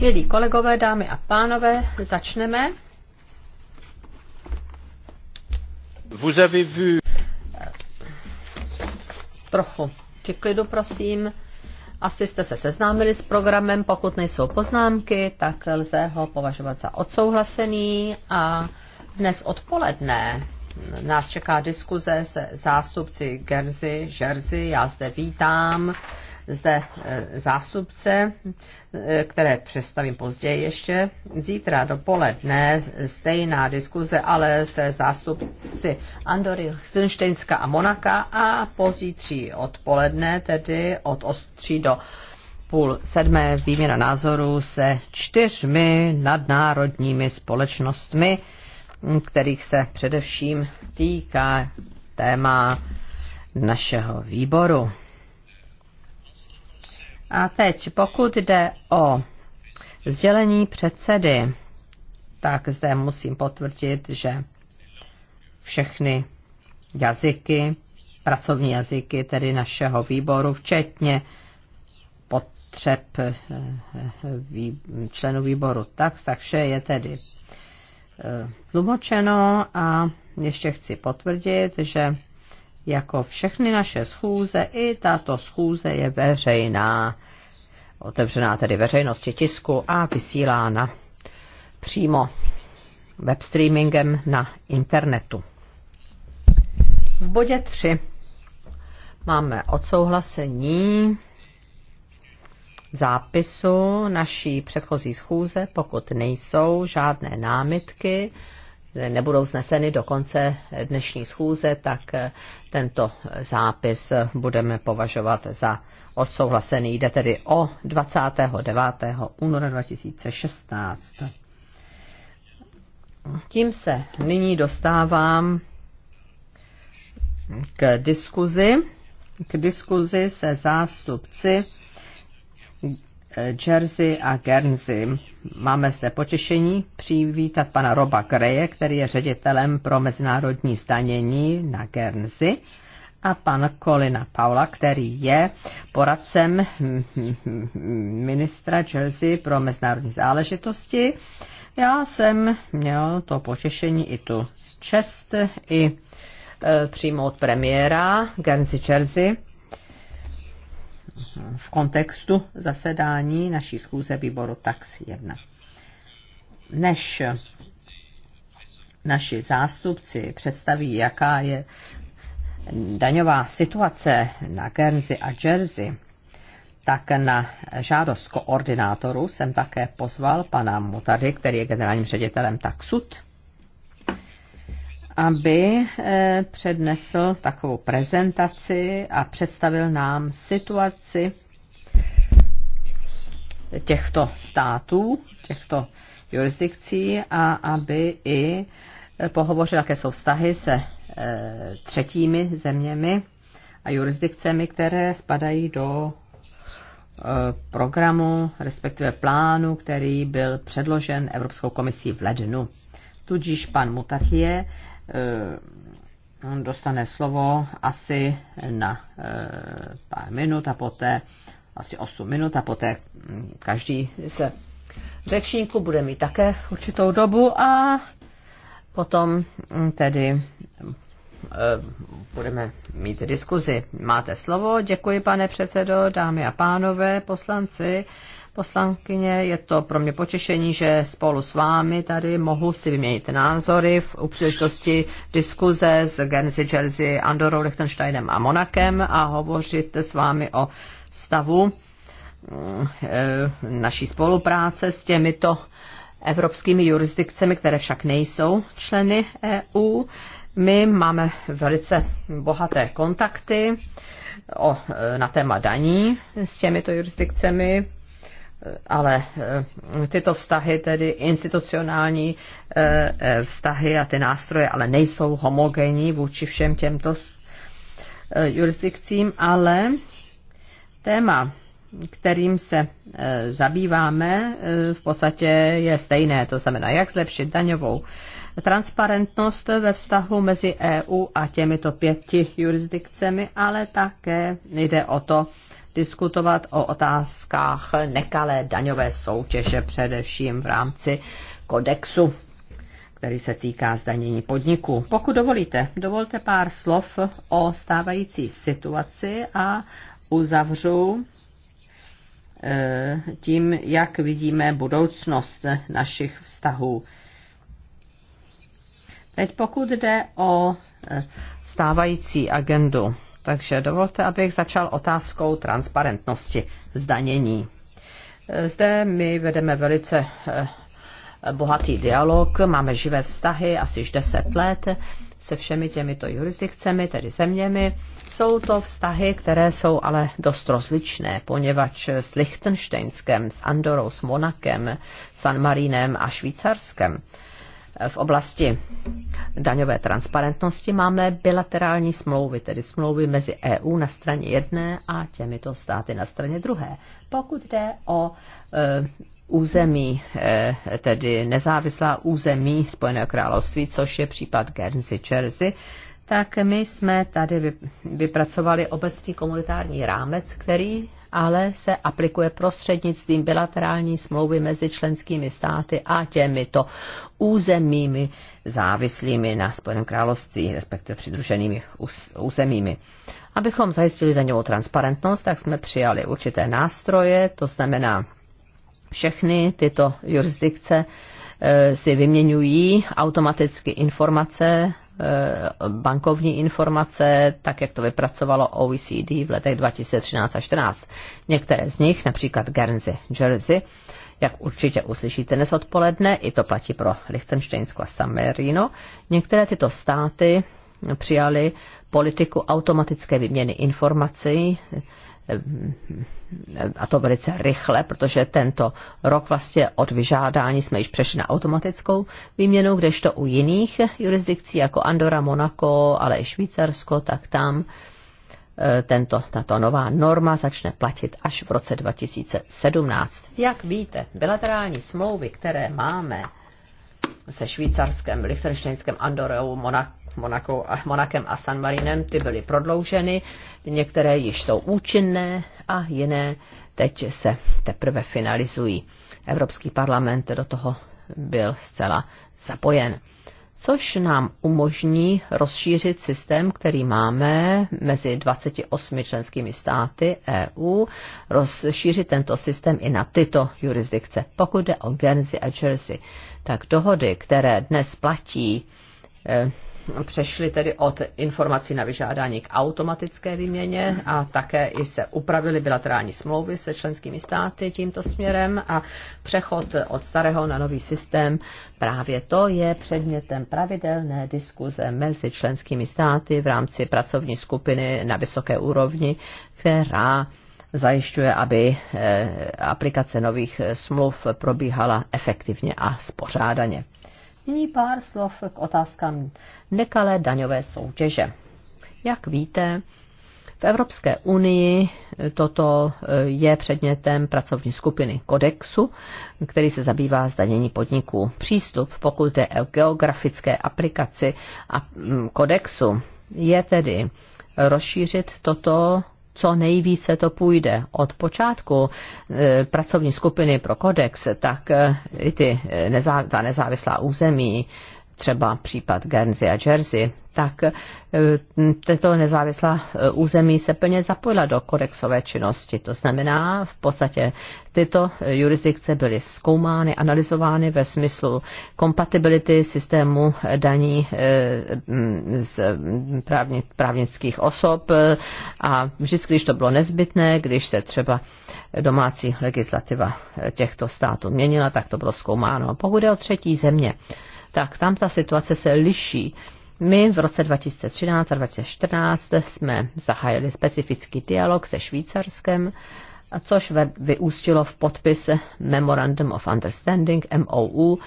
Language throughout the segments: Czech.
Milí kolegové, dámy a pánové, začneme. Vous avez vu... Trochu klidu, prosím. Asi jste se seznámili s programem, pokud nejsou poznámky, tak lze ho považovat za odsouhlasený a dnes odpoledne nás čeká diskuze se zástupci Gerzy, Žerzy, já zde vítám zde eh, zástupce, eh, které představím později ještě. Zítra dopoledne stejná diskuze, ale se zástupci Andory, Hrnštejnska a Monaka a pozítří odpoledne, tedy od 3 do půl sedmé výměna názorů se čtyřmi nadnárodními společnostmi, kterých se především týká téma našeho výboru. A teď, pokud jde o sdělení předsedy, tak zde musím potvrdit, že všechny jazyky, pracovní jazyky, tedy našeho výboru, včetně potřeb eh, členů výboru tak, tak vše je tedy eh, tlumočeno a ještě chci potvrdit, že jako všechny naše schůze, i tato schůze je veřejná, otevřená tedy veřejnosti tisku a vysílána přímo web streamingem na internetu. V bodě 3 máme odsouhlasení zápisu naší předchozí schůze, pokud nejsou žádné námitky, nebudou zneseny do konce dnešní schůze, tak eh, tento zápis budeme považovat za odsouhlasený. Jde tedy o 29. února 2016. Tím se nyní dostávám k diskuzi, k diskuzi se zástupci Jersey a Guernsey. Máme zde potěšení přivítat pana Roba Greje, který je ředitelem pro mezinárodní stanění na Guernsey a pan Kolina Paula, který je poradcem ministra Jersey pro mezinárodní záležitosti. Já jsem měl to potěšení i tu čest i e, přímo od premiéra Guernsey Jersey, v kontextu zasedání naší schůze výboru TAX 1. Než naši zástupci představí, jaká je daňová situace na Guernsey a Jersey, tak na žádost koordinátorů jsem také pozval pana Mutady, který je generálním ředitelem TAXUT, aby eh, přednesl takovou prezentaci a představil nám situaci těchto států, těchto jurisdikcí a aby i eh, pohovořil, jaké jsou vztahy se eh, třetími zeměmi a jurisdikcemi, které spadají do programu, respektive plánu, který byl předložen Evropskou komisí v lednu. Tudíž pan Mutatie Eh, on dostane slovo asi na eh, pár minut a poté asi 8 minut a poté hm, každý se řečníku bude mít také určitou dobu a potom hm, tedy eh, budeme mít diskuzi. Máte slovo, děkuji pane předsedo, dámy a pánové, poslanci poslankyně. Je to pro mě potěšení, že spolu s vámi tady mohu si vyměnit názory v, příležitosti diskuze s Guernsey, Jersey, Andorou, Liechtensteinem a Monakem a hovořit s vámi o stavu mm, e, naší spolupráce s těmito evropskými jurisdikcemi, které však nejsou členy EU. My máme velice bohaté kontakty o, e, na téma daní s těmito jurisdikcemi ale eh, tyto vztahy, tedy institucionální eh, eh, vztahy a ty nástroje, ale nejsou homogenní vůči všem těmto jurisdikcím, ale téma, kterým se zabýváme, v podstatě je stejné, to znamená, jak zlepšit daňovou transparentnost ve vztahu mezi EU a těmito pěti jurisdikcemi, ale také jde o to, diskutovat o otázkách nekalé daňové soutěže, především v rámci kodexu, který se týká zdanění podniků. Pokud dovolíte, dovolte pár slov o stávající situaci a uzavřu eh, tím, jak vidíme budoucnost našich vztahů. Teď pokud jde o eh, stávající agendu takže dovolte, abych začal otázkou transparentnosti zdanění. Zde my vedeme velice eh, bohatý dialog, máme živé vztahy asi už 10 let se všemi těmito jurisdikcemi, tedy zeměmi. Jsou to vztahy, které jsou ale dost rozličné, poněvadž s Lichtensteinskem, s Andorou, s Monakem, San Marínem a Švýcarskem v oblasti daňové transparentnosti máme bilaterální smlouvy, tedy smlouvy mezi EU na straně jedné a těmito státy na straně druhé. Pokud jde o e, území, e, tedy nezávislá území Spojeného království, což je případ Guernsey Jersey, tak my jsme tady vypracovali obecný komunitární rámec, který ale se aplikuje prostřednictvím bilaterální smlouvy mezi členskými státy a těmito územími závislými na Spojeném království, respektive přidruženými územími. Abychom zajistili daňovou transparentnost, tak jsme přijali určité nástroje, to znamená všechny tyto jurisdikce eh, si vyměňují automaticky informace Eh, bankovní informace, tak jak to vypracovalo OECD v letech 2013 a 2014. Některé z nich, například Guernsey, Jersey, jak určitě uslyšíte dnes odpoledne, i to platí pro Liechtensteinsko a San Marino, některé tyto státy přijali politiku automatické vyměny informací Ehm, a to velice rychle, protože tento rok vlastně od vyžádání jsme již přešli na automatickou výměnu, kdežto u jiných jurisdikcí jako Andora, Monaco, ale i Švýcarsko, tak tam eh, tento, tato nová norma začne platit až v roce 2017. Jak víte, bilaterální smlouvy, které máme se Švýcarskem, Lichtenštejnskem, Andorou, Monaco, Monakou, Monakem a San Marinem, ty byly prodlouženy, některé již jsou účinné a jiné teď se teprve finalizují. Evropský parlament do toho byl zcela zapojen což nám umožní rozšířit systém, který máme mezi 28 členskými státy EU, rozšířit tento systém i na tyto jurisdikce. Pokud jde o Guernsey a Jersey, tak dohody, které dnes platí, eh, přešli tedy od informací na vyžádání k automatické výměně a také i se upravili bilaterální smlouvy se členskými státy tímto směrem a přechod od starého na nový systém, právě to je předmětem pravidelné diskuze mezi členskými státy v rámci pracovní skupiny na vysoké úrovni, která zajišťuje, aby eh, aplikace nových smluv probíhala efektivně a spořádaně. Nyní pár slov k otázkám nekalé daňové soutěže. Jak víte, v Evropské unii toto eh, je předmětem pracovní skupiny Kodexu, který se zabývá zdanění podniků. Přístup, pokud je o geografické aplikaci a mm, Kodexu, je tedy rozšířit toto co nejvíce to půjde. Od počátku e, pracovní skupiny pro kodex, tak e, i ty e, nezá, ta nezávislá území třeba případ Guernsey a Jersey, tak e, tato nezávislá e, území se plně zapojila do kodexové činnosti. To znamená, v podstatě tyto e, jurisdikce byly zkoumány, analyzovány ve smyslu kompatibility systému daní z právnických osob a vždycky, když to bylo nezbytné, když se třeba domácí legislativa těchto států měnila, tak to bylo zkoumáno. Pokud je o třetí země, tak tam ta situace se liší. My v roce 2013 a 2014 jsme zahájili specifický dialog se Švýcarskem, což vyústilo v podpis Memorandum of Understanding, MOU,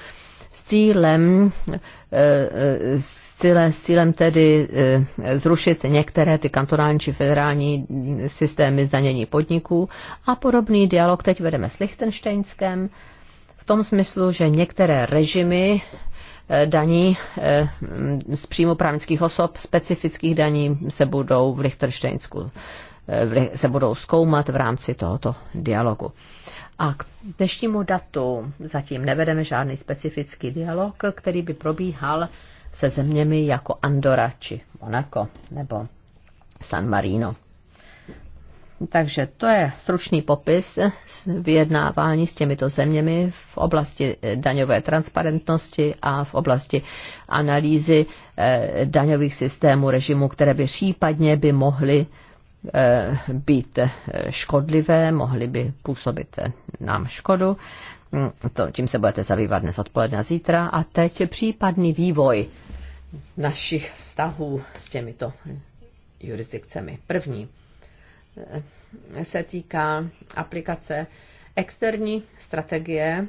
s cílem, eh, eh, s cílem, s cílem tedy eh, zrušit některé ty kantonální či federální systémy zdanění podniků. A podobný dialog teď vedeme s Lichtensteinskem v tom smyslu, že některé režimy Eh, daní eh, z příjmu právnických osob, specifických daní se budou v Lichtensteinsku eh, se budou zkoumat v rámci tohoto dialogu. A k dnešnímu datu zatím nevedeme žádný specifický dialog, který by probíhal se zeměmi jako Andora či Monaco nebo San Marino. Takže to je stručný popis vyjednávání s těmito zeměmi v oblasti eh, daňové transparentnosti a v oblasti analýzy eh, daňových systémů režimu, které by případně by mohly eh, být škodlivé, mohly by působit nám škodu. Mm, to, tím se budete zabývat dnes odpoledne a zítra. A teď případný vývoj našich vztahů s těmito jurisdikcemi. První se týká aplikace externí strategie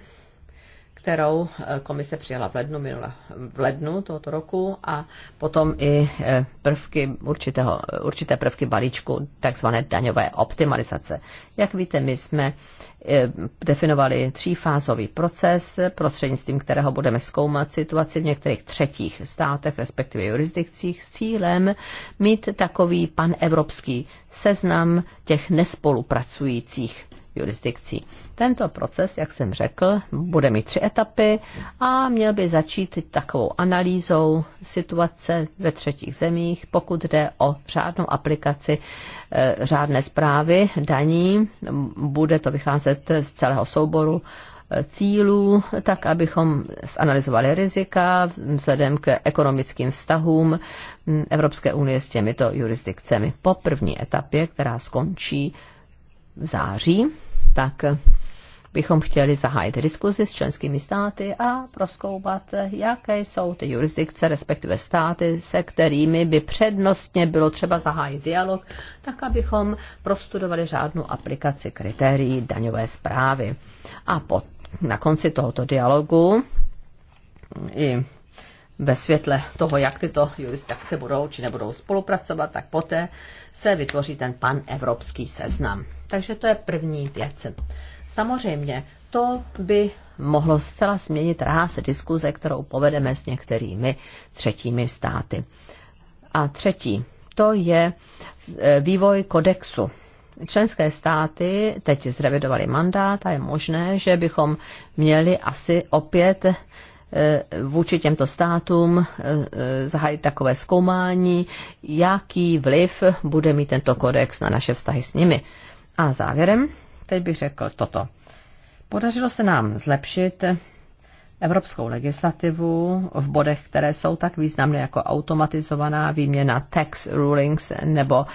kterou eh, komise přijala v lednu, minula, v lednu tohoto roku a potom i eh, prvky určitého, eh, určité prvky balíčku takzvané daňové optimalizace. Jak víte, my jsme definovali třífázový proces, prostřednictvím kterého budeme zkoumat situaci v některých třetích státech, respektive jurisdikcích, s cílem mít takový panevropský seznam těch nespolupracujících jurisdikcí. Tento proces, jak jsem řekl, bude mít tři etapy a měl by začít takovou analýzou situace ve třetích zemích, pokud jde o řádnou aplikaci eh, řádné zprávy daní. Bude to vycházet z celého souboru eh, cílů, tak abychom zanalizovali rizika vzhledem k ekonomickým vztahům mm, Evropské unie s těmito jurisdikcemi. Po první etapě, která skončí v září tak bychom chtěli zahájit diskuzi s členskými státy a proskoumat, jaké jsou ty jurisdikce, respektive státy, se kterými by přednostně bylo třeba zahájit dialog, tak abychom prostudovali řádnou aplikaci kritérií daňové zprávy. A po, na konci tohoto dialogu i ve světle toho, jak tyto jurisdikce budou či nebudou spolupracovat, tak poté se vytvoří ten panevropský seznam. Takže to je první věc. Samozřejmě to by mohlo zcela změnit ráz diskuze, kterou povedeme s některými třetími státy. A třetí, to je e, vývoj kodexu. Členské státy teď zrevidovali mandát a je možné, že bychom měli asi opět Eh, vůči těmto státům eh, eh, zahájit takové zkoumání, jaký vliv bude mít tento kodex na naše vztahy s nimi. A závěrem, teď bych řekl toto. Podařilo se nám zlepšit evropskou legislativu v bodech, které jsou tak významné jako automatizovaná výměna tax rulings nebo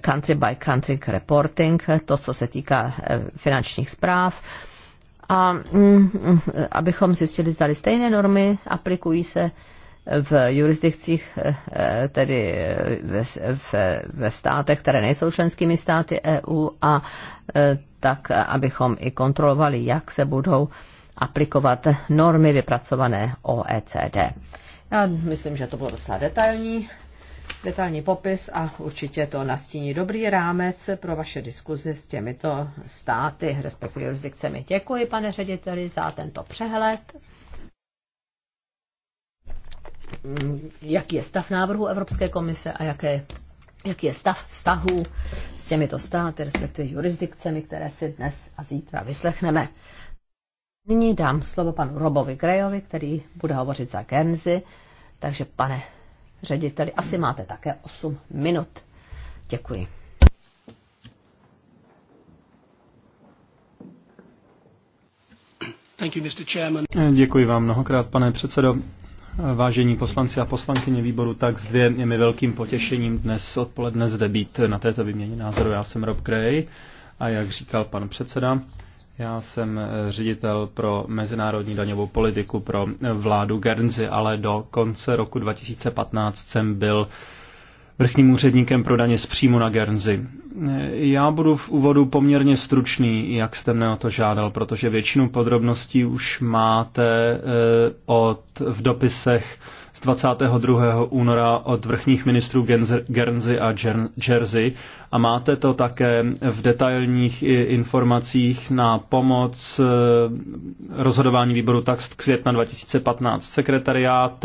country by country reporting, to, co se týká finančních zpráv, a mm, mm, abychom zjistili, zda stejné normy aplikují se v jurisdikcích, eh, tedy ve, ve, ve státech, které nejsou členskými státy EU, a eh, tak, abychom i kontrolovali, jak se budou aplikovat normy vypracované OECD. Já myslím, že to bylo docela detailní detailní popis a určitě to nastíní dobrý rámec pro vaše diskuzi s těmito státy, respektive jurisdikcemi. Děkuji, pane řediteli, za tento přehled. Mm, jaký je stav návrhu Evropské komise a jaké, jaký je stav vztahů s těmito státy, respektive jurisdikcemi, které si dnes a zítra vyslechneme. Nyní dám slovo panu Robovi Grejovi, který bude hovořit za Genzi. Takže pane řediteli. Asi máte také 8 minut. Děkuji. Děkuji vám mnohokrát, pane předsedo. Vážení poslanci a poslankyně výboru tak zde je mi velkým potěšením dnes odpoledne zde být na této výměně názoru. Já jsem Rob Gray a jak říkal pan předseda, já jsem eh, ředitel pro mezinárodní daňovou politiku pro eh, vládu Guernsey, ale do konce roku 2015 jsem byl vrchním úředníkem pro daně z příjmu na Guernsey. Eh, já budu v úvodu poměrně stručný, jak jste mne o to žádal, protože většinu podrobností už máte od, v dopisech 22. února od vrchních ministrů Guernsey a Jersey a máte to také v detailních informacích na pomoc eh, rozhodování výboru tak z května 2015. Sekretariát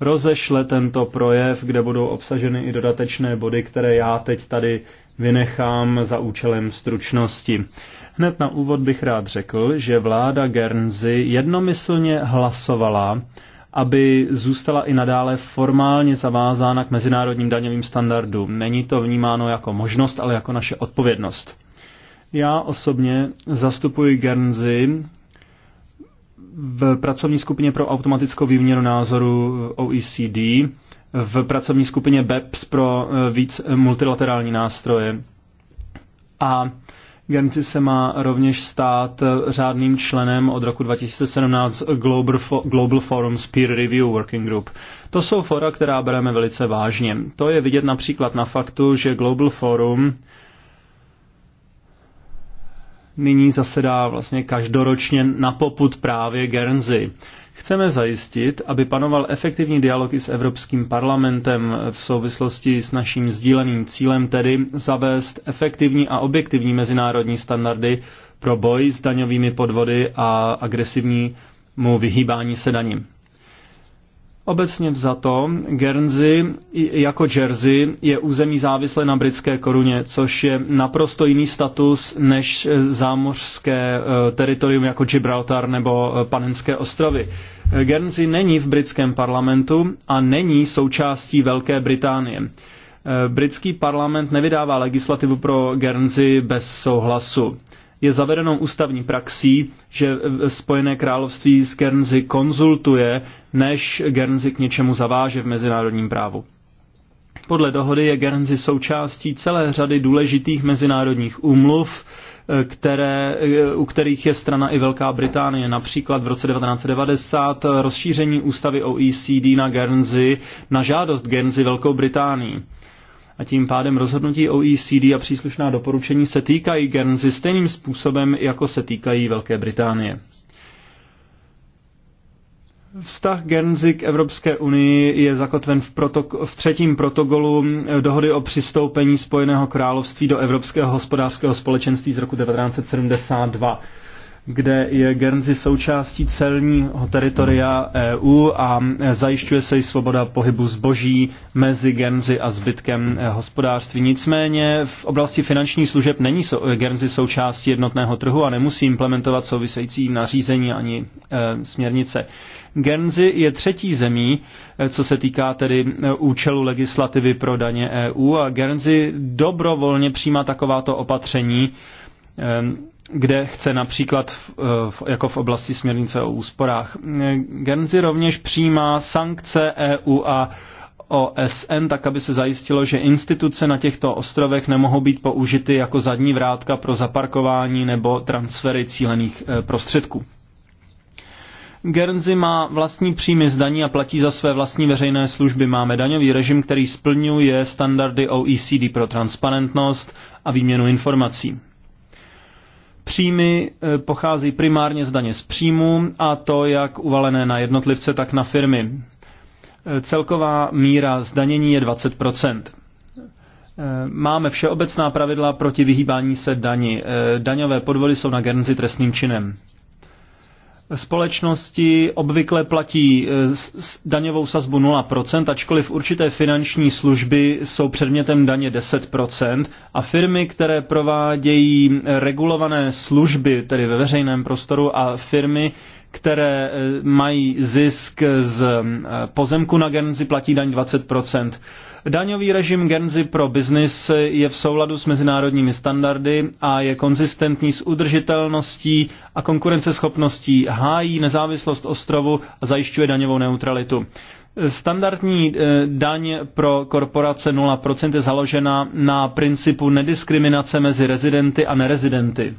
rozešle tento projev, kde budou obsaženy i dodatečné body, které já teď tady vynechám za účelem stručnosti. Hned na úvod bych rád řekl, že vláda Guernsey jednomyslně hlasovala aby zůstala i nadále formálně zavázána k mezinárodním daňovým standardům. Není to vnímáno jako možnost, ale jako naše odpovědnost. Já osobně zastupuji Guernsey v pracovní skupině pro automatickou výměnu názoru OECD, v pracovní skupině BEPS pro eh, víc multilaterální nástroje. A Genci se má rovněž stát řádným členem od roku 2017 Global, Fo- Global Forums Peer Review Working Group. To jsou fora, která bereme velice vážně. To je vidět například na faktu, že Global Forum nyní zasedá vlastně každoročně na poput právě Guernsey. Chceme zajistit, aby panoval efektivní dialog i s Evropským parlamentem v souvislosti s naším sdíleným cílem, tedy zavést efektivní a objektivní mezinárodní standardy pro boj s daňovými podvody a agresivnímu vyhýbání se daním. Obecně vzato, Guernsey jako Jersey je území závislé na britské koruně, což je naprosto jiný status než eh, zámořské eh, teritorium jako Gibraltar nebo eh, Panenské ostrovy. Guernsey není v britském parlamentu a není součástí Velké Británie. Britský parlament nevydává legislativu pro Guernsey bez souhlasu je zavedenou ústavní praxí, že Spojené království s Guernsey konzultuje, než Guernsey k něčemu zaváže v mezinárodním právu. Podle dohody je Guernsey součástí celé řady důležitých mezinárodních úmluv, eh, které, eh, u kterých je strana i Velká Británie. Například v roce 1990 rozšíření ústavy OECD na Guernsey na žádost Guernsey Velkou Británii a tím pádem rozhodnutí OECD a příslušná doporučení se týkají Guernsey stejným způsobem, jako se týkají Velké Británie. Vztah Guernsey k Evropské unii je zakotven v, protok- v třetím protokolu eh, dohody o přistoupení Spojeného království do Evropského hospodářského společenství z roku 1972 kde je Guernsey součástí celního teritoria EU a zajišťuje se i svoboda pohybu zboží mezi Guernsey a zbytkem eh, hospodářství. Nicméně v oblasti finančních služeb není Guernsey součástí jednotného trhu a nemusí implementovat související nařízení ani eh, směrnice. Guernsey je třetí zemí, eh, co se týká tedy účelu legislativy pro daně EU a Guernsey dobrovolně přijímá takováto opatření, kde chce například eh, jako v oblasti směrnice o úsporách. Genzi rovněž přijímá sankce EU a OSN, tak aby se zajistilo, že instituce na těchto ostrovech nemohou být použity jako zadní vrátka pro zaparkování nebo transfery cílených eh, prostředků. Guernsey má vlastní příjmy z daní a platí za své vlastní veřejné služby. Máme daňový režim, který splňuje standardy OECD pro transparentnost a výměnu informací. Příjmy eh, pochází primárně z daně z příjmu a to jak uvalené na jednotlivce, tak na firmy. Eh, celková míra zdanění je 20 eh, Máme všeobecná pravidla proti vyhýbání se dani. Daňové podvody jsou na Guernsey trestným činem společnosti obvykle platí eh, daňovou sazbu 0%, ačkoliv určité finanční služby jsou předmětem daně 10%, a firmy, které provádějí eh, regulované služby, tedy ve veřejném prostoru, a firmy, které eh, mají zisk z pozemku na genzi platí daň 20%. Daňový režim Genzy pro biznis je v souladu s mezinárodními standardy a je konzistentní s udržitelností a konkurenceschopností, hájí nezávislost ostrovu a zajišťuje daňovou neutralitu. Standardní eh, daň pro korporace 0% je založena na principu nediskriminace mezi rezidenty a nerezidenty,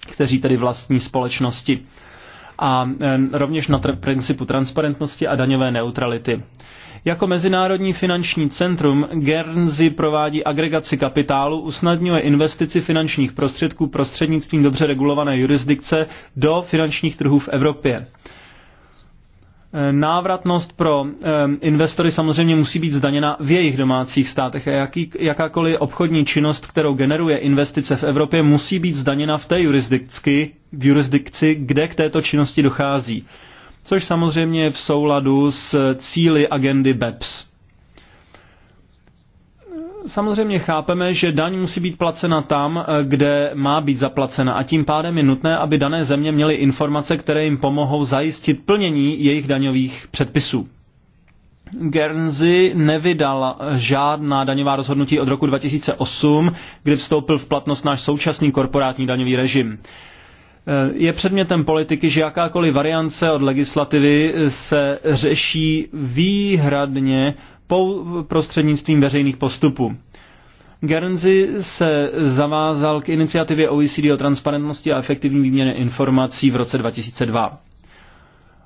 kteří tedy vlastní společnosti a eh, rovněž na principu transparentnosti a daňové neutrality. Jako mezinárodní finanční centrum Guernsey provádí agregaci kapitálu, usnadňuje investici finančních prostředků prostřednictvím dobře regulované jurisdikce do finančních trhů v Evropě. E, návratnost pro e, investory samozřejmě musí být zdaněna v jejich domácích státech a jaký, jakákoliv obchodní činnost, kterou generuje investice v Evropě, musí být zdaněna v té jurisdikci, v jurisdikci, kde k této činnosti dochází což samozřejmě je v souladu s cíly agendy BEPS. Samozřejmě chápeme, že daň musí být placena tam, kde má být zaplacena a tím pádem je nutné, aby dané země měly informace, které jim pomohou zajistit plnění jejich daňových předpisů. Guernsey nevydal žádná daňová rozhodnutí od roku 2008, kdy vstoupil v platnost náš současný korporátní daňový režim. Eh, je předmětem politiky, že jakákoliv variance od legislativy se řeší výhradně prostřednictvím veřejných postupů. Guernsey se zavázal k iniciativě OECD o transparentnosti a efektivní výměně informací v roce 2002.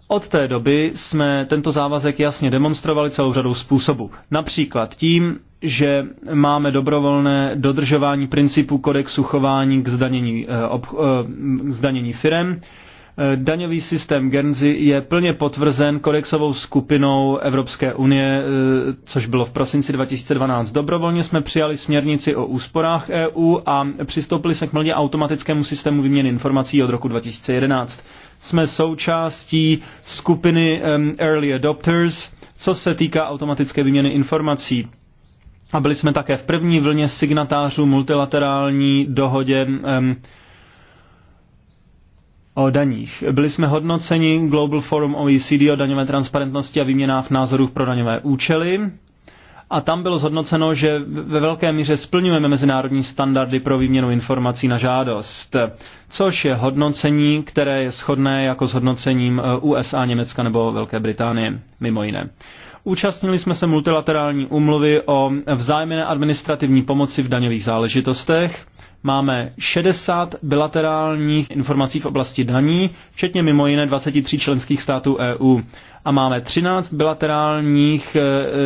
Od té doby jsme tento závazek jasně demonstrovali celou řadou způsobů. Například tím, že máme dobrovolné dodržování principu kodexu chování k zdanění, eh, ob, eh, k zdanění firem. Eh, daňový systém Guernsey je plně potvrzen kodexovou skupinou Evropské unie, což bylo v prosinci 2012. Dobrovolně jsme přijali směrnici o úsporách EU a přistoupili jsme k mlně automatickému systému výměny informací od roku 2011. Jsme součástí skupiny ehm, Early Adopters, co se týká automatické výměny informací. A byli jsme také v první vlně signatářů multilaterální dohodě um, o daních. Byli jsme hodnoceni Global Forum OECD o daňové transparentnosti a výměnách názorů pro daňové účely. A tam bylo zhodnoceno, že ve velké míře splňujeme mezinárodní standardy pro výměnu informací na žádost, což je hodnocení, které je shodné jako s hodnocením e, USA, Německa nebo Velké Británie, mimo jiné. Účastnili jsme se multilaterální úmluvy o vzájemné administrativní pomoci v daňových záležitostech. Máme 60 bilaterálních informací v oblasti daní, včetně mimo jiné 23 členských států EU. A máme 13 bilaterálních eh,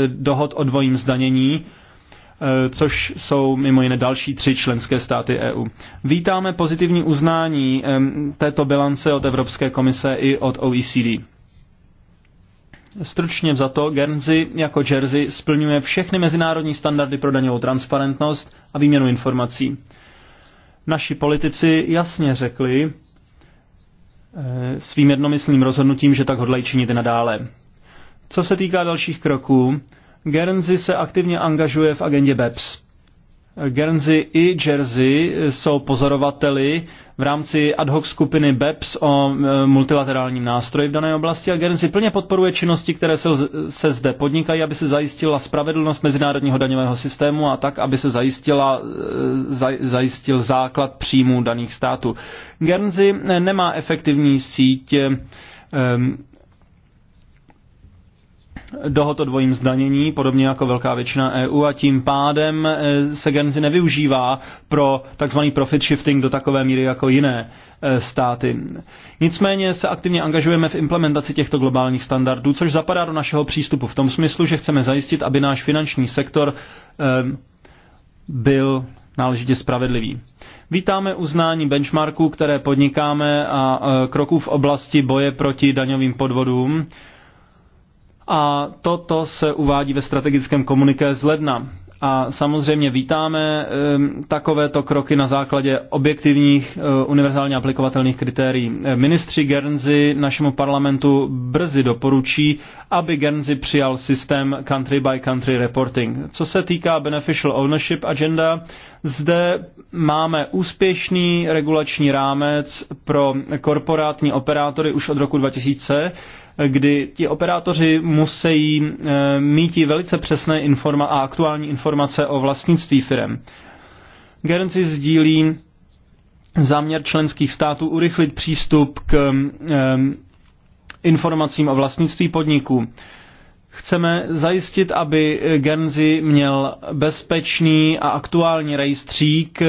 dohod o dvojím zdanění, eh, což jsou mimo jiné další tři členské státy EU. Vítáme pozitivní uznání eh, této bilance od Evropské komise i od OECD. Stručně za to, Guernsey jako Jersey splňuje všechny mezinárodní standardy pro daňovou transparentnost a výměnu informací. Naši politici jasně řekli e, svým jednomyslným rozhodnutím, že tak hodlají činit i nadále. Co se týká dalších kroků, Guernsey se aktivně angažuje v agendě BEPS. Guernsey i Jersey jsou pozorovateli v rámci ad hoc skupiny BEPS o e, multilaterálním nástroji v dané oblasti a Guernsey plně podporuje činnosti, které se, se zde podnikají, aby se zajistila spravedlnost mezinárodního daňového systému a tak, aby se zajistila, e, zaj, zajistil základ příjmů daných států. Guernsey e, nemá efektivní síť dohod o dvojím zdanění, podobně jako velká většina EU a tím pádem e, se Guernsey nevyužívá pro tzv. profit shifting do takové míry jako jiné e, státy. Nicméně se aktivně angažujeme v implementaci těchto globálních standardů, což zapadá do našeho přístupu v tom smyslu, že chceme zajistit, aby náš finanční sektor e, byl náležitě spravedlivý. Vítáme uznání benchmarků, které podnikáme a kroků v oblasti boje proti daňovým podvodům a toto se uvádí ve strategickém komuniké z ledna. A samozřejmě vítáme takovéto kroky na základě objektivních, e, univerzálně aplikovatelných kritérií. E, ministři Guernsey našemu parlamentu brzy doporučí, aby Guernsey přijal systém country by country reporting. Co se týká beneficial ownership agenda, zde máme úspěšný regulační rámec pro korporátní operátory už od roku 2000, kdy ti operátoři musí eh, mít velice přesné informa- a aktuální informace o vlastnictví firem. Guernsey sdílí záměr členských států urychlit přístup k eh, eh, informacím o vlastnictví podniků. Chceme zajistit, aby Genzy měl bezpečný a aktuální rejstřík eh,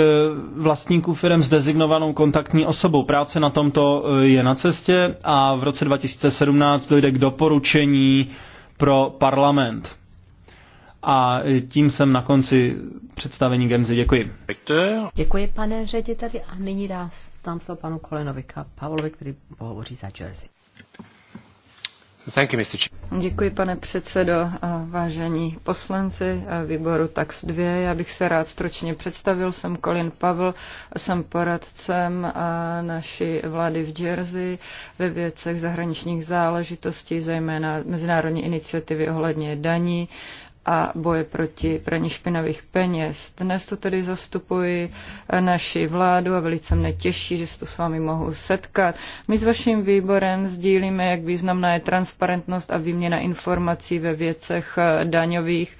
vlastníků firm s dezignovanou kontaktní osobou. Práce na tomto eh, je na cestě a v roce 2017 dojde k doporučení pro parlament. A eh, tím jsem na konci představení Genzy. Děkuji. Děkuji, pane řediteli. A nyní dám slovo panu Kolenovi Pavlovi, který pohovoří za Jersey. Děkuji, pane předsedo. Vážení poslanci výboru TAX 2, já bych se rád stručně představil. Jsem Colin Pavel, jsem poradcem naší vlády v Jersey ve věcech zahraničních záležitostí, zejména mezinárodní iniciativy ohledně daní a boje proti praní špinavých peněz. Dnes tu tedy zastupuji eh, naši vládu a velice mne těší, že se tu s vámi mohu setkat. My s vaším výborem sdílíme, jak významná je transparentnost a výměna informací ve věcech eh, daňových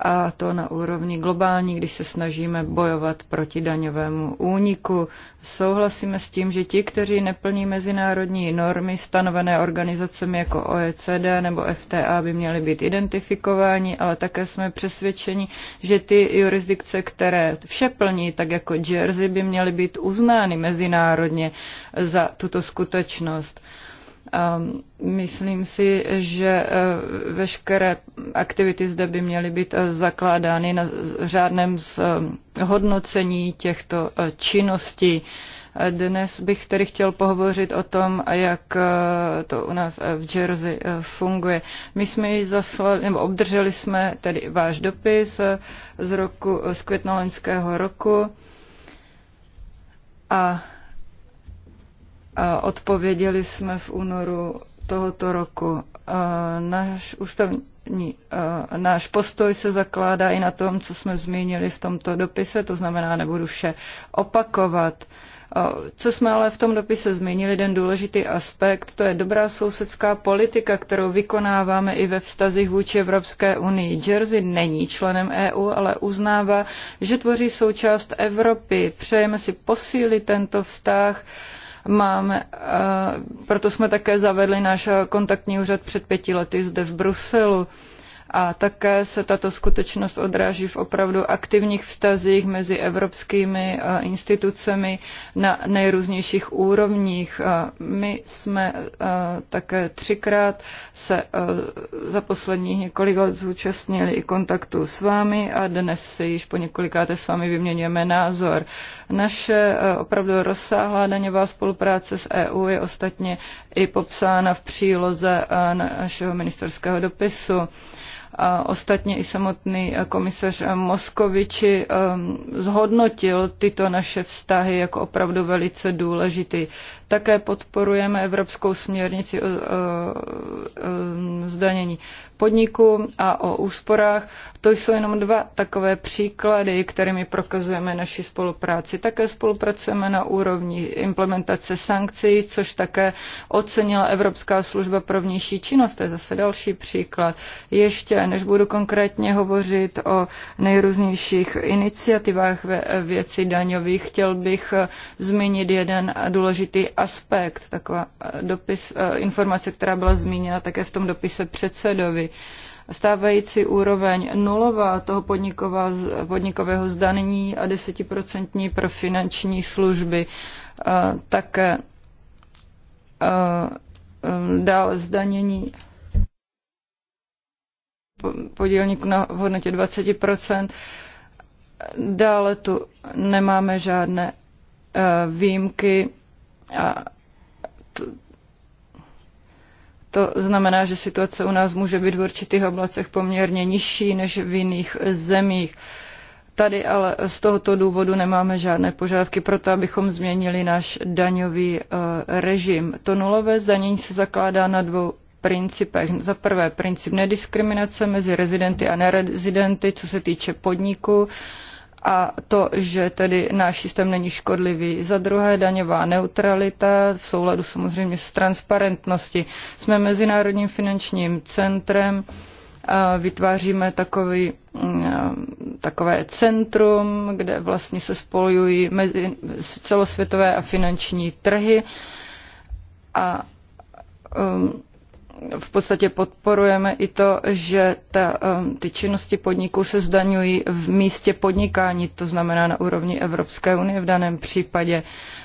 a to na úrovni globální, když se snažíme bojovat proti daňovému úniku. Souhlasíme s tím, že ti, kteří neplní mezinárodní normy stanovené organizacemi jako OECD nebo FTA, by měli být identifikováni, ale také jsme přesvědčeni, že ty jurisdikce, které vše plní, tak jako Jersey, by měly být uznány mezinárodně za tuto skutečnost. Ehm, myslím si, že eh, veškeré aktivity zde by měly být eh, zakládány na řádném eh, hodnocení těchto činností. Dnes bych tedy chtěl pohovořit o tom, jak to u nás v Jersey funguje. My jsme ji zaslali, nebo obdrželi jsme tedy váš dopis z roku, z května loňského roku a Odpověděli jsme v únoru tohoto roku. Náš ústavní, náš postoj se zakládá i na tom, co jsme zmínili v tomto dopise, to znamená, nebudu vše opakovat. Co jsme ale v tom dopise zmínili, jeden důležitý aspekt, to je dobrá sousedská politika, kterou vykonáváme i ve vztazích vůči Evropské unii. Jersey není členem EU, ale uznává, že tvoří součást Evropy. Přejeme si posílit tento vztah Máme, eh, proto jsme také zavedli náš kontaktní úřad před pěti lety zde v Bruselu. A také se tato skutečnost odráží v opravdu aktivních vztazích mezi evropskými eh, institucemi na nejrůznějších úrovních. Eh, my jsme eh, také třikrát se za posledních několik let zúčastnili i kontaktu s vámi a dnes si již po několikáté s vámi vyměňujeme názor. Naše opravdu rozsáhlá daňová spolupráce s EU je ostatně i popsána v příloze našeho ministerského dopisu ostatně i samotný komisař Moskoviči ehm, zhodnotil tyto naše vztahy jako opravdu velice důležitý. Také podporujeme Evropskou směrnici o, o, o zdanění podniků a o úsporách. To jsou jenom dva takové příklady, kterými prokazujeme naši spolupráci. Také spolupracujeme na úrovni implementace sankcí, což také ocenila Evropská služba pro vnější činnost. To je zase další příklad. Ještě než budu konkrétně hovořit o nejrůznějších iniciativách ve věci daňových, chtěl bych zmínit jeden důležitý aspekt, taková eh, dopis, eh, informace, která byla zmíněna také v tom dopise předsedovi. Stávající úroveň nulová toho podnikového zdanění a desetiprocentní pro finanční služby. Eh, také dál zdanění podílníků na hodnotě 20%. Dále tu nemáme žádné výjimky a to, to znamená, že situace u nás může být v určitých oblacech poměrně nižší než v jiných zemích. Tady ale z tohoto důvodu nemáme žádné požadavky pro to, abychom změnili náš daňový eh, režim. To nulové zdanění se zakládá na dvou principech. Za prvé princip nediskriminace mezi rezidenty a nerezidenty, co se týče podniku a to, že tedy náš systém není škodlivý. Za druhé daňová neutralita v souladu samozřejmě s transparentností. Jsme mezinárodním finančním centrem, vytváříme takový, mm, takové centrum, kde vlastně se spojují mezi celosvětové a finanční trhy a um, v podstatě podporujeme i to, že ta, um, ty činnosti podniků se zdaňují v místě podnikání, to znamená na úrovni Evropské unie v daném případě.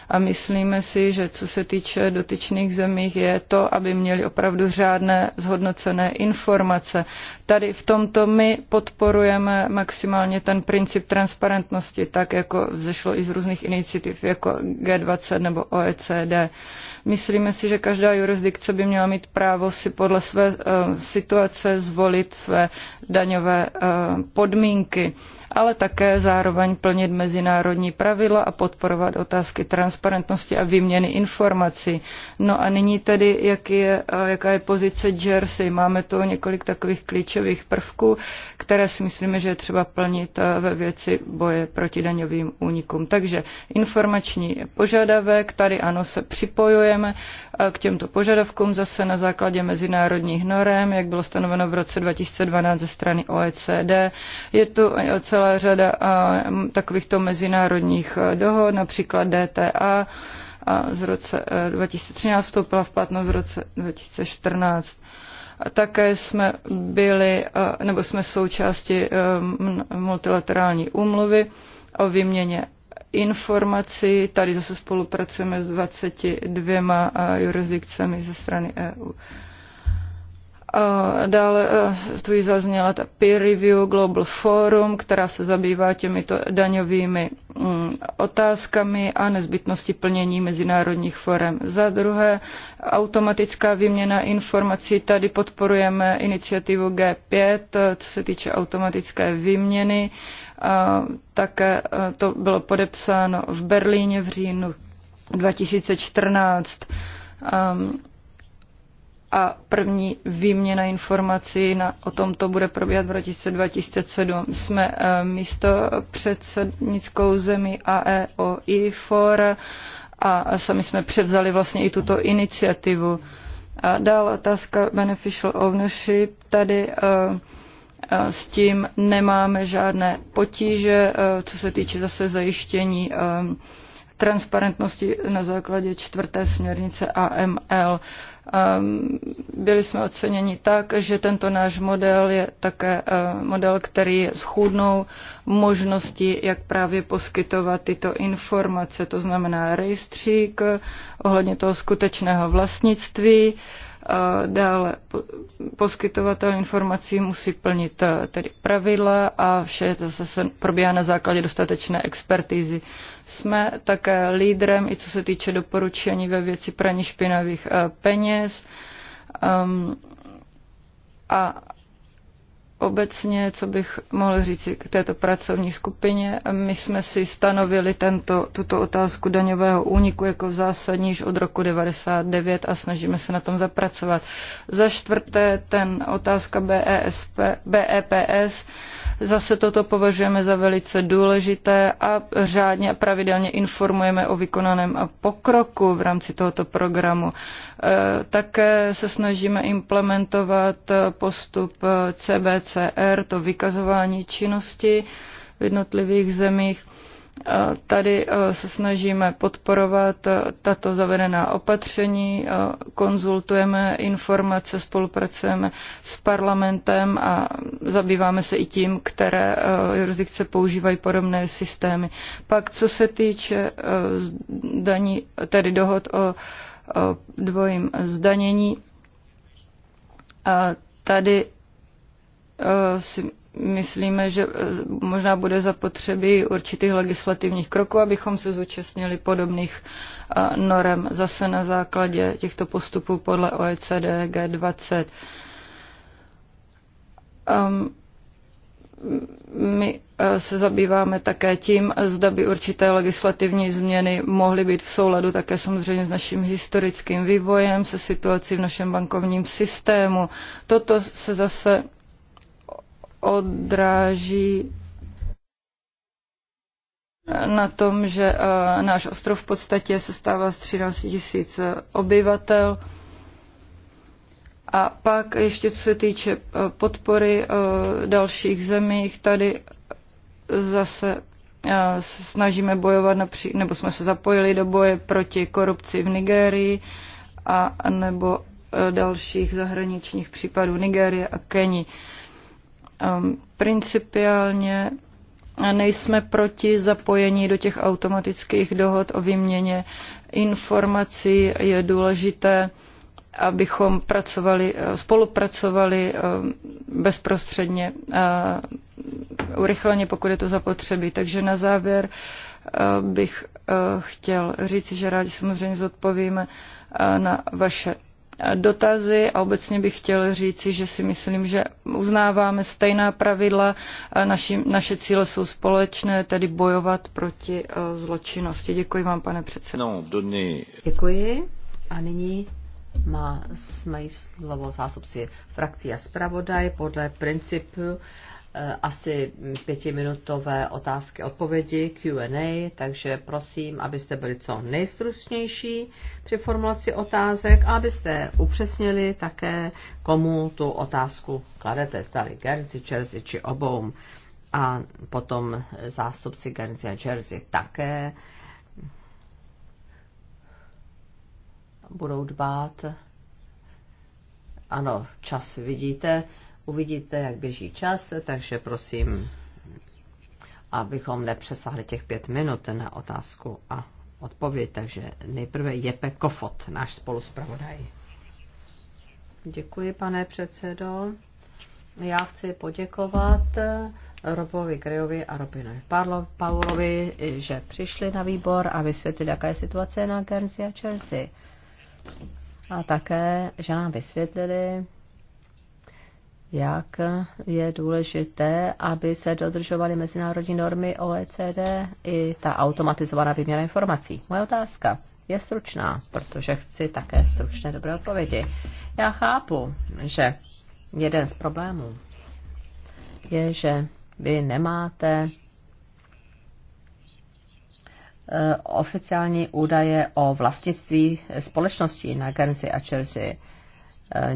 A myslíme si, že co se týče dotyčných zemích, je to, aby měli opravdu řádné zhodnocené informace. Tady v tomto my podporujeme maximálně ten princip transparentnosti, tak jako vzešlo i z různých iniciativ jako G20 nebo OECD. Myslíme si, že každá jurisdikce by měla mít právo si podle své eh, situace zvolit své daňové eh, podmínky ale také zároveň plnit mezinárodní pravidla a podporovat otázky transparentnosti a výměny informací. No a nyní tedy, jak je, jaká je pozice Jersey. Máme tu několik takových klíčových prvků, které si myslíme, že je třeba plnit ve věci boje proti daňovým únikům. Takže informační požadavek, tady ano, se připojujeme k těmto požadavkům zase na základě mezinárodních norem, jak bylo stanoveno v roce 2012 ze strany OECD. Je tu e, celá celá řada takovýchto mezinárodních e, dohod, například DTA a z roce 2013 e, vstoupila v platnost v roce 2014. A také jsme byli, nebo jsme součástí e, multilaterální úmluvy o výměně informací. Tady zase spolupracujeme s 22 jurisdikcemi ze strany EU. Dále e, tu ji zazněla ta peer review Global Forum, která se zabývá těmito daňovými mm, otázkami a nezbytnosti plnění mezinárodních forem. Za druhé, automatická výměna informací. Tady podporujeme iniciativu G5, co se týče automatické výměny. Také e, to bylo podepsáno v Berlíně v říjnu 2014 a první výměna informací na, o tomto bude probíhat v roce 2007. Jsme eh, místo předsednickou zemi e AEOI for a sami jsme převzali vlastně i tuto iniciativu. A dál otázka beneficial ownership. Tady eh, eh, s tím nemáme žádné potíže, co se týče zase zajištění transparentnosti na základě čtvrté směrnice AML. Ehm, byli jsme oceněni tak, že tento náš model je také ehm, model, který je schůdnou možností, jak právě poskytovat tyto informace, to znamená rejstřík ohledně toho skutečného vlastnictví, Dále poskytovatel informací musí plnit eh, tedy pravidla a vše zase se probíhá na základě dostatečné expertízy. Jsme také lídrem i co se týče doporučení ve věci praní špinavých eh, peněz. Um, a obecně, co bych mohl říct k této pracovní skupině. My jsme si stanovili tento, tuto otázku daňového úniku jako zásadní již od roku 99 a snažíme se na tom zapracovat. Za čtvrté, ten otázka BESP, BEPS Zase toto považujeme za velice důležité a řádně a pravidelně informujeme o vykonaném pokroku v rámci tohoto programu. E, také se snažíme implementovat postup CBCR, to vykazování činnosti v jednotlivých zemích Tady e, se snažíme podporovat e, tato zavedená opatření, e, konzultujeme informace, spolupracujeme s parlamentem a zabýváme se i tím, které jurisdikce používají podobné systémy. Pak, co se týče daní, tedy dohod o dvojím zdanění, tady si myslíme, že eh, možná bude zapotřebí určitých legislativních kroků, abychom se zúčastnili podobných eh, norem zase na základě těchto postupů podle OECD G20. Um, ehm, my eh, se zabýváme také tím, zda by určité legislativní změny mohly být v souladu také samozřejmě s naším historickým vývojem, se situací v našem bankovním systému. Toto se zase odráží na tom, že eh, náš ostrov v podstatě se stává z 13 tisíc eh, obyvatel. A pak ještě co se týče eh, podpory dalších zemích, tady zase snažíme bojovat, napří, nebo jsme se zapojili do boje proti korupci v Nigérii a nebo dalších zahraničních případů Nigérie a Keni. Ehm, principiálně nejsme proti zapojení do těch automatických dohod o výměně informací. Je důležité, abychom pracovali, eh, spolupracovali ehm, bezprostředně, eh, urychleně, pokud je to zapotřebí. Takže na závěr eh, bych chtěl říct, že rádi samozřejmě zodpovíme na vaše dotazy a obecně bych chtěl říci, že si myslím, že uznáváme stejná pravidla, naši, naše cíle jsou společné, tedy bojovat proti eh, zločinnosti. Děkuji vám, pane předsedo. No, Děkuji. A nyní má, mají slovo zástupci frakcí a zpravodaj podle principu Eh, asi pětiminutové otázky, odpovědi, Q&A, takže prosím, abyste byli co nejstručnější při formulaci otázek a abyste upřesnili také, komu tu otázku kladete, zdali Gerzi, Čerzi či obou. A potom zástupci Gerzi a Čerzi také budou dbát. Ano, čas vidíte, Uvidíte, jak běží čas, takže prosím, hmm. abychom nepřesahli těch pět minut na otázku a odpověď. Takže nejprve Jepe Kofot, náš spoluspravodaj. Děkuji, pane předsedo. Já chci poděkovat eh, Robovi Grejovi a Robinovi Paulovi, že přišli na výbor a vysvětlili, jaká je situace na Guernsey a Chelsea. A také, že nám vysvětlili, jak je důležité, aby se dodržovaly mezinárodní normy OECD i ta automatizovaná výměna informací. Moje otázka je stručná, protože chci také stručné dobré odpovědi. Já chápu, že jeden z problémů je, že vy nemáte eh, oficiální údaje o vlastnictví společností na Guernsey a Chelsea Eh,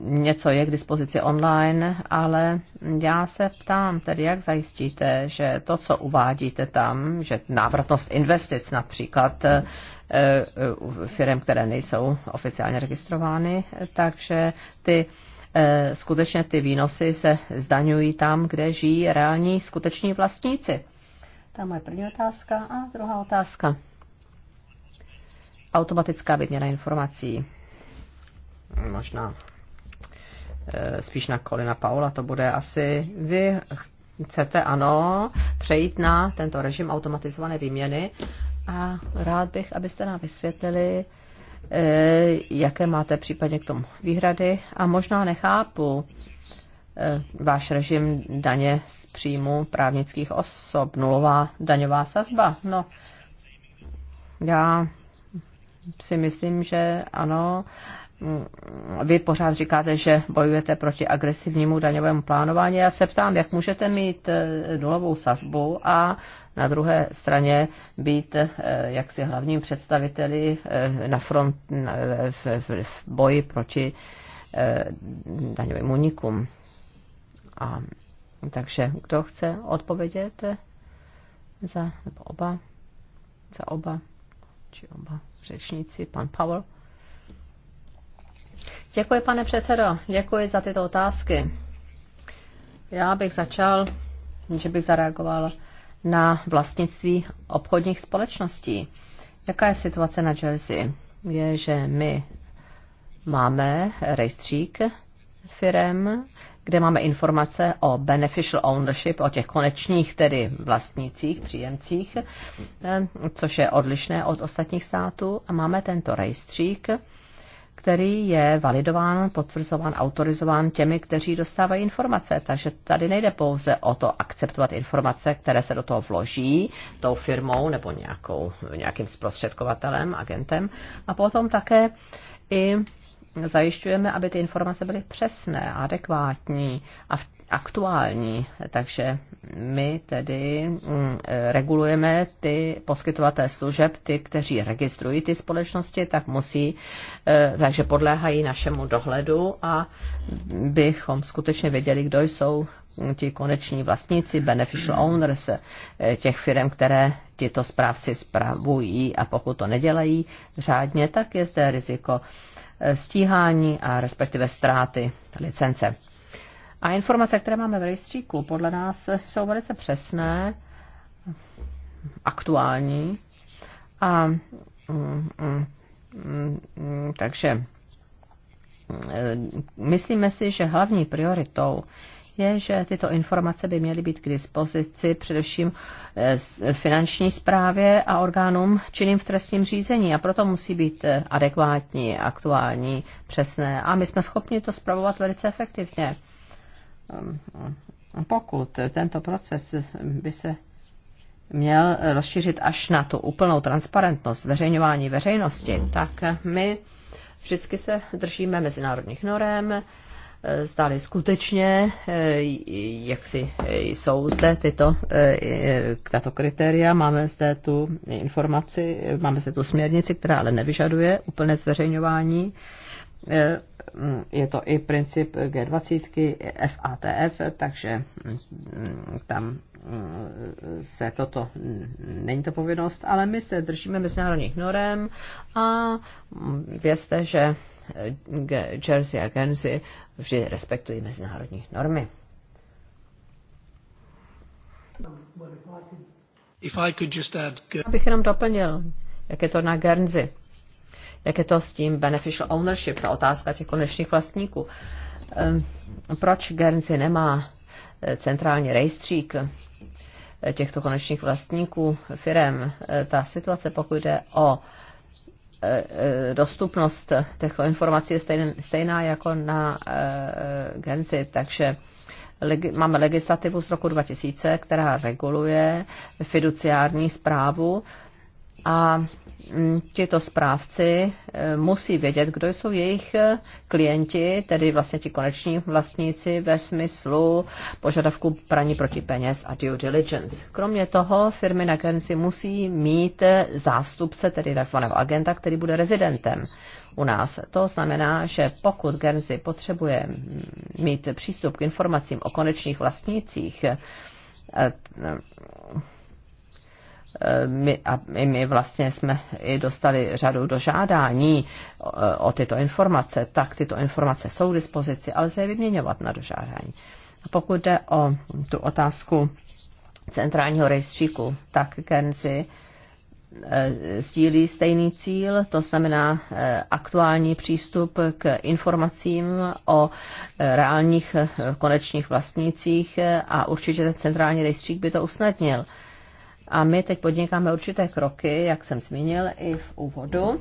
něco je k dispozici online, ale já se ptám tedy, jak zajistíte, že to, co uvádíte tam, že návratnost investic například eh, eh, firm, které nejsou oficiálně registrovány, takže ty skutečně ty výnosy se zdaňují tam, kde žijí reální skuteční vlastníci. Ta moje první otázka a druhá otázka. Automatická výměna informací možná eh, spíš na Kolina Paula to bude asi. Vy chcete, ano, přejít na tento režim automatizované výměny a rád bych, abyste nám vysvětlili, eh, jaké máte případně k tomu výhrady a možná nechápu eh, váš režim daně z příjmu právnických osob, nulová daňová sazba. No, já si myslím, že ano, Mm, vy pořád říkáte, že bojujete proti agresivnímu daňovému plánování. Já se ptám, jak můžete mít eh, nulovou sazbu a na druhé straně být eh, jaksi hlavním představiteli eh, na front v, v, v boji proti daňovým únikům. A, takže kdo chce odpovědět za nebo oba, za oba, či oba řečníci, pan Pavel? Děkuji, pane předsedo. Děkuji za tyto otázky. Já bych začal, že bych zareagoval na vlastnictví obchodních společností. Jaká je situace na Jersey? Je, že my máme rejstřík firem, kde máme informace o beneficial ownership, o těch konečných tedy vlastnících, příjemcích, eh, což je odlišné od ostatních států. A máme tento rejstřík, který je validován, potvrzován, autorizován těmi, kteří dostávají informace. Takže tady nejde pouze o to akceptovat informace, které se do toho vloží tou firmou nebo nějakou, nějakým zprostředkovatelem, agentem. A potom také i zajišťujeme, aby ty informace byly přesné, adekvátní a v aktuální, takže my tedy mm, eh, regulujeme ty poskytovaté služeb, ty, kteří registrují ty společnosti, tak musí, eh, takže podléhají našemu dohledu a bychom skutečně věděli, kdo jsou ti koneční vlastníci, beneficial owners eh, těch firm, které tito správci spravují a pokud to nedělají řádně, tak je zde riziko stíhání a respektive ztráty licence. A informace, které máme v rejstříku, podle nás jsou velice přesné, aktuální. A mm, mm, mm, takže mm, myslíme si, že hlavní prioritou je, že tyto informace by měly být k dispozici především eh, finanční správě a orgánům činným v trestním řízení a proto musí být eh, adekvátní, aktuální, přesné a my jsme schopni to spravovat velice efektivně. Ehm, pokud tento proces by se měl rozšířit až na tu úplnou transparentnost veřejňování veřejnosti, mhm. tak my vždycky se držíme mezinárodních norem, zdali skutečně, eh, jak si jsou zde tyto, eh, tato kritéria, máme zde tu informaci, máme zde tu směrnici, která ale nevyžaduje úplné zveřejňování Eh, je to i princip G20, FATF, takže mm, tam mm, se toto, mm, není to povinnost, ale my se držíme mezinárodních norem a vězte, že eh, Jersey a Guernsey vždy respektují mezinárodní normy. Abych jenom doplnil, jak je to na Guernsey jak je to s tím beneficial ownership, ta otázka těch konečných vlastníků. Ehm, proč Guernsey nemá eh, centrální rejstřík eh, těchto konečných vlastníků firem? Eh, ta situace, pokud jde o dostupnost těchto informací je stejná jako na Guernsey, takže máme legislativu z roku 2000, která reguluje fiduciární zprávu a mm, tito správci e, musí vědět, kdo jsou jejich e, klienti, tedy vlastně ti koneční vlastníci ve smyslu požadavku praní proti peněz a due diligence. Kromě toho firmy na Guernsey musí mít zástupce, tedy takzvaného agenta, který bude rezidentem u nás. To znamená, že pokud Guernsey potřebuje mít přístup k informacím o konečných vlastnících, e, my, a my vlastně jsme i dostali řadu dožádání o, tyto informace, tak tyto informace jsou k dispozici, ale se je vyměňovat na dožádání. A pokud jde o tu otázku centrálního rejstříku, tak Guernsey e, sdílí stejný cíl, to znamená e, aktuální přístup k informacím o e, reálních konečných vlastnících a určitě ten centrální rejstřík by to usnadnil. A my teď podnikáme určité kroky, jak jsem zmínil i v úvodu.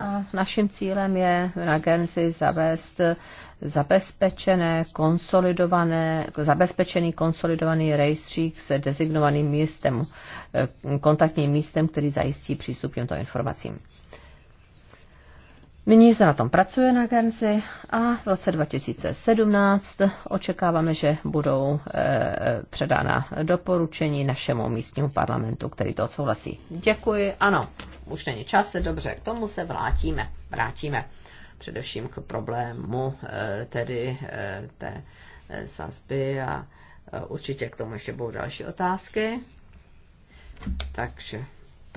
A naším cílem je na agenci zavést zabezpečené, konsolidované, zabezpečený konsolidovaný rejstřík se designovaným místem, eh, kontaktním místem, který zajistí přístup těmto informacím. Nyní se na tom pracuje na Guernsey a v roce 2017 očekáváme, že budou e, předána doporučení našemu místnímu parlamentu, který to odsouhlasí. Děkuji. Ano, už není čas, dobře, k tomu se vrátíme. Vrátíme především k problému e, tedy e, té e, sazby a e, určitě k tomu ještě budou další otázky. Takže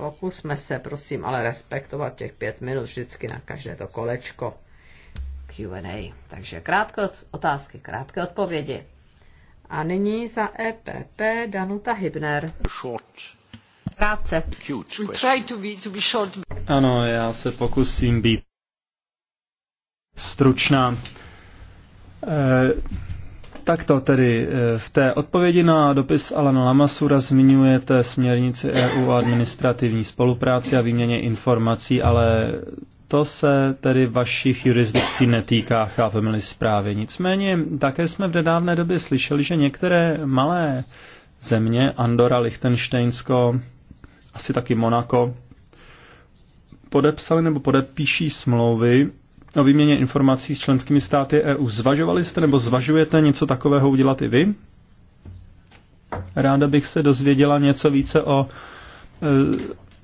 Pokusme se, prosím, ale respektovat těch pět minut vždycky na každé to kolečko Q&A. Takže krátké otázky, krátké odpovědi. A nyní za EPP Danuta Hybner. Short. Krátce. Cute try to be, to be short. Ano, já se pokusím být stručná. Eh, Takto tedy eh, v té odpovědi na dopis Alana Lamasura zmiňujete směrnici EU o administrativní spolupráci a výměně informací, ale to se tedy vašich jurisdikcí netýká, chápeme-li zprávě. Nicméně také jsme v nedávné době slyšeli, že některé malé země, Andora, Liechtensteinsko, asi taky Monako, podepsali nebo podepíší smlouvy o výměně informací s členskými státy EU. Zvažovali jste nebo zvažujete něco takového udělat i vy? Ráda bych se dozvěděla něco více o e,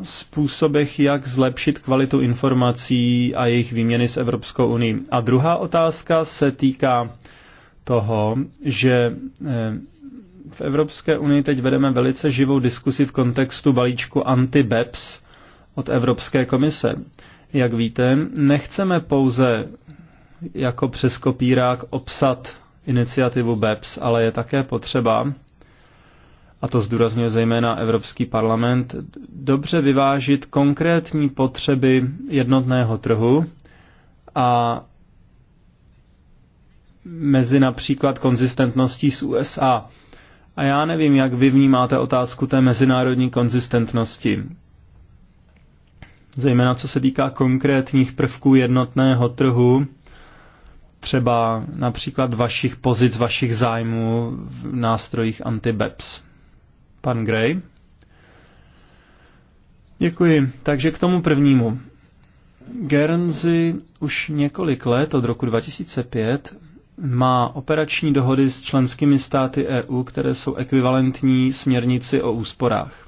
způsobech, jak zlepšit kvalitu informací a jejich výměny s Evropskou unii. A druhá otázka se týká toho, že e, v Evropské unii teď vedeme velice živou diskusi v kontextu balíčku anti-BEPS od Evropské komise. Jak víte, nechceme pouze jako přes kopírák obsat iniciativu BEPS, ale je také potřeba, a to zdůrazňuje zejména Evropský parlament, dobře vyvážit konkrétní potřeby jednotného trhu a mezi například konzistentností s USA. A já nevím, jak vy vnímáte otázku té mezinárodní konzistentnosti zejména co se týká konkrétních prvků jednotného trhu, třeba například vašich pozic, vašich zájmů v nástrojích anti-BEPS. Pan Gray? Děkuji. Takže k tomu prvnímu. Guernsey už několik let, od roku 2005, má operační dohody s členskými státy EU, které jsou ekvivalentní směrnici o úsporách.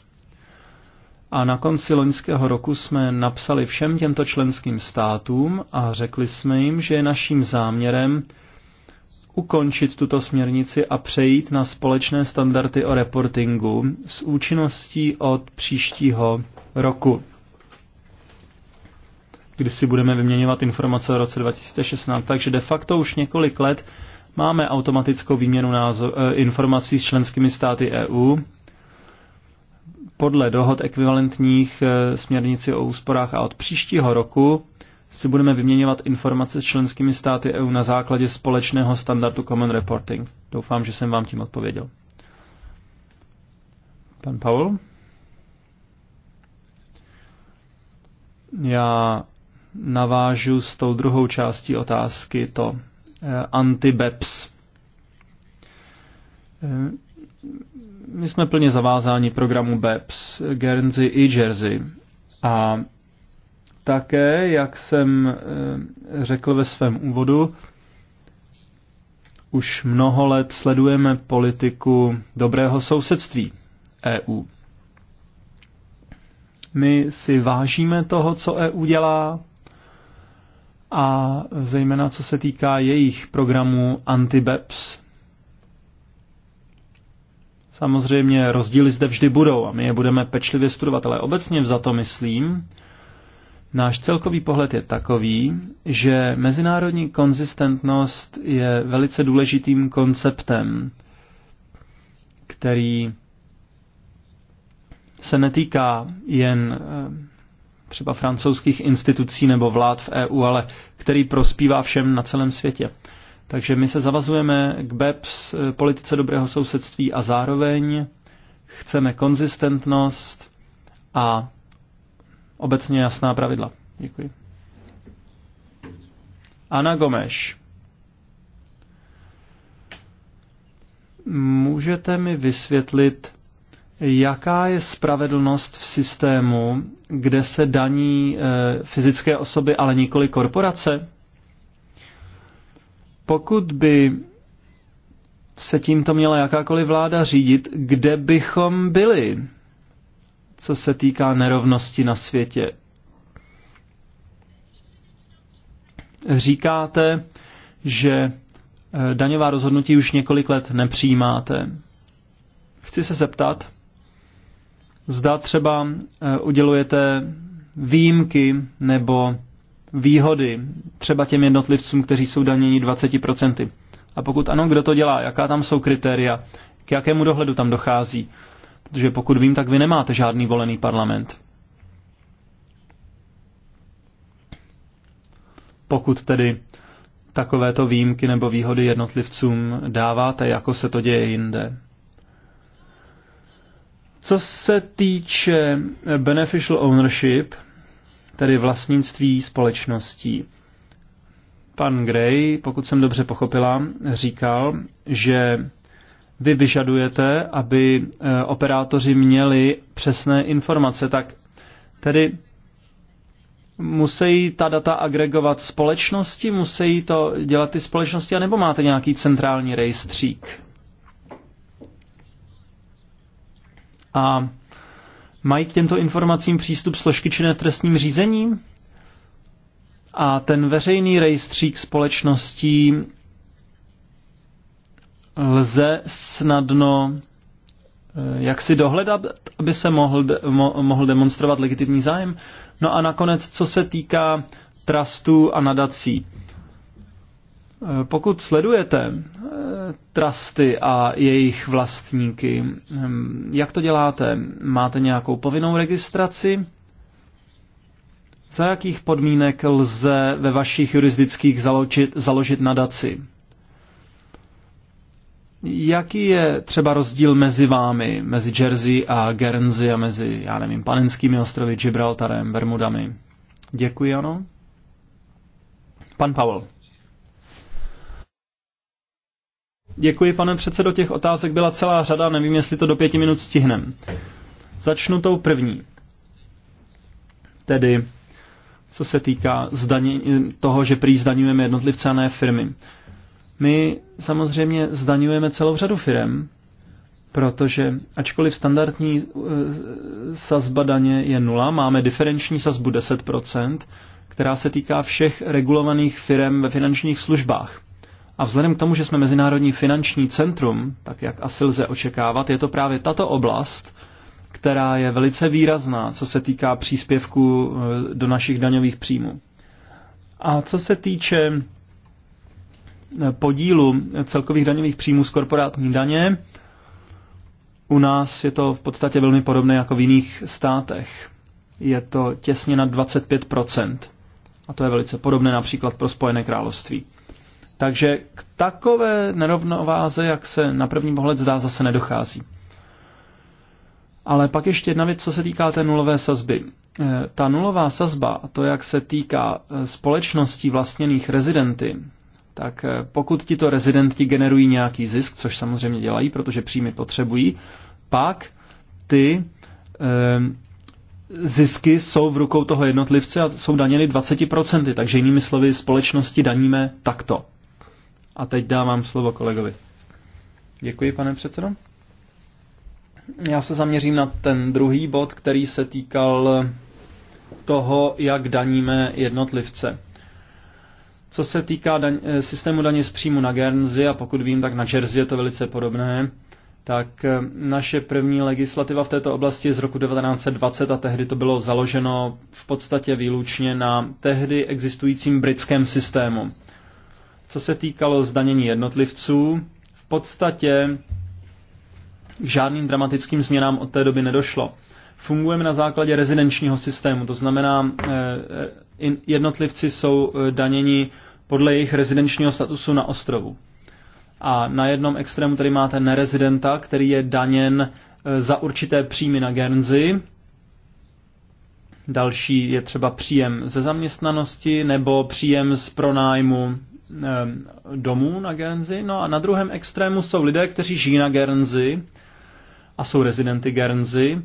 A na konci loňského roku jsme napsali všem těmto členským státům a řekli jsme jim, že je naším záměrem ukončit tuto směrnici a přejít na společné standardy o reportingu s účinností od příštího roku kdy si budeme vyměňovat informace o roce 2016. Takže de facto už několik let máme automatickou výměnu názor, eh, informací s členskými státy EU podle dohod ekvivalentních eh, směrnici o úsporách a od příštího roku si budeme vyměňovat informace s členskými státy EU na základě společného standardu Common Reporting. Doufám, že jsem vám tím odpověděl. Pan Paul? Já navážu s tou druhou částí otázky to eh, anti-BEPS. Eh, my jsme plně zavázáni programu BEPS, Guernsey i Jersey. A také, jak jsem eh, řekl ve svém úvodu, už mnoho let sledujeme politiku dobrého sousedství EU. My si vážíme toho, co EU dělá, a zejména co se týká jejich programů anti-BEPS, Samozřejmě rozdíly zde vždy budou a my je budeme pečlivě studovat, ale obecně za to myslím, náš celkový pohled je takový, že mezinárodní konzistentnost je velice důležitým konceptem, který se netýká jen eh, třeba francouzských institucí nebo vlád v EU, ale který prospívá všem na celém světě. Takže my se zavazujeme k BEPS eh, politice dobrého sousedství a zároveň chceme konzistentnost a obecně jasná pravidla. Děkuji. Ana Gomeš. Můžete mi vysvětlit, jaká je spravedlnost v systému, kde se daní e, fyzické osoby, ale nikoli korporace? Pokud by se tímto měla jakákoliv vláda řídit, kde bychom byli, co se týká nerovnosti na světě? Říkáte, že eh, daňová rozhodnutí už několik let nepřijímáte. Chci se zeptat, zda třeba eh, udělujete výjimky nebo výhody třeba těm jednotlivcům, kteří jsou daněni 20%? A pokud ano, kdo to dělá? Jaká tam jsou kritéria? K jakému dohledu tam dochází? Protože pokud vím, tak vy nemáte žádný volený parlament. Pokud tedy takovéto výjimky nebo výhody jednotlivcům dáváte, jako se to děje jinde. Co se týče beneficial ownership, tedy vlastnictví společností. Pan Gray, pokud jsem dobře pochopila, říkal, že vy vyžadujete, aby eh, operátoři měli přesné informace, tak tedy musí ta data agregovat společnosti, musí to dělat ty společnosti, anebo máte nějaký centrální rejstřík? A mají k těmto informacím přístup složky činné trestním řízením? A ten veřejný rejstřík společností lze snadno eh, jak si dohledat, aby se mohl, mo, mohl demonstrovat legitimní zájem. No a nakonec, co se týká trustů a nadací. Eh, pokud sledujete eh, trusty a jejich vlastníky, hm, jak to děláte? Máte nějakou povinnou registraci? Za jakých podmínek lze ve vašich jurisdických založit, založit nadaci? Jaký je třeba rozdíl mezi vámi, mezi Jersey a Guernsey a mezi, já nevím, Panenskými ostrovy, Gibraltarem, Bermudami? Děkuji, ano. Pan Pavel. Děkuji, pane předsedo. Těch otázek byla celá řada, nevím, jestli to do pěti minut stihnem. Začnu tou první. Tedy, co se týká zdaně, toho, že prý zdaňujeme jednotlivce a ne firmy. My samozřejmě zdaňujeme celou řadu firm, protože ačkoliv standardní e, sazba daně je nula, máme diferenční sazbu 10%, která se týká všech regulovaných firm ve finančních službách. A vzhledem k tomu, že jsme mezinárodní finanční centrum, tak jak asi lze očekávat, je to právě tato oblast, která je velice výrazná, co se týká příspěvku eh, do našich daňových příjmů. A co se týče eh, podílu celkových daňových příjmů z korporátní daně, u nás je to v podstatě velmi podobné jako v jiných státech. Je to těsně na 25 a to je velice podobné například pro Spojené království. Takže k takové nerovnováze, jak se na první pohled zdá, zase nedochází. Ale pak ještě jedna věc, co se týká té nulové sazby. E, ta nulová sazba, to jak se týká e, společností vlastněných rezidenty, tak e, pokud tito rezidenti generují nějaký zisk, což samozřejmě dělají, protože příjmy potřebují, pak ty zisky jsou v rukou toho jednotlivce a jsou daněny 20%, takže jinými slovy společnosti daníme takto. A teď dávám slovo kolegovi. Děkuji, pane předsedo. Já se zaměřím na ten druhý bod, který se týkal toho, jak daníme jednotlivce. Co se týká daň, eh, systému daně z příjmu na Guernsey, a pokud vím, tak na Jersey je to velice podobné, tak eh, naše první legislativa v této oblasti je z roku 1920 a tehdy to bylo založeno v podstatě výlučně na tehdy existujícím britském systému co se týkalo zdanění jednotlivců, v podstatě k žádným dramatickým změnám od té doby nedošlo. Fungujeme na základě rezidenčního systému, to znamená, eh, eh, jednotlivci jsou eh, daněni podle jejich rezidenčního statusu na ostrovu. A na jednom extrému tady máte nerezidenta, který je daněn za určité příjmy na Guernsey. Další je třeba příjem ze zaměstnanosti nebo příjem z pronájmu Ehm, domů na Guernsey. No a na druhém extrému jsou lidé, kteří žijí na Guernsey a jsou rezidenty Guernsey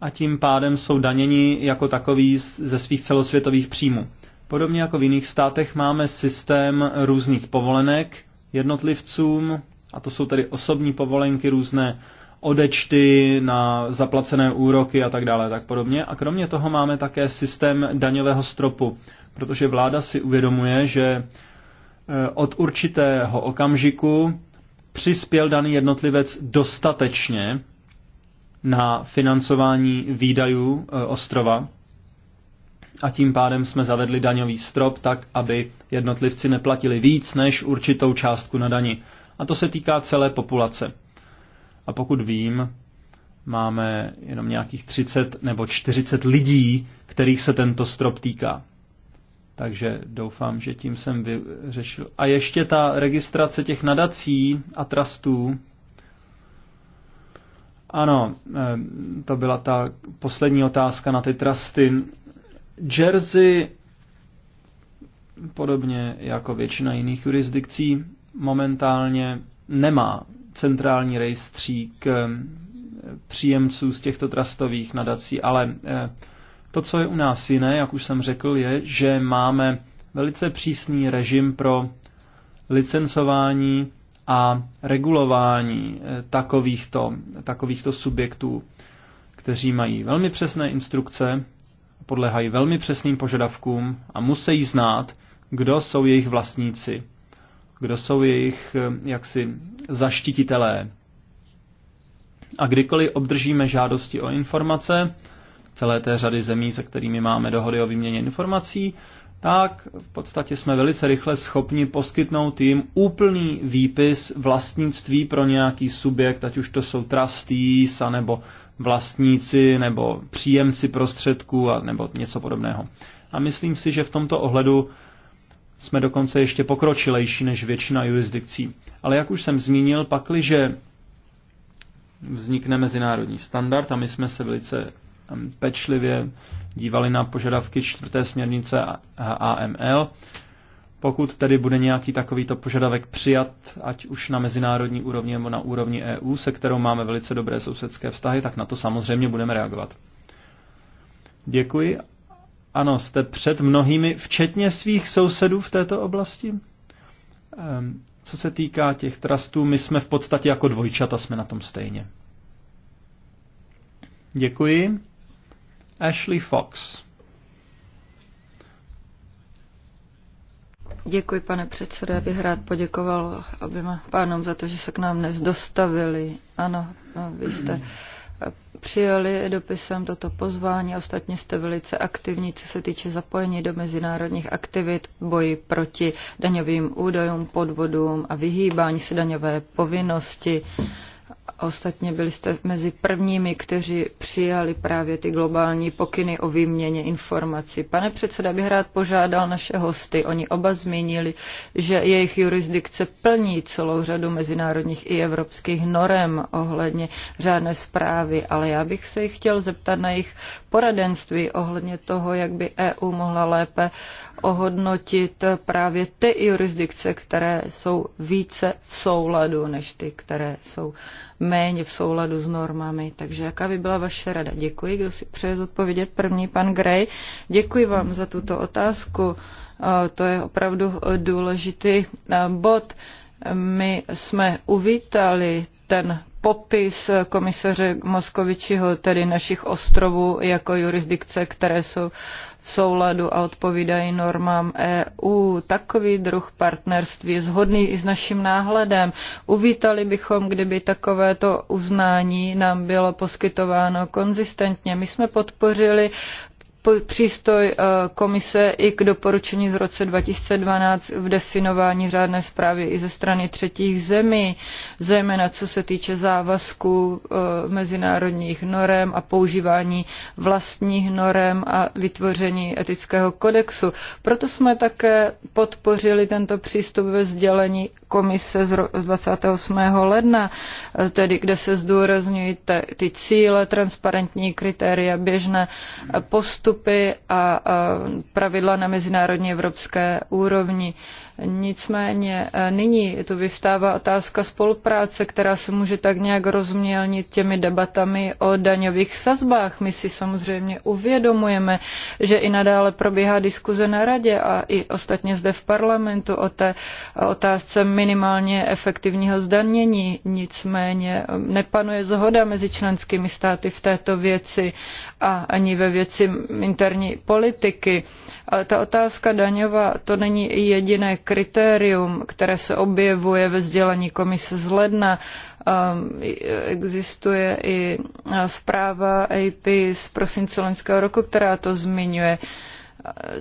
a tím pádem jsou daněni jako takový ze svých celosvětových příjmů. Podobně jako v jiných státech máme systém různých povolenek jednotlivcům, a to jsou tedy osobní povolenky, různé odečty na zaplacené úroky a tak dále, tak podobně. A kromě toho máme také systém daňového stropu, protože vláda si uvědomuje, že Eh, od určitého okamžiku přispěl daný jednotlivec dostatečně na financování výdajů eh, ostrova a tím pádem jsme zavedli daňový strop tak, aby jednotlivci neplatili víc než určitou částku na dani. A to se týká celé populace. A pokud vím, máme jenom nějakých 30 nebo 40 lidí, kterých se tento strop týká. Takže doufám, že tím jsem vyřešil. A ještě ta registrace těch nadací a trustů. Ano, eh, to byla ta poslední otázka na ty trusty. Jersey, podobně jako většina jiných jurisdikcí, momentálně nemá centrální rejstřík eh, příjemců z těchto trustových nadací, ale eh, to, co je u nás jiné, jak už jsem řekl, je, že máme velice přísný režim pro licencování a regulování eh, takovýchto, takovýchto subjektů, kteří mají velmi přesné instrukce, podléhají velmi přesným požadavkům a musí znát, kdo jsou jejich vlastníci, kdo jsou jejich eh, jaksi zaštititelé. A kdykoliv obdržíme žádosti o informace, celé té řady zemí, se kterými máme dohody o výměně informací, tak v podstatě jsme velice rychle schopni poskytnout jim úplný výpis vlastnictví pro nějaký subjekt, ať už to jsou trustees, nebo vlastníci, nebo příjemci prostředků, a, nebo něco podobného. A myslím si, že v tomto ohledu jsme dokonce ještě pokročilejší než většina jurisdikcí. Ale jak už jsem zmínil, pakliže vznikne mezinárodní standard a my jsme se velice pečlivě dívali na požadavky čtvrté směrnice AML. Pokud tedy bude nějaký takovýto požadavek přijat, ať už na mezinárodní úrovni nebo na úrovni EU, se kterou máme velice dobré sousedské vztahy, tak na to samozřejmě budeme reagovat. Děkuji. Ano, jste před mnohými, včetně svých sousedů v této oblasti? Co se týká těch trastů, my jsme v podstatě jako dvojčata, jsme na tom stejně. Děkuji. Ashley Fox. Děkuji, pane předsedo. Já bych rád poděkoval oběma pánům za to, že se k nám dnes dostavili. Ano, vy jste přijali dopisem toto pozvání. Ostatně jste velice aktivní, co se týče zapojení do mezinárodních aktivit, boji proti daňovým údajům, podvodům a vyhýbání se daňové povinnosti. Ostatně byli jste mezi prvními, kteří přijali právě ty globální pokyny o výměně informací. Pane předseda, bych rád požádal naše hosty. Oni oba zmínili, že jejich jurisdikce plní celou řadu mezinárodních i evropských norem ohledně řádné zprávy, ale já bych se jich chtěl zeptat na jejich poradenství ohledně toho, jak by EU mohla lépe ohodnotit právě ty jurisdikce, které jsou více v souladu než ty, které jsou méně v souladu s normami. Takže jaká by byla vaše rada? Děkuji, kdo si přeje zodpovědět první, pan Gray. Děkuji vám za tuto otázku. Eh, to je opravdu eh, důležitý eh, bod. My jsme uvítali ten popis komisaře Moskovičiho, tedy našich ostrovů jako jurisdikce, které jsou souladu a odpovídají normám EU. Takový druh partnerství je zhodný i s naším náhledem. Uvítali bychom, kdyby takovéto uznání nám bylo poskytováno konzistentně. My jsme podpořili přístoj eh, komise i k doporučení z roce 2012 v definování řádné zprávy i ze strany třetích zemí, zejména co se týče závazků eh, mezinárodních norem a používání vlastních norem a vytvoření etického kodexu. Proto jsme také podpořili tento přístup ve sdělení komise z 28. ledna, eh, tedy kde se zdůrazňují ty cíle, transparentní kritéria, běžné postupy, postupy a pravidla na mezinárodní evropské úrovni. Nicméně eh, nyní tu vyvstává otázka spolupráce, která se může tak nějak rozmělnit těmi debatami o daňových sazbách. My si samozřejmě uvědomujeme, že i nadále probíhá diskuze na radě a i ostatně zde v parlamentu o té eh, otázce minimálně efektivního zdanění. Nicméně eh, nepanuje zhoda mezi členskými státy v této věci a ani ve věci interní politiky. Ale ta otázka daňová, to není jediné kritérium, které se objevuje ve sdělení komise z ledna. Ehm, existuje i eh, zpráva AP z prosince loňského roku, která to zmiňuje.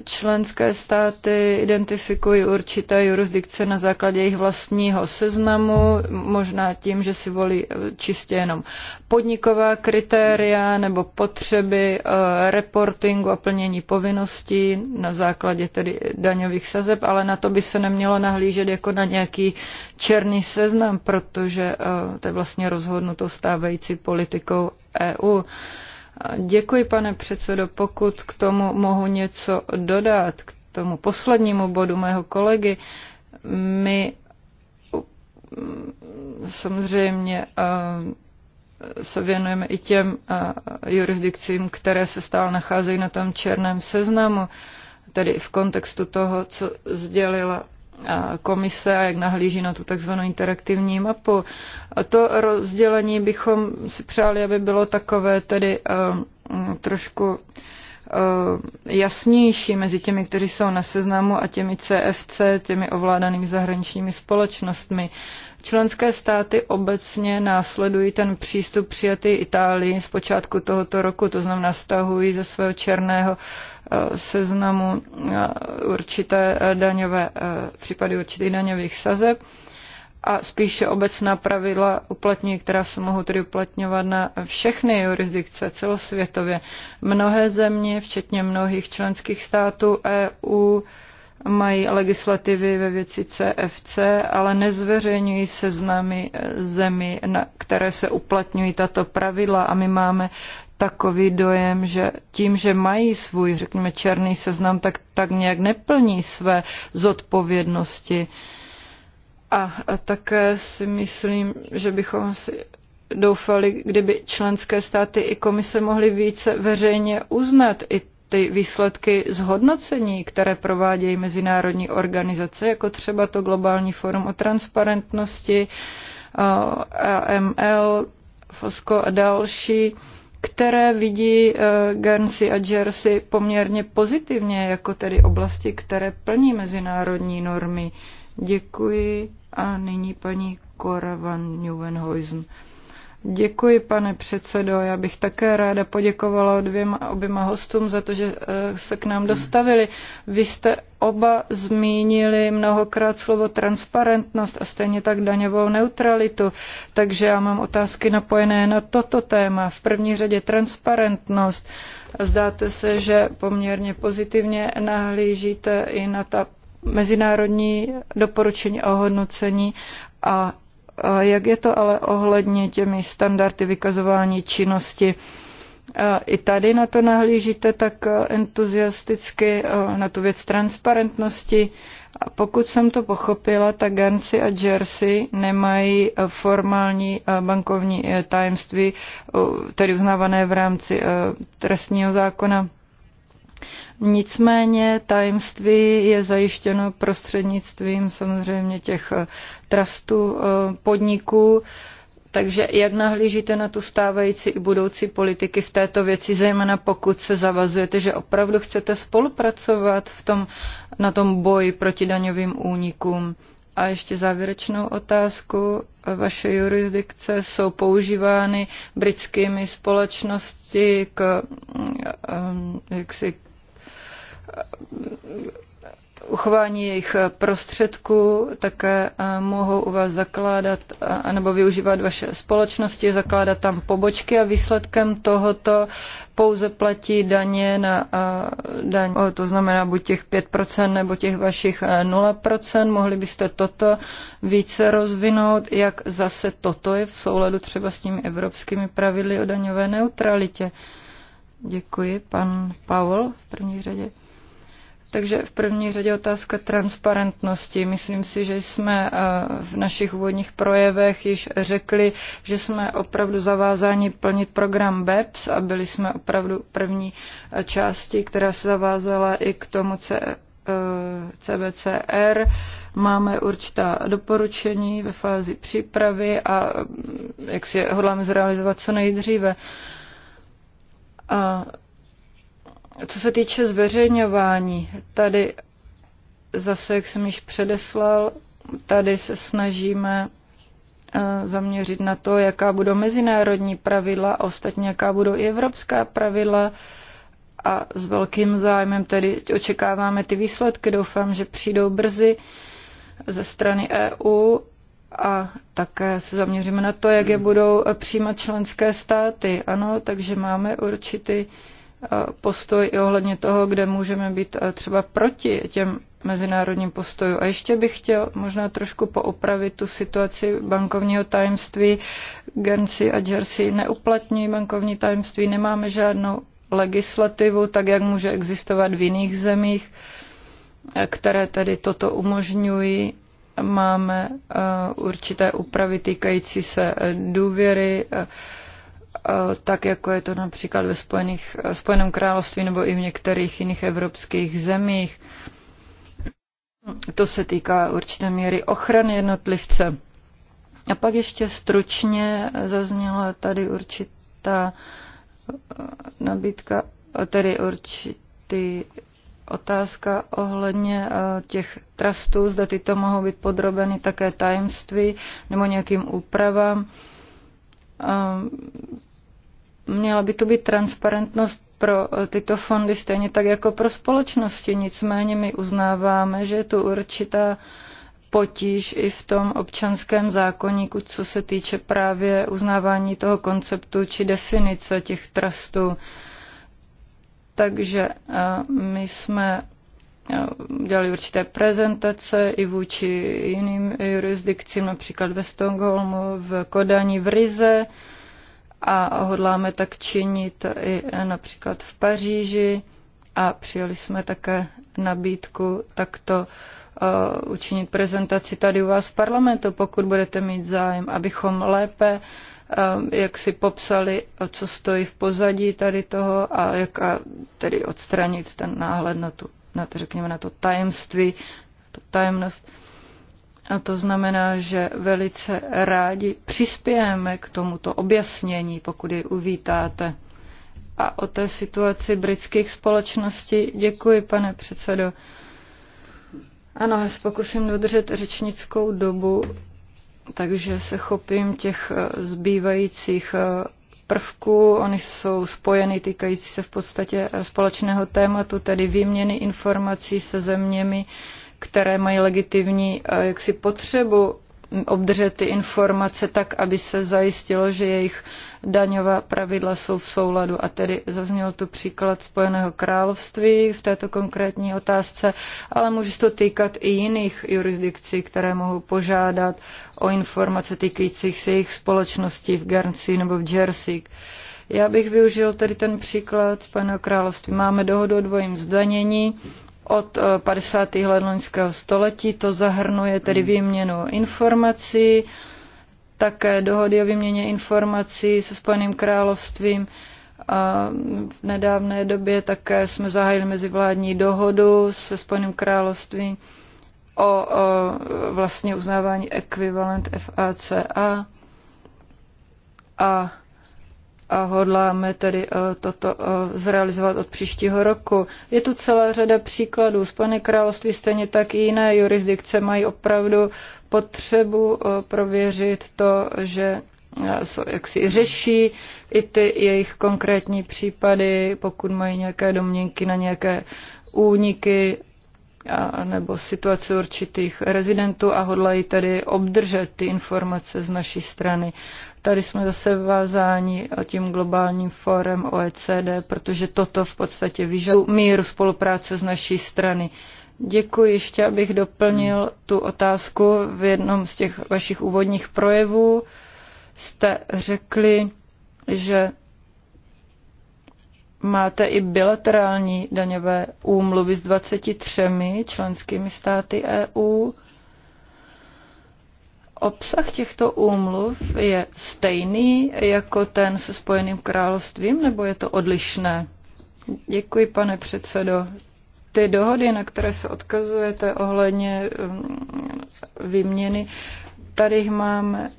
Členské státy identifikují určité jurisdikce na základě jejich vlastního seznamu, možná tím, že si volí čistě jenom podniková kritéria nebo potřeby eh, reportingu a plnění povinností na základě tedy daňových sazeb, ale na to by se nemělo nahlížet jako na nějaký černý seznam, protože eh, to je vlastně rozhodnuto stávající politikou EU. Děkuji, pane předsedo, pokud k tomu mohu něco dodat, k tomu poslednímu bodu mého kolegy. My mm, samozřejmě eh, se věnujeme i těm eh, jurisdikcím, které se stále nacházejí na tom černém seznamu, tedy v kontextu toho, co sdělila komise a jak nahlíží na tu takzvanou interaktivní mapu. A to rozdělení bychom si přáli, aby bylo takové tedy eh, mm, trošku eh, jasnější mezi těmi, kteří jsou na seznamu a těmi CFC, těmi ovládanými zahraničními společnostmi. Členské státy obecně následují ten přístup přijatý Itálii z počátku tohoto roku, to znamená stahují ze svého černého eh, seznamu eh, určité eh, daňové, případy určitých daňových sazeb a spíše obecná pravidla uplatňují, která se mohou tedy uplatňovat na všechny jurisdikce celosvětově. Mnohé země, včetně mnohých členských států EU, mají legislativy ve věci CFC, ale nezveřejňují seznamy eh, zemi, na které se uplatňují tato pravidla a my máme takový dojem, že tím, že mají svůj, řekněme, černý seznam, tak, tak nějak neplní své zodpovědnosti. A, a také si myslím, že bychom si doufali, kdyby členské státy i komise mohly více veřejně uznat i ty výsledky zhodnocení, které provádějí mezinárodní organizace, jako třeba to Globální forum o transparentnosti, AML, FOSCO a další, které vidí e, Guernsey a Jersey poměrně pozitivně, jako tedy oblasti, které plní mezinárodní normy. Děkuji a nyní paní Cora van Nieuwenhuizen. Děkuji, pane předsedo. Já bych také ráda poděkovala dvěma oběma hostům za to, že eh, se k nám dostavili. Vy jste oba zmínili mnohokrát slovo transparentnost a stejně tak daňovou neutralitu. Takže já mám otázky napojené na toto téma. V první řadě transparentnost. Zdáte se, že poměrně pozitivně nahlížíte i na ta mezinárodní doporučení o hodnocení a jak je to ale ohledně těmi standardy vykazování činnosti? I tady na to nahlížíte tak entuziasticky, na tu věc transparentnosti. A pokud jsem to pochopila, tak Guernsey a Jersey nemají formální bankovní e, tajemství, tedy uznávané v rámci e, trestního zákona. Nicméně tajemství je zajištěno prostřednictvím samozřejmě těch eh, trustů eh, podniků. Takže jak nahlížíte na tu stávající i budoucí politiky v této věci, zejména pokud se zavazujete, že opravdu chcete spolupracovat v tom, na tom boji proti daňovým únikům? A ještě závěrečnou otázku. Vaše jurisdikce jsou používány britskými společnosti k, mm, eh, jaksi, uchování jejich prostředků, také eh, mohou u vás zakládat eh, nebo využívat vaše společnosti, zakládat tam pobočky a výsledkem tohoto pouze platí daně na eh, daň, to znamená buď těch 5% nebo těch vašich 0%. Mohli byste toto více rozvinout, jak zase toto je v souladu třeba s těmi evropskými pravidly o daňové neutralitě. Děkuji, pan Pavel v první řadě. Takže v první řadě otázka transparentnosti. Myslím si, že jsme eh, v našich úvodních projevech již řekli, že jsme opravdu zavázáni plnit program BEPS a byli jsme opravdu první eh, části, která se zavázala i k tomu CBCR. Eh, Máme určitá doporučení ve fázi přípravy a jak si je hodláme zrealizovat co nejdříve. A co se týče zveřejňování, tady zase, jak jsem již předeslal, tady se snažíme eh, zaměřit na to, jaká budou mezinárodní pravidla a ostatně jaká budou i evropská pravidla. A s velkým zájmem tedy očekáváme ty výsledky. Doufám, že přijdou brzy ze strany EU a také se zaměříme na to, jak je budou přijímat členské státy. Ano, takže máme určitý postoj i ohledně toho, kde můžeme být eh, třeba proti těm mezinárodním postojům. A ještě bych chtěl možná trošku poopravit tu situaci bankovního tajemství. Guernsey a Jersey neuplatňují bankovní tajemství, nemáme žádnou legislativu, tak jak může existovat v jiných zemích, eh, které tedy toto umožňují. Máme eh, určité úpravy týkající se důvěry, Eh, tak jako je to například ve Spojených, eh, Spojeném království nebo i v některých jiných evropských zemích. To se týká určité míry ochrany jednotlivce. A pak ještě stručně zazněla tady určitá eh, nabídka, tedy určitý otázka ohledně těch trustů, zda tyto mohou být podrobeny také tajemství nebo nějakým úpravám. Ehm, Měla by to být transparentnost pro eh, tyto fondy stejně tak jako pro společnosti. Nicméně my uznáváme, že je tu určitá potíž i v tom občanském zákonníku, co se týče právě uznávání toho konceptu či definice těch trustů. Takže eh, my jsme eh, dělali určité prezentace i vůči jiným jurisdikcím, například ve Stockholmu, v Kodani, v Rize, a hodláme tak činit i například v Paříži a přijali jsme také nabídku takto eh, učinit prezentaci tady u vás v parlamentu, pokud budete mít zájem, abychom lépe eh, jak si popsali, co stojí v pozadí tady toho a jak a tedy odstranit ten náhled na tu, na to, řekněme, na to tajemství, to tajemnost. A to znamená, že velice rádi přispějeme k tomuto objasnění, pokud ji uvítáte. A o té situaci britských společností děkuji, pane předsedo. Ano, já se pokusím dodržet řečnickou dobu, takže se chopím těch eh, zbývajících eh, prvků. Oni jsou spojeny, týkající se v podstatě eh, společného tématu, tedy výměny informací se zeměmi, které mají legitimní eh, jaksi potřebu obdržet ty informace tak, aby se zajistilo, že jejich daňová pravidla jsou v souladu. A tedy zazněl tu příklad Spojeného království v této konkrétní otázce, ale může se to týkat i jiných jurisdikcí, které mohou požádat o informace týkajících se jejich společností v Guernsey nebo v Jersey. Já bych využil tedy ten příklad Spojeného království. Máme dohodu o dvojím zdanění, od 50. Eh, let loňského století. To zahrnuje tedy hmm. výměnu informací, také dohody o výměně informací se Spojeným královstvím. A v nedávné době také jsme zahájili mezivládní dohodu se Spojeným královstvím o, o vlastně uznávání ekvivalent FACA a a hodláme tedy eh, toto eh, zrealizovat od příštího roku. Je tu celá řada příkladů. Spojené království stejně tak i jiné jurisdikce mají opravdu potřebu eh, prověřit to, že jak si řeší i ty jejich konkrétní případy, pokud mají nějaké domněnky na nějaké úniky a, nebo situaci určitých rezidentů a hodlají tedy obdržet ty informace z naší strany. Tady jsme zase vázáni tím globálním fórem OECD, protože toto v podstatě vyžaduje míru spolupráce z naší strany. Děkuji. Ještě abych doplnil tu otázku v jednom z těch vašich úvodních projevů. Jste řekli, že máte i bilaterální daňové úmluvy s 23 členskými státy EU. Obsah těchto úmluv je stejný jako ten se Spojeným královstvím, nebo je to odlišné? Děkuji, pane předsedo. Ty dohody, na které se odkazujete ohledně um, výměny, tady jich máme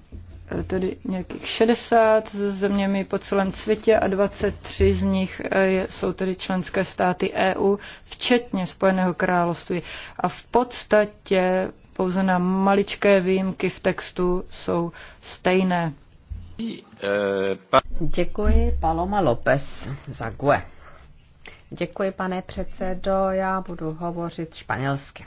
eh, tedy nějakých 60 s zeměmi po celém světě a 23 z nich eh, jsou tedy členské státy EU, včetně Spojeného království. A v podstatě pouze na maličké výjimky v textu jsou stejné. Eh, Děkuji, Paloma López za GUE. Děkuji, pane předsedo, já budu hovořit španělsky.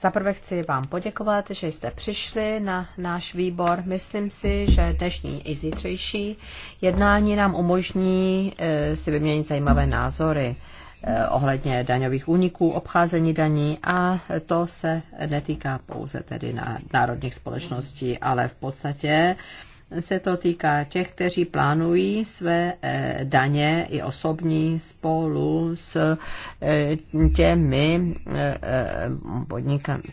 Zaprvé chci vám poděkovat, že jste přišli na náš výbor. Myslím si, že dnešní i zítřejší jednání nám umožní eh, si vyměnit zajímavé názory. Eh, ohledně daňových úniků, obcházení daní a to se netýká pouze tedy na národních společností, ale v podstatě se to týká těch, kteří plánují své eh, daně i osobní spolu s eh, těmi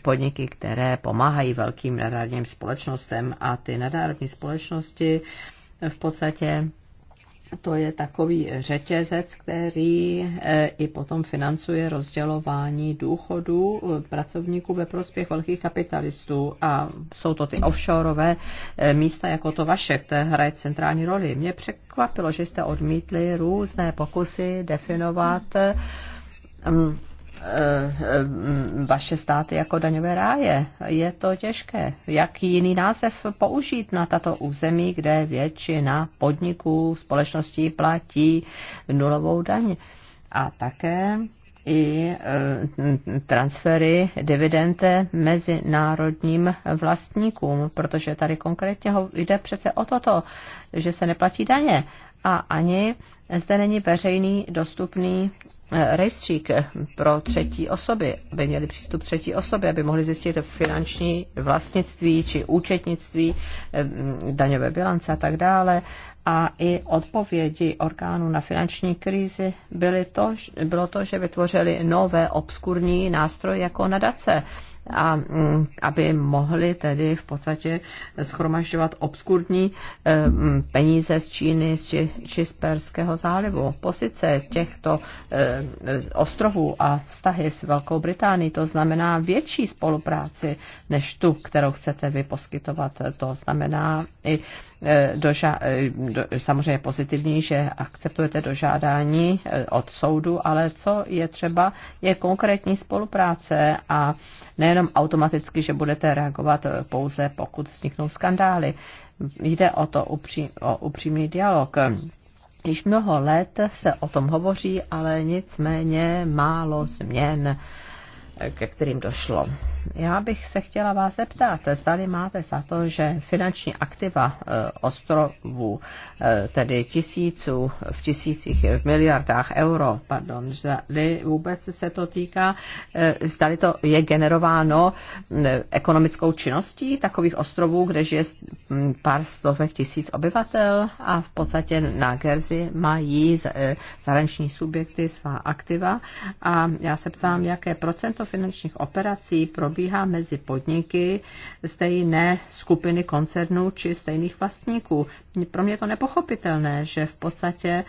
podniky, které pomáhají velkým nadnárodním společnostem a ty nadnárodní společnosti v podstatě to je takový řetězec, který e, i potom financuje rozdělování důchodů e, pracovníků ve prospěch velkých kapitalistů. A jsou to ty offshoreové e, místa jako to vaše, které hraje centrální roli. Mě překvapilo, že jste odmítli různé pokusy definovat Eh, eh, vaše státy jako daňové ráje. Je to těžké. Jak jiný název použít na tato území, kde většina podniků, společností platí nulovou daň? A také i eh, transfery dividende mezinárodním vlastníkům, protože tady konkrétně jde přece o toto, že se neplatí daně a ani zde není veřejný dostupný eh, rejstřík pro třetí osoby, aby měli přístup třetí osoby, aby mohli zjistit finanční vlastnictví či účetnictví, eh, daňové bilance a tak dále. A i odpovědi orgánů na finanční krizi byly to, bylo to, že vytvořili nové obskurní nástroje jako nadace a mm, aby mohli tedy v podstatě schromažďovat obskurní eh, mm, peníze z Číny či, či z Perského zálivu. Posice těchto eh, ostrovů a vztahy s Velkou Británií, to znamená větší spolupráci než tu, kterou chcete vy poskytovat. To znamená i eh, doža, do, samozřejmě pozitivní, že akceptujete dožádání od soudu, ale co je třeba, je konkrétní spolupráce a nejen jenom automaticky, že budete reagovat eh, pouze, pokud vzniknou skandály. Jde o to upří, o upřímný dialog. Hmm. Již mnoho let se o tom hovoří, ale nicméně málo změn ke kterým došlo. Já bych se chtěla vás zeptat, zdali máte za to, že finanční aktiva e, ostrovů, e, tedy tisíců, v tisících, v miliardách euro, pardon, zdali vůbec se to týká, e, zdali to je generováno ekonomickou činností takových ostrovů, kde žije pár stovek tisíc obyvatel a v podstatě na Gerzi mají zahraniční subjekty svá aktiva a já se ptám, jaké procento finančních operací probíhá mezi podniky stejné skupiny koncernů či stejných vlastníků. Pro mě je to nepochopitelné, že v podstatě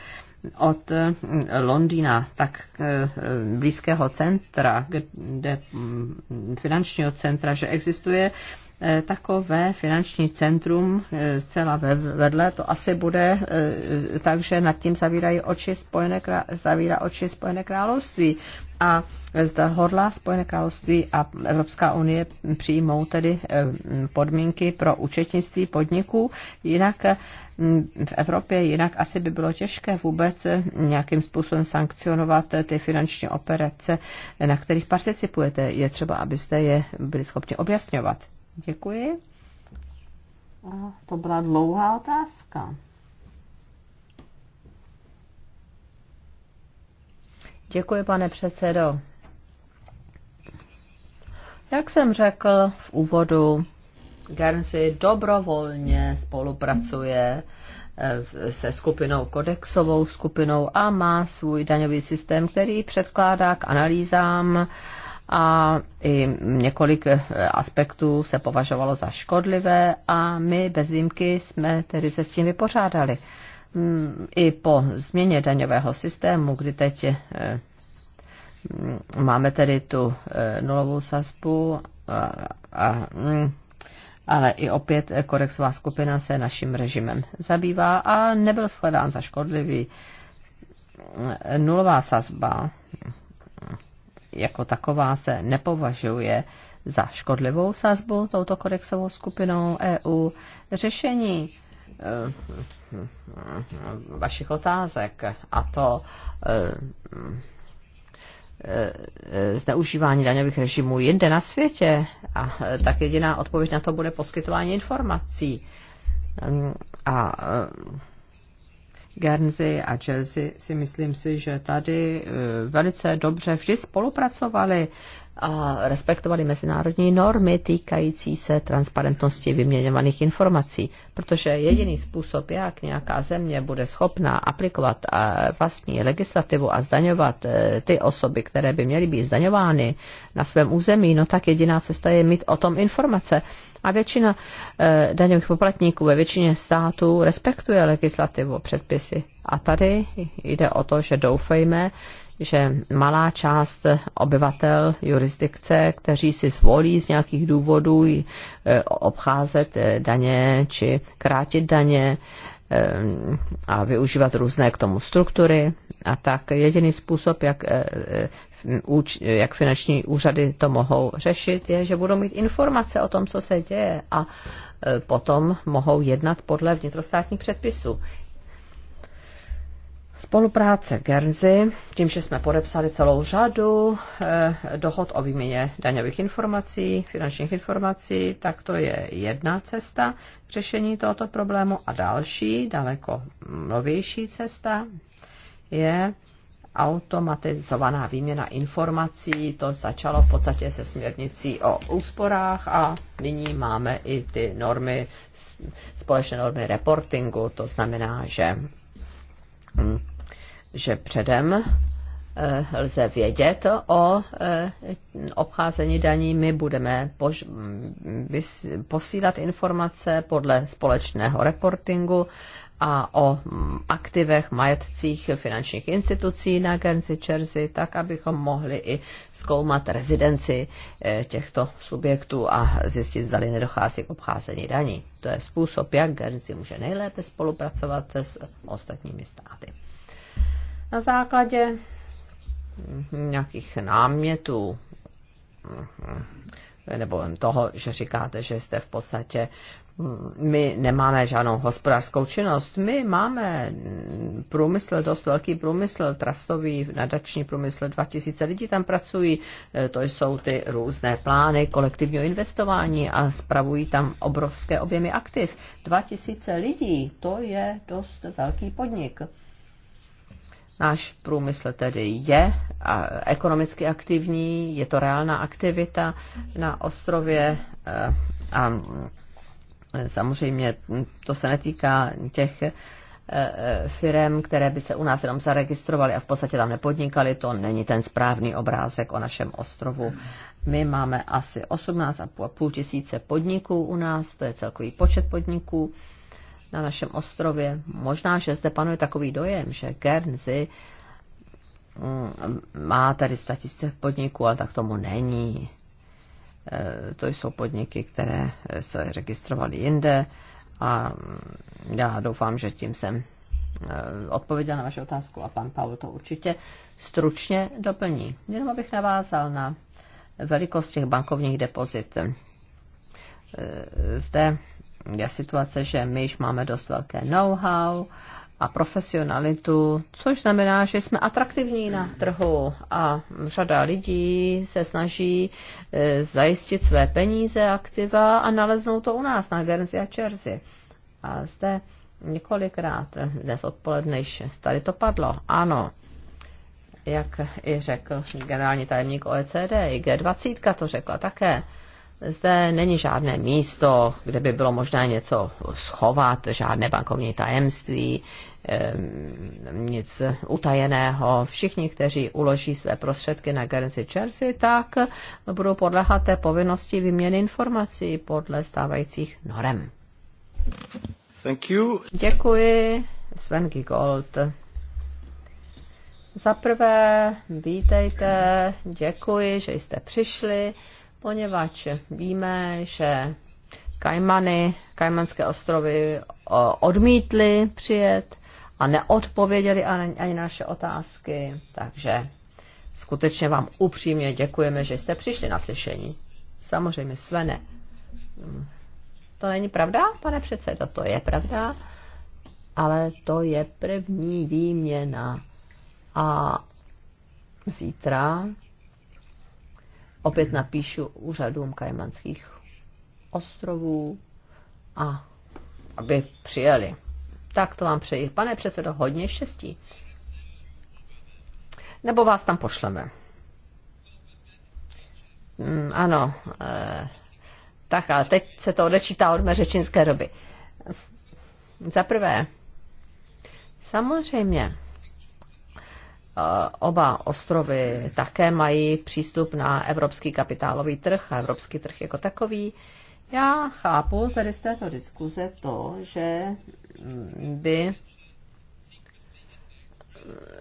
od eh, Londýna, tak eh, blízkého centra, kde, mm, finančního centra, že existuje Eh, takové finanční centrum eh, zcela vedle, to asi bude, eh, takže nad tím zavírají oči spojené, zavírá oči Spojené království. A zda hodlá Spojené království a Evropská unie přijmou tedy podmínky pro účetnictví podniků, jinak v Evropě, jinak asi by bylo těžké vůbec nějakým způsobem sankcionovat ty finanční operace, na kterých participujete. Je třeba, abyste je byli schopni objasňovat. Děkuji. A to byla dlouhá otázka. Děkuji, pane předsedo. Jak jsem řekl v úvodu, Guernsey dobrovolně spolupracuje eh, se skupinou kodexovou skupinou a má svůj daňový systém, který předkládá k analýzám a i několik eh, aspektů se považovalo za škodlivé a my bez výjimky jsme tedy se s tím vypořádali. Hmm, I po změně daňového systému, kdy teď eh, hmm, máme tedy tu eh, nulovou sazbu, a, a, hmm, ale i opět korexová skupina se naším režimem zabývá a nebyl shledán za škodlivý. Nulová sazba jako taková se nepovažuje za škodlivou sazbu touto kodexovou skupinou EU. Řešení eh, vašich otázek a to eh, eh, zneužívání daňových režimů jinde na světě, a tak jediná odpověď na to bude poskytování informací. Mm, a Guernsey a Chelsea si myslím si, že tady eh, velice dobře vždy spolupracovali a respektovali mezinárodní normy týkající se transparentnosti vyměňovaných informací, protože jediný způsob, jak nějaká země bude schopná aplikovat eh, vlastní legislativu a zdaňovat eh, ty osoby, které by měly být zdaňovány na svém území, no tak jediná cesta je mít o tom informace. A většina eh, daňových poplatníků ve většině států respektuje legislativu, předpisy. A tady jde o to, že doufejme, že malá část obyvatel jurisdikce, kteří si zvolí z nějakých důvodů e, obcházet e, daně či krátit daně e, a využívat různé k tomu struktury. A tak jediný způsob, jak, jak finanční úřady to mohou řešit, je, že budou mít informace o tom, co se děje a potom mohou jednat podle vnitrostátních předpisů. Spolupráce Guernsey, tím, že jsme podepsali celou řadu eh, dohod o výměně daňových informací, finančních informací, tak to je jedna cesta k řešení tohoto problému. A další, daleko novější cesta je automatizovaná výměna informací. To začalo v podstatě se směrnicí o úsporách a nyní máme i ty normy, společné normy reportingu. To znamená, že že předem eh, lze vědět o eh, obcházení daní. My budeme mm, posílat informace podle společného reportingu a o mm, aktivech, majetcích finančních institucí na Guernsey Jersey, tak abychom mohli i zkoumat rezidenci eh, těchto subjektů a zjistit, zda nedochází k obcházení daní. To je způsob, jak Guernsey může nejlépe spolupracovat s ostatními státy. Na základě mm, nějakých námětů mm, nebo toho, že říkáte, že jste v podstatě my nemáme žádnou hospodářskou činnost. My máme průmysl, dost velký průmysl, trastový, nadační průmysl, 2000 lidí tam pracují, e, to jsou ty různé plány kolektivního investování a spravují tam obrovské objemy aktiv. 2000 lidí, to je dost velký podnik. Náš průmysl tedy je ekonomicky aktivní, je to reálná aktivita na ostrově e, a Samozřejmě to se netýká těch eh, eh, firem, které by se u nás jenom zaregistrovaly a v podstatě tam nepodnikaly, to není ten správný obrázek o našem ostrovu. My máme asi 18,5 tisíce podniků u nás, to je celkový počet podniků na našem ostrově. Možná, že zde panuje takový dojem, že Guernsey mm, má tady statistické podniků, ale tak tomu není. Eh, to jsou podniky, které eh, se registrovaly jinde a mm, já doufám, že tím jsem eh, odpověděl na vaši otázku a pan Paul to určitě stručně doplní. Jenom abych navázal na velikost těch bankovních depozit. Zde je situace, že my již máme dost velké know-how a profesionalitu, což znamená, že jsme atraktivní na trhu a řada lidí se snaží eh, zajistit své peníze, aktiva a naleznou to u nás na Guernsey a Jersey. A zde několikrát dnes odpoledne již tady to padlo. Ano, jak i řekl generální tajemník OECD, i G20 to řekla také. Zde není žádné místo, kde by bylo možné něco schovat, žádné bankovní tajemství, nic utajeného. Všichni, kteří uloží své prostředky na Guernsey Chelsea, tak budou podléhat té povinnosti výměny informací podle stávajících norem. Thank you. Děkuji, Sven Gigold. Za prvé, vítejte, děkuji, že jste přišli, poněvadž víme, že Kajmany, Kajmanské ostrovy odmítly přijet a neodpověděli ani na naše otázky. Takže skutečně vám upřímně děkujeme, že jste přišli na slyšení. Samozřejmě, Svene. Mm, to není pravda, pane předsedo, to je pravda, ale to je první výměna. A zítra opět napíšu úřadům Kajmanských ostrovů a aby přijeli tak to vám přeji. Pane předsedo, hodně štěstí. Nebo vás tam pošleme. Mm, ano, eh, tak a teď se to odečítá od mé řečinské doby. Za prvé, samozřejmě, eh, oba ostrovy také mají přístup na evropský kapitálový trh a evropský trh jako takový. Eh, já chápu tady z této diskuze to, že by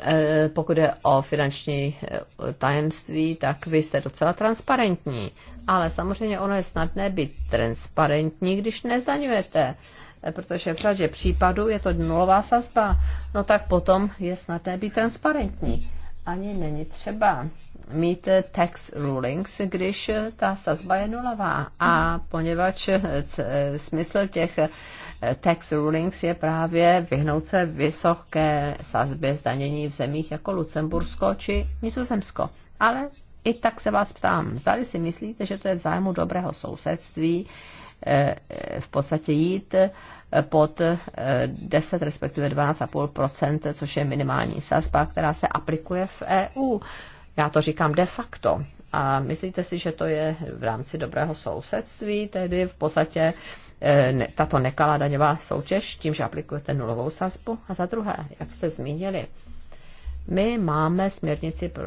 eh, pokud je o finanční eh, tajemství, tak vy jste docela transparentní. Ale samozřejmě ono je snadné být transparentní, když nezdaňujete. Eh, protože v řadě případů je to nulová sazba. No tak potom je snadné být transparentní ani není třeba mít tax rulings, když ta sazba je nulová. A poněvadž smysl těch tax rulings je právě vyhnout se vysoké sazbě zdanění v zemích jako Lucembursko či Nizozemsko. Ale i tak se vás ptám, zdali si myslíte, že to je v zájmu dobrého sousedství, Eh, v podstatě jít eh, pod 10, eh, respektive 12,5%, což je minimální sazba, která se aplikuje v EU. Já to říkám de facto. A myslíte si, že to je v rámci dobrého sousedství, tedy v podstatě tato nekalá daňová soutěž tím, že aplikujete nulovou sazbu? A za druhé, jak jste zmínili, my máme směrnici pro,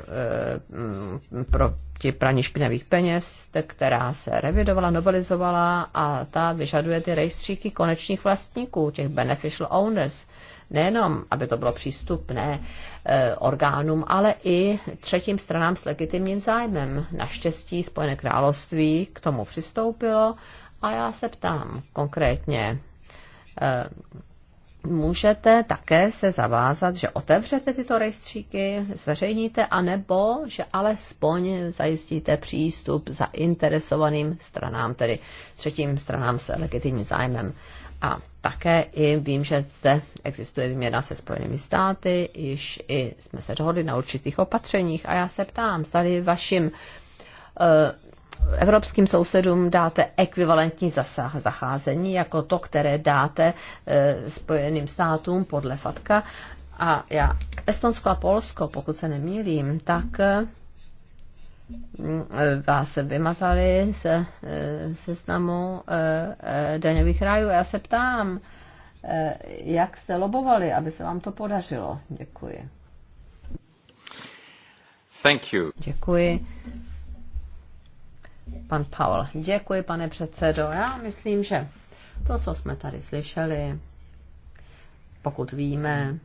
pro proti praní špinavých peněz, která se revidovala, novelizovala a ta vyžaduje ty rejstříky konečných vlastníků, těch beneficial owners, nejenom, aby to bylo přístupné e, orgánům, ale i třetím stranám s legitimním zájmem. Naštěstí Spojené království k tomu přistoupilo a já se ptám konkrétně, eh, můžete také se zavázat, že otevřete tyto rejstříky, zveřejníte, anebo že alespoň zajistíte přístup zainteresovaným stranám, tedy třetím stranám s legitimním zájmem. A také i vím, že zde existuje výměna se Spojenými státy, již i jsme se dohodli na určitých opatřeních a já se ptám, zdali vaším eh, evropským sousedům dáte ekvivalentní zasah zacházení, jako to, které dáte e, Spojeným státům podle FATKA. A já, Estonsko a Polsko, pokud se nemýlím, tak e, e, vás vymazali se seznamu daňových rájů. Já se ptám, jak jste lobovali, aby se vám to podařilo? Děkuji. Thank you. Děkuji. Pan Paul. Děkuji, pane předsedo. Já myslím, že to, co jsme tady slyšeli, pokud víme,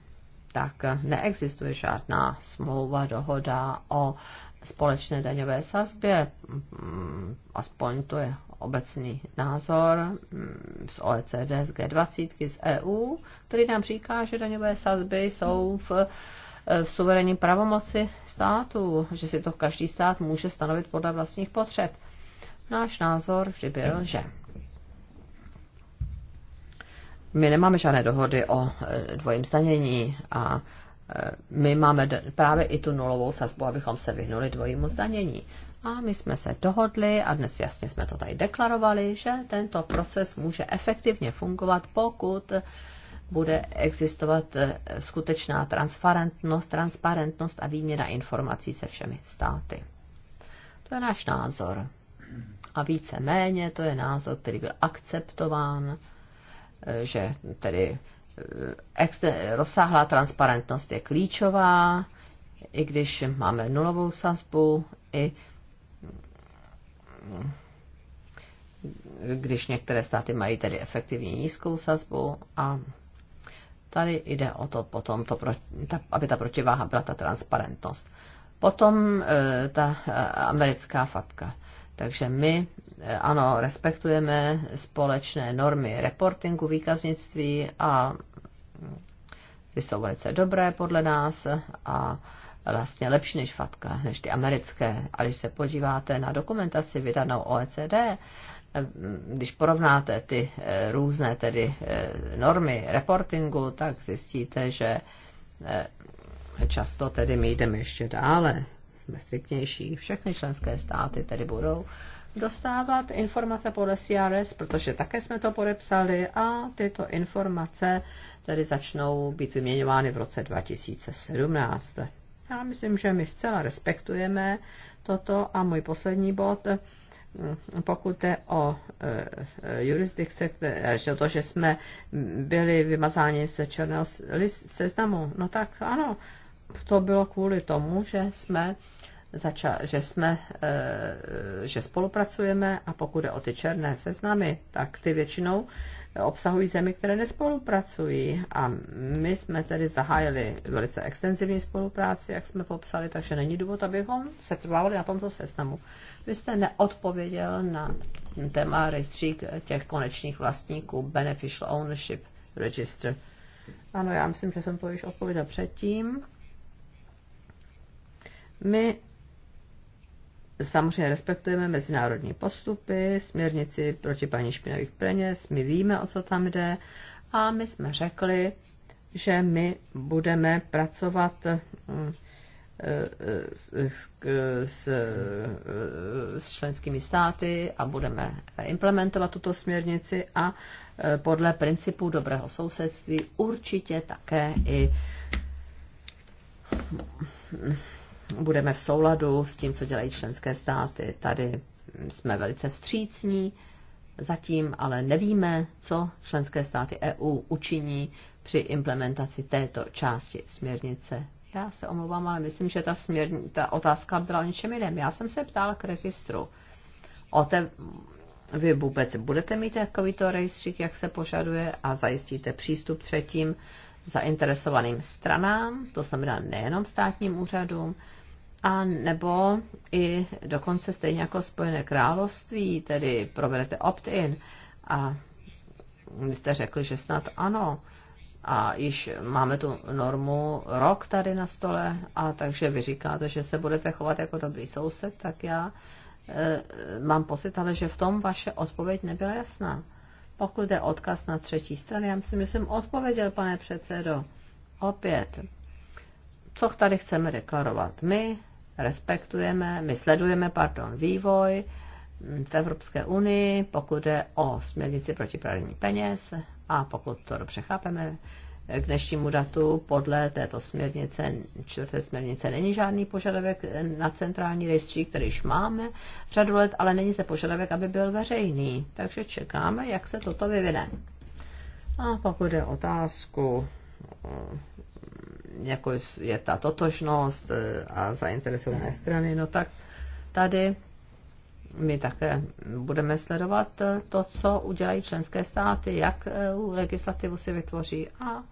tak neexistuje žádná smlouva, dohoda o společné daňové sazbě, mm, aspoň to je obecný názor mm, z OECD, z G20, z EU, který nám říká, že daňové sazby jsou v, eh, v suverénní pravomoci státu, že si to každý stát může stanovit podle vlastních potřeb náš názor vždy byl, že my nemáme žádné dohody o e, dvojím zdanění a e, my máme právě i tu nulovou sazbu, abychom se vyhnuli dvojímu zdanění. A my jsme se dohodli a dnes jasně jsme to tady deklarovali, že tento proces může efektivně fungovat, pokud bude existovat e, skutečná transparentnost, transparentnost a výměna informací se všemi státy. To je náš názor a více méně to je názor, který byl akceptován, eh, že tedy eh, rozsáhlá transparentnost je klíčová, i když máme nulovou sazbu, i eh, když některé státy mají tedy efektivně nízkou sazbu a tady jde o to potom, to aby ta protiváha byla ta transparentnost. Potom ta americká fatka. Takže my, eh, ano, respektujeme společné normy reportingu výkaznictví a ty jsou velice dobré podle nás a vlastně lepší než FATKA, než ty americké. A když se podíváte na dokumentaci vydanou OECD, eh, když porovnáte ty eh, různé tedy normy reportingu, tak zjistíte, že často tedy my jdeme ještě dále jsme striktnější. Všechny členské státy tedy budou dostávat informace podle CRS, protože také jsme to podepsali a tyto informace tedy začnou být vyměňovány v roce 2017. Já myslím, že my zcela respektujeme toto a můj poslední bod, mm, pokud je o e, jurisdikce, které, že to, že jsme byli vymazáni ze černého seznamu, no tak ano, to bylo kvůli tomu, že jsme zača- že, jsme, eh, že spolupracujeme a pokud je o ty černé seznamy, tak ty většinou obsahují zemi, které nespolupracují a my jsme tedy zahájili velice extenzivní spolupráci, jak jsme popsali, takže není důvod, abychom se trvali na tomto seznamu. Vy jste neodpověděl na téma rejstřík těch konečných vlastníků, Beneficial Ownership Register. Ano, já myslím, že jsem to již odpověděl předtím. My samozřejmě respektujeme mezinárodní postupy, směrnici proti paní špinavých peněz, my víme, o co tam jde a my jsme řekli, že my budeme pracovat eh, eh, s, s, eh, s členskými státy a budeme implementovat tuto směrnici a podle principu dobrého sousedství určitě také i budeme v souladu s tím, co dělají členské státy. Tady jsme velice vstřícní, zatím ale nevíme, co členské státy EU učiní při implementaci této části směrnice. Já se omlouvám, ale myslím, že ta, směrni, ta otázka byla o ničem jiném. Já jsem se ptala k registru. O te, vy vůbec budete mít takovýto rejstřík, jak se požaduje, a zajistíte přístup třetím zainteresovaným stranám, to znamená nejenom státním úřadům, a nebo i dokonce stejně jako Spojené království, tedy provedete opt-in a vy jste řekli, že snad ano a již máme tu normu rok tady na stole a takže vy říkáte, že se budete chovat jako dobrý soused, tak já e, mám pocit, ale že v tom vaše odpověď nebyla jasná. Pokud je odkaz na třetí strany, já myslím, že jsem odpověděl, pane předsedo. Opět, co tady chceme deklarovat? My respektujeme, my sledujeme, pardon, vývoj v Evropské unii, pokud je o směrnici proti praní peněz a pokud to dobře chápeme, k dnešnímu datu podle této směrnice, čtvrté směrnice, není žádný požadavek na centrální rejstřík, který již máme řadu let, ale není se požadavek, aby byl veřejný. Takže čekáme, jak se toto vyvine. A pokud je otázku jako je ta totožnost e, a zainteresované strany, no tak tady my také budeme sledovat e, to, co udělají členské státy, jak e, legislativu si vytvoří a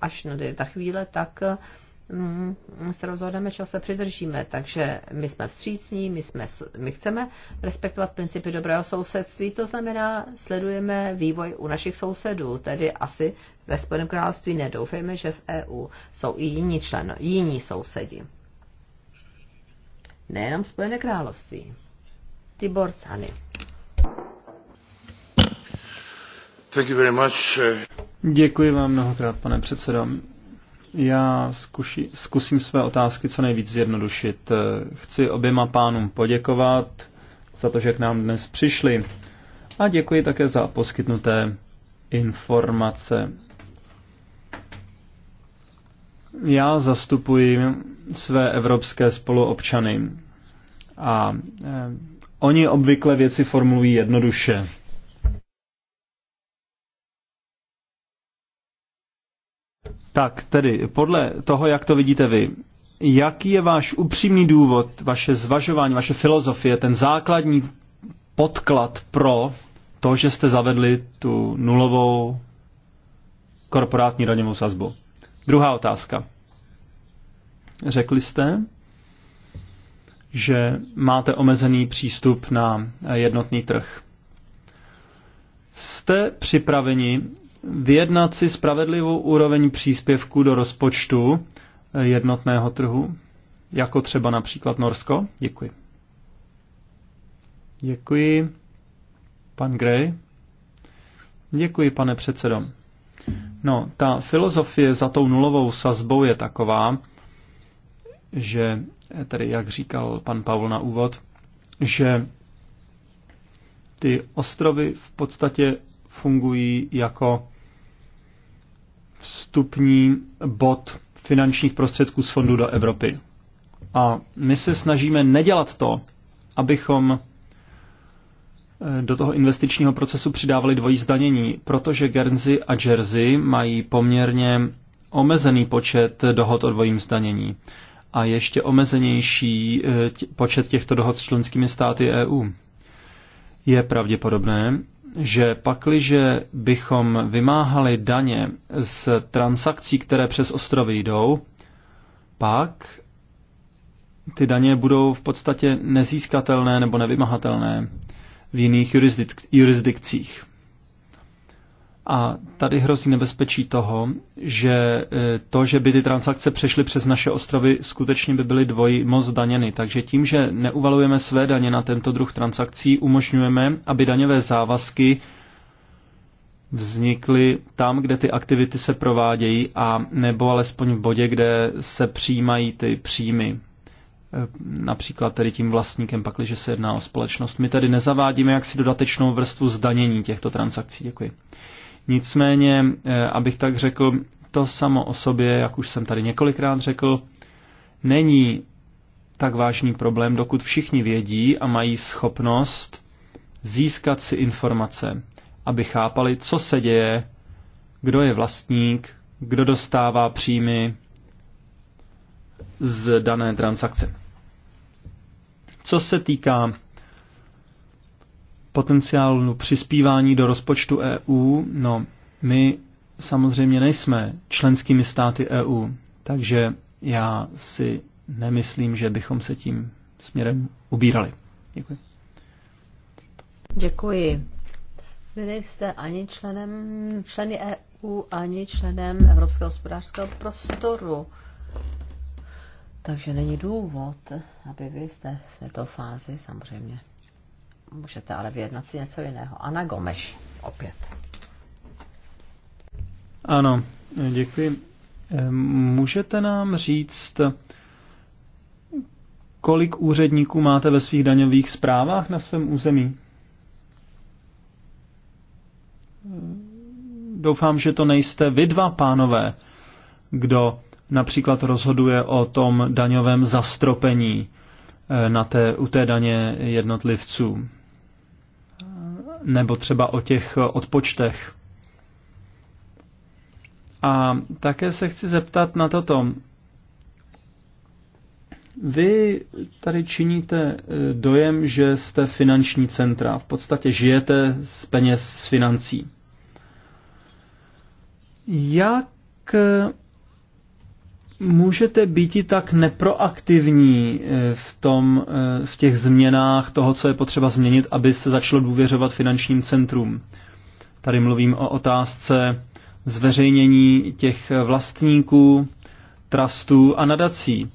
až na ta chvíle, tak No, se rozhodneme, čeho se přidržíme. Takže my jsme vstřícní, my, jsme, my chceme respektovat principy dobrého sousedství, to znamená, sledujeme vývoj u našich sousedů, tedy asi ve Spojeném království nedoufejme, že v EU jsou i jiní člen, jiní sousedi. Nejenom Spojené království. Tibor Cany. Thank you very much. Eh. Děkuji vám mnohokrát, pane předsedo. Já zkuši, zkusím své otázky co nejvíc zjednodušit. Eh, chci oběma pánům poděkovat za to, že k nám dnes přišli a děkuji také za poskytnuté informace. Já zastupuji své evropské spoluobčany a eh, oni obvykle věci formulují jednoduše. Tak tedy, podle toho, jak to vidíte vy, jaký je váš upřímný důvod, vaše zvažování, vaše filozofie, ten základní podklad pro to, že jste zavedli tu nulovou korporátní daňovou sazbu? Druhá otázka. Řekli jste, že máte omezený přístup na jednotný trh. Jste připraveni vyjednat si spravedlivou úroveň příspěvku do rozpočtu eh, jednotného trhu, jako třeba například Norsko? Děkuji. Děkuji. Pan Gray? Děkuji, pane předsedo. No, ta filozofie za tou nulovou sazbou je taková, že, eh, tedy jak říkal pan Pavel na úvod, že ty ostrovy v podstatě fungují jako vstupní bod finančních prostředků z fondu do Evropy. A my se snažíme nedělat to, abychom eh, do toho investičního procesu přidávali dvojí zdanění, protože Guernsey a Jersey mají poměrně omezený počet dohod o dvojím zdanění a ještě omezenější eh, počet těchto dohod s členskými státy EU. Je pravděpodobné, že pakliže bychom vymáhali daně z transakcí, které přes ostrovy jdou, pak ty daně budou v podstatě nezískatelné nebo nevymahatelné v jiných jurisdik jurisdikcích. A tady hrozí nebezpečí toho, že e, to, že by ty transakce přešly přes naše ostrovy, skutečně by byly moc daněny. Takže tím, že neuvalujeme své daně na tento druh transakcí, umožňujeme, aby daňové závazky vznikly tam, kde ty aktivity se provádějí a nebo alespoň v bodě, kde se přijímají ty příjmy. E, například tedy tím vlastníkem, pakliže se jedná o společnost. My tedy nezavádíme jaksi dodatečnou vrstvu zdanění těchto transakcí. Děkuji. Nicméně, eh, abych tak řekl, to samo o sobě, jak už jsem tady několikrát řekl, není tak vážný problém, dokud všichni vědí a mají schopnost získat si informace, aby chápali, co se děje, kdo je vlastník, kdo dostává příjmy z dané transakce. Co se týká potenciálu přispívání do rozpočtu EU, no, my samozřejmě nejsme členskými státy EU, takže já si nemyslím, že bychom se tím směrem ubírali. Děkuji. Děkuji. Vy nejste ani členem, členy EU, ani členem Evropského hospodářského prostoru. Takže není důvod, aby vy jste v této fázi samozřejmě Můžete ale vyjednat si něco jiného. Ana Gomeš, opět. Ano, děkuji. Můžete nám říct, kolik úředníků máte ve svých daňových zprávách na svém území? Doufám, že to nejste vy dva pánové, kdo například rozhoduje o tom daňovém zastropení Eh, na té, u té daně jednotlivců. Nebo třeba o těch eh, odpočtech. A také se chci zeptat na toto. Vy tady činíte eh, dojem, že jste finanční centra. V podstatě žijete z peněz, z financí. Jak můžete být i tak neproaktivní eh, v, tom, eh, v těch změnách toho, co je potřeba změnit, aby se začalo důvěřovat finančním centrum? Tady mluvím o otázce zveřejnění těch vlastníků, trustů a nadací.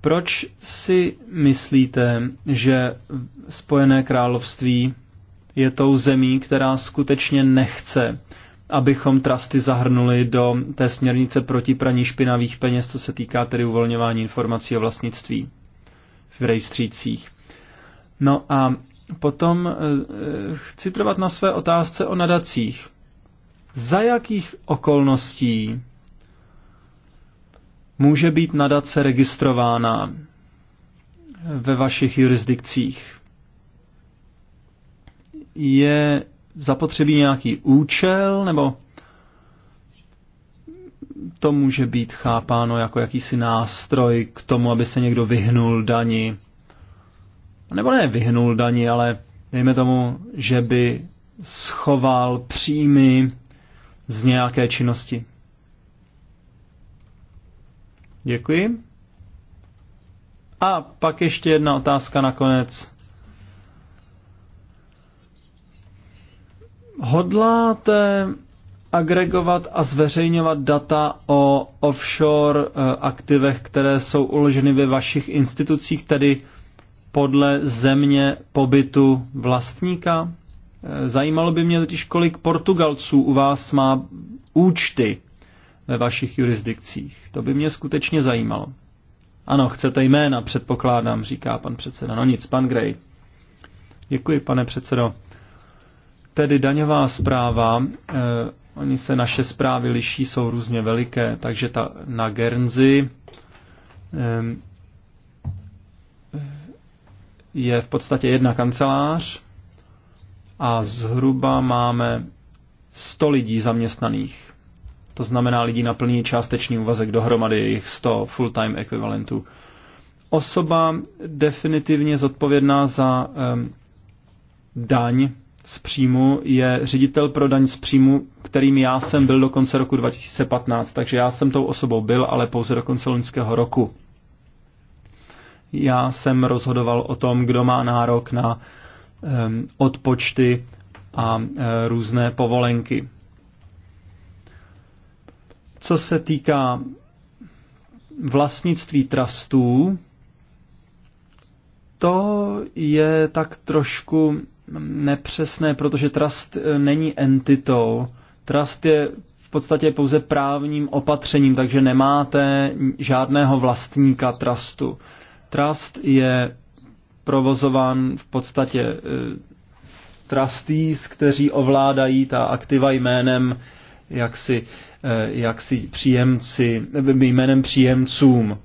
Proč si myslíte, že Spojené království je tou zemí, která skutečně nechce abychom trusty zahrnuli do té směrnice proti praní špinavých peněz, co se týká tedy uvolňování informací o vlastnictví v rejstřících. No a potom eh, eh, chci trvat na své otázce o nadacích. Za jakých okolností může být nadace registrována ve vašich jurisdikcích? Je zapotřebí nějaký účel, nebo to může být chápáno jako jakýsi nástroj k tomu, aby se někdo vyhnul dani. Nebo ne vyhnul dani, ale dejme tomu, že by schoval příjmy z nějaké činnosti. Děkuji. A pak ještě jedna otázka nakonec. Hodláte agregovat a zveřejňovat data o offshore eh, aktivech, které jsou uloženy ve vašich institucích, tedy podle země pobytu vlastníka? Eh, zajímalo by mě totiž, kolik Portugalců u vás má účty ve vašich jurisdikcích. To by mě skutečně zajímalo. Ano, chcete jména, předpokládám, říká pan předseda. No nic, pan Grey. Děkuji, pane předsedo. Tedy daňová zpráva, eh, oni se naše zprávy liší, jsou různě veliké, takže ta na Guernsey eh, je v podstatě jedna kancelář a zhruba máme 100 lidí zaměstnaných. To znamená lidí na plný částečný úvazek, dohromady jejich 100 full-time ekvivalentů. Osoba definitivně zodpovědná za eh, daň z příjmu je ředitel pro daň z příjmu, kterým já jsem byl do konce roku 2015, takže já jsem tou osobou byl, ale pouze do konce loňského roku. Já jsem rozhodoval o tom, kdo má nárok na um, odpočty a uh, různé povolenky. Co se týká vlastnictví trustů, to je tak trošku nepřesné, protože trust eh, není entitou. Trust je v podstatě pouze právním opatřením, takže nemáte žádného vlastníka trustu. Trust je provozován v podstatě eh, trustees, kteří ovládají ta aktiva jménem jaksi, jak eh, jaksi příjemci, jménem příjemcům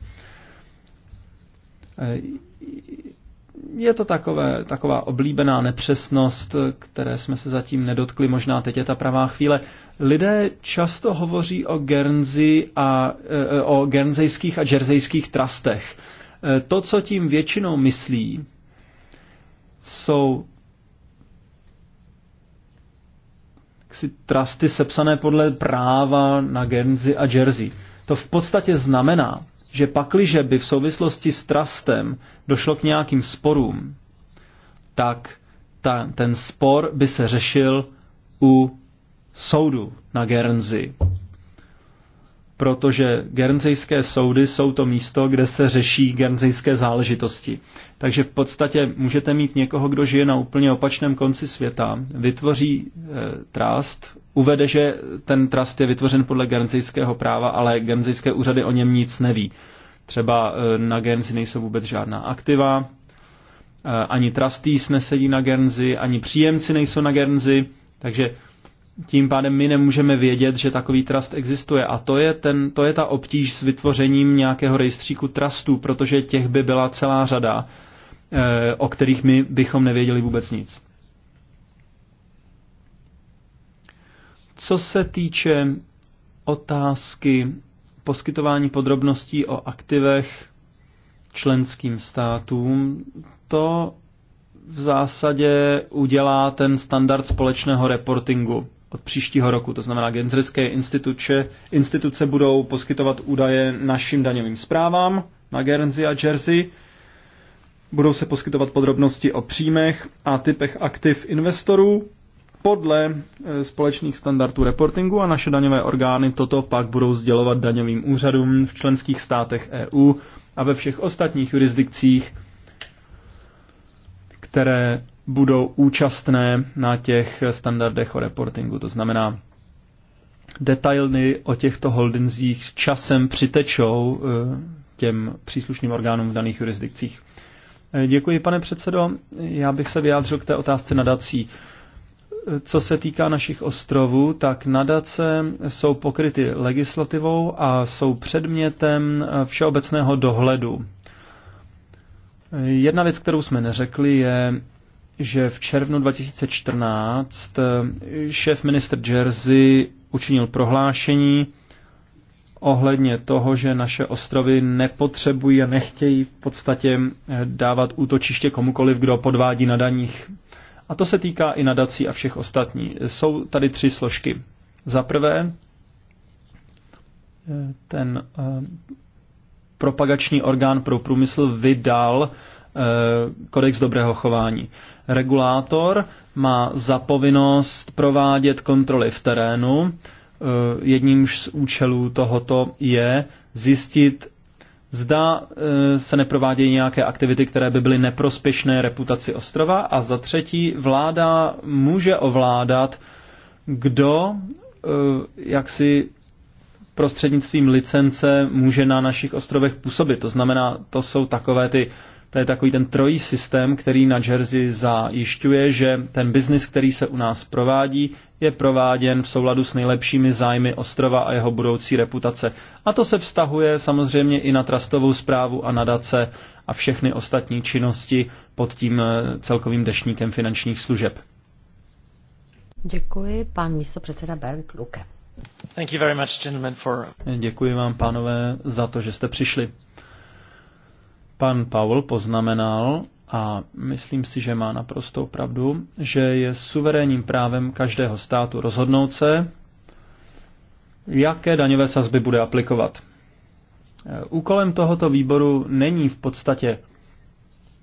je to takové, taková oblíbená nepřesnost, které jsme se zatím nedotkli, možná teď je ta pravá chvíle. Lidé často hovoří o Guernsey a e, e, o guernseyských a jerseyských trastech. E, to, co tím většinou myslí, jsou si sepsané podle práva na Guernsey a Jersey. To v podstatě znamená, že pakliže by v souvislosti s trastem došlo k nějakým sporům, tak ta, ten spor by se řešil u soudu na Guernsey. Protože guernseyské soudy jsou to místo, kde se řeší guernseyské záležitosti. Takže v podstatě můžete mít někoho, kdo žije na úplně opačném konci světa, vytvoří e, eh, trast uvede, že ten trust je vytvořen podle genzijského práva, ale genzijské úřady o něm nic neví. Třeba eh, na Genzi nejsou vůbec žádná aktiva, eh, ani trustees nesedí na Genzi, ani příjemci nejsou na Genzi, takže tím pádem my nemůžeme vědět, že takový trust existuje. A to je, ten, to je ta obtíž s vytvořením nějakého rejstříku trustů, protože těch by byla celá řada, eh, o kterých my bychom nevěděli vůbec nic. Co se týče otázky poskytování podrobností o aktivech členským státům, to v zásadě udělá ten standard společného reportingu od příštího roku. To znamená, genderské instituce, instituce budou poskytovat údaje našim daňovým zprávám na Guernsey a Jersey. Budou se poskytovat podrobnosti o příjmech a typech aktiv investorů podle eh, společných standardů reportingu a naše daňové orgány toto pak budou sdělovat daňovým úřadům v členských státech EU a ve všech ostatních jurisdikcích, které budou účastné na těch standardech o reportingu. To znamená, detailny o těchto holdinzích časem přitečou eh, těm příslušným orgánům v daných jurisdikcích. Eh, děkuji, pane předsedo. Já bych se vyjádřil k té otázce nadací co se týká našich ostrovů, tak nadace jsou pokryty legislativou a jsou předmětem eh, všeobecného dohledu. Jedna věc, kterou jsme neřekli, je, že v červnu 2014 eh, šéf minister Jersey učinil prohlášení ohledně toho, že naše ostrovy nepotřebují a nechtějí v podstatě eh, dávat útočiště komukoliv, kdo podvádí na daních a to se týká i nadací a všech ostatní. Jsou tady tři složky. Za prvé, eh, ten eh, propagační orgán pro průmysl vydal eh, kodex dobrého chování. Regulátor má zapovinnost provádět kontroly v terénu. Jedním z účelů tohoto je zjistit, zda eh, se neprovádějí nějaké aktivity, které by byly neprospěšné reputaci ostrova a za třetí vláda může ovládat, kdo eh, jak si prostřednictvím licence může na našich ostrovech působit. To znamená, to jsou takové ty to je takový ten trojí systém, který na Jersey zajišťuje, že ten biznis, který se u nás provádí, je prováděn v souladu s nejlepšími zájmy ostrova a jeho budoucí reputace. A to se vztahuje samozřejmě i na trastovou zprávu a nadace a všechny ostatní činnosti pod tím eh, celkovým dešníkem finančních služeb. Děkuji, místo předseda Bernd Luke. Thank you very much, gentlemen, for... Děkuji vám, pánové, za to, že jste přišli. Pan Powell poznamenal, a myslím si, že má naprostou pravdu, že je suverénním právem každého státu rozhodnout se, jaké daňové sazby bude aplikovat. Úkolem tohoto výboru není v podstatě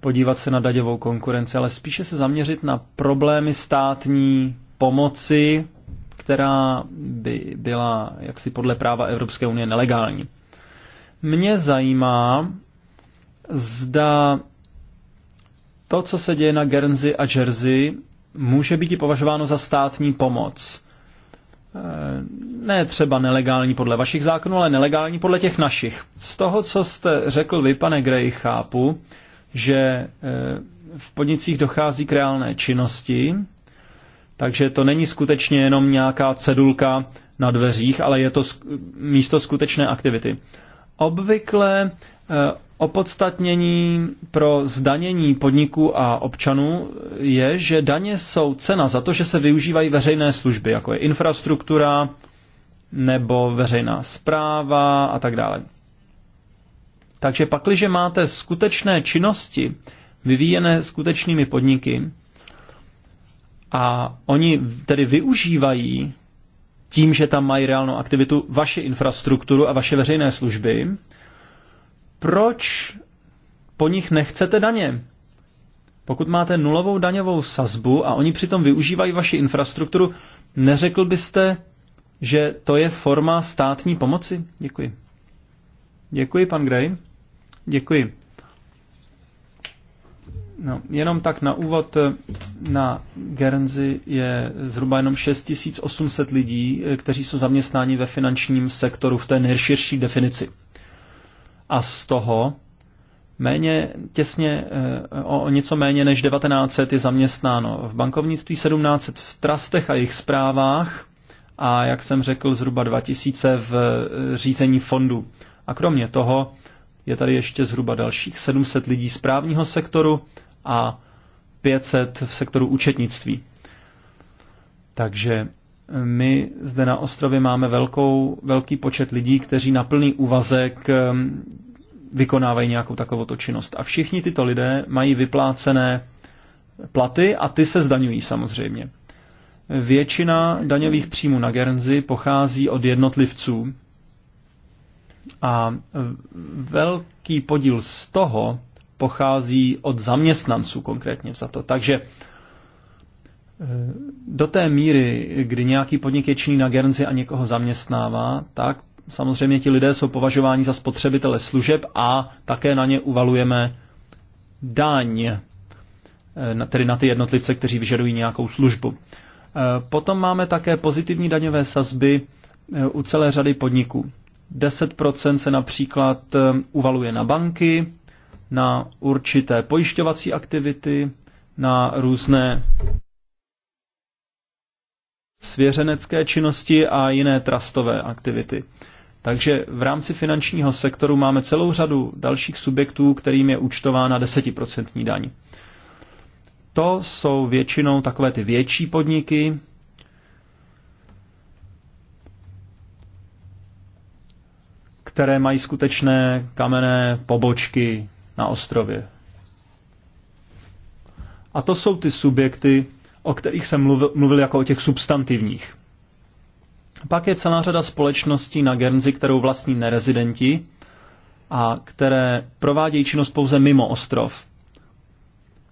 podívat se na daňovou konkurenci, ale spíše se zaměřit na problémy státní pomoci, která by byla jaksi podle práva Evropské unie nelegální. Mě zajímá, zda to, co se děje na Guernsey a Jersey, může být i považováno za státní pomoc. Eh, ne třeba nelegální podle vašich zákonů, ale nelegální podle těch našich. Z toho, co jste řekl vy, pane Grey, chápu, že eh, v podnicích dochází k reálné činnosti, takže to není skutečně jenom nějaká cedulka na dveřích, ale je to místo skutečné aktivity. Obvykle eh, Opodstatnění pro zdanění podniků a občanů je, že daně jsou cena za to, že se využívají veřejné služby, jako je infrastruktura nebo veřejná zpráva a tak dále. Takže pakliže máte skutečné činnosti vyvíjené skutečnými podniky a oni tedy využívají tím, že tam mají reálnou aktivitu, vaši infrastrukturu a vaše veřejné služby, proč po nich nechcete daně? Pokud máte nulovou daňovou sazbu a oni přitom využívají vaši infrastrukturu, neřekl byste, že to je forma státní pomoci? Děkuji. Děkuji, pan Gray. Děkuji. No, jenom tak na úvod, na Guernsey je zhruba jenom 6800 lidí, kteří jsou zaměstnáni ve finančním sektoru v té nejširší definici a z toho méně těsně, eh, o něco méně než 1900 je zaměstnáno v bankovnictví, 1700 v trastech a jejich zprávách a, jak jsem řekl, zhruba 2000 v eh, řízení fondu. A kromě toho je tady ještě zhruba dalších 700 lidí z právního sektoru a 500 v sektoru účetnictví. Takže my zde na ostrově máme velkou, velký počet lidí, kteří na plný úvazek um, vykonávají nějakou takovou činnost. A všichni tyto lidé mají vyplácené platy a ty se zdaňují samozřejmě. Většina daňových příjmů na Guernsey pochází od jednotlivců a velký podíl z toho pochází od zaměstnanců konkrétně za to. Takže Eh, do té míry, kdy nějaký podnik je činný na Guernsey a někoho zaměstnává, tak samozřejmě ti lidé jsou považováni za spotřebitele služeb a také na ně uvalujeme daň, eh, tedy na ty jednotlivce, kteří vyžadují nějakou službu. Eh, potom máme také pozitivní daňové sazby u celé řady podniků. 10% se například uvaluje na banky, na určité pojišťovací aktivity, na různé svěřenecké činnosti a jiné trastové aktivity. Takže v rámci finančního sektoru máme celou řadu dalších subjektů, kterým je účtována desetiprocentní daň. To jsou většinou takové ty větší podniky, které mají skutečné kamenné pobočky na ostrově. A to jsou ty subjekty, o kterých jsem mluvil, mluvil jako o těch substantivních. Pak je celá řada společností na Guernsey, kterou vlastní nerezidenti a které provádějí činnost pouze mimo ostrov.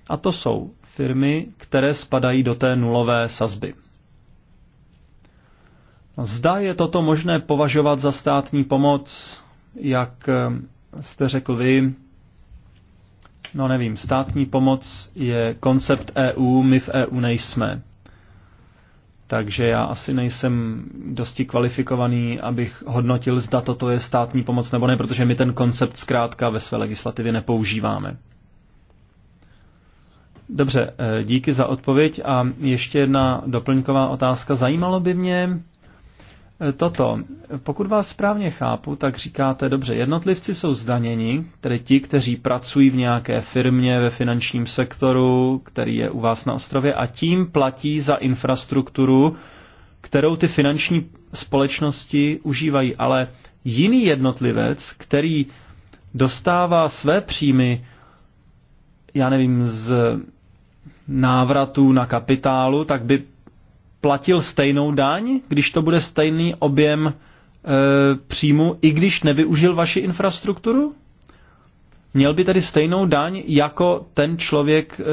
A to jsou firmy, které spadají do té nulové sazby. No, zda je toto možné považovat za státní pomoc, jak eh, jste řekl vy, No nevím, státní pomoc je koncept EU, my v EU nejsme. Takže já asi nejsem dosti kvalifikovaný, abych hodnotil, zda toto je státní pomoc nebo ne, protože my ten koncept zkrátka ve své legislativě nepoužíváme. Dobře, eh, díky za odpověď a ještě jedna doplňková otázka. Zajímalo by mě, toto. Pokud vás správně chápu, tak říkáte, dobře, jednotlivci jsou zdaněni, tedy ti, kteří pracují v nějaké firmě, ve finančním sektoru, který je u vás na ostrově, a tím platí za infrastrukturu, kterou ty finanční společnosti užívají. Ale jiný jednotlivec, který dostává své příjmy, já nevím, z návratu na kapitálu, tak by platil stejnou daň, když to bude stejný objem e, příjmu, i když nevyužil vaši infrastrukturu? Měl by tedy stejnou daň jako ten člověk, e,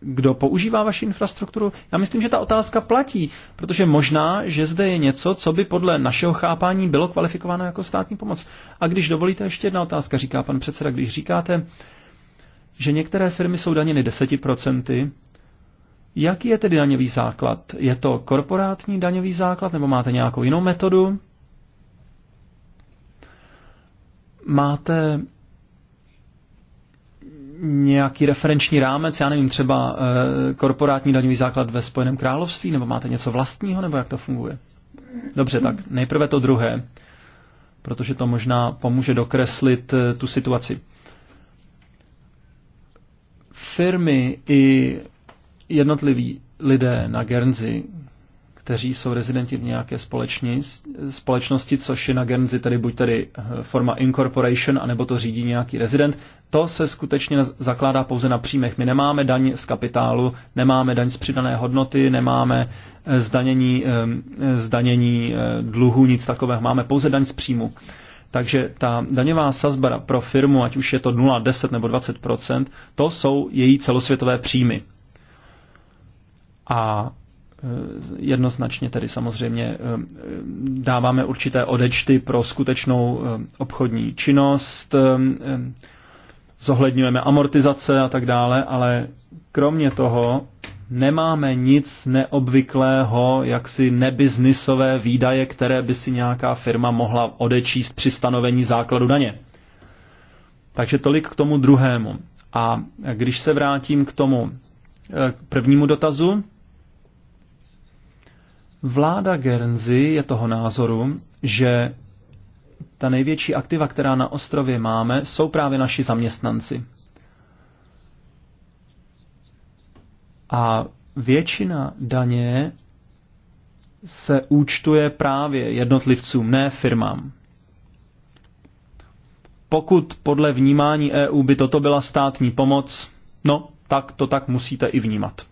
kdo používá vaši infrastrukturu? Já myslím, že ta otázka platí, protože možná, že zde je něco, co by podle našeho chápání bylo kvalifikováno jako státní pomoc. A když dovolíte, ještě jedna otázka, říká pan předseda, když říkáte, že některé firmy jsou daněny Jaký je tedy daňový základ? Je to korporátní daňový základ nebo máte nějakou jinou metodu? Máte nějaký referenční rámec, já nevím, třeba eh, korporátní daňový základ ve Spojeném království, nebo máte něco vlastního, nebo jak to funguje? Dobře, tak nejprve to druhé, protože to možná pomůže dokreslit eh, tu situaci. Firmy i jednotliví lidé na Guernsey, kteří jsou rezidenti v nějaké společní, společnosti, což je na Guernsey tedy buď tady eh, forma incorporation, anebo to řídí nějaký rezident, to se skutečně zakládá pouze na příjmech. My nemáme daň z kapitálu, nemáme daň z přidané hodnoty, nemáme eh, zdanění, ehm, eh, zdanění dluhu, nic takového. Máme pouze daň z příjmu. Takže ta daňová sazba pro firmu, ať už je to 0, 10 nebo 20 to jsou její celosvětové příjmy a e, jednoznačně tedy samozřejmě e, dáváme určité odečty pro skutečnou e, obchodní činnost, zohledňujeme amortizace a tak dále, ale kromě toho nemáme nic neobvyklého, jaksi nebiznisové výdaje, které by si nějaká firma mohla odečíst při stanovení základu daně. Takže tolik k tomu druhému. A když se vrátím k tomu k prvnímu dotazu, Vláda Guernsey je toho názoru, že ta největší aktiva, která na ostrově máme, jsou právě naši zaměstnanci. A většina daně se účtuje právě jednotlivcům, ne firmám. Pokud podle vnímání EU by toto byla státní pomoc, no, tak to tak musíte i vnímat.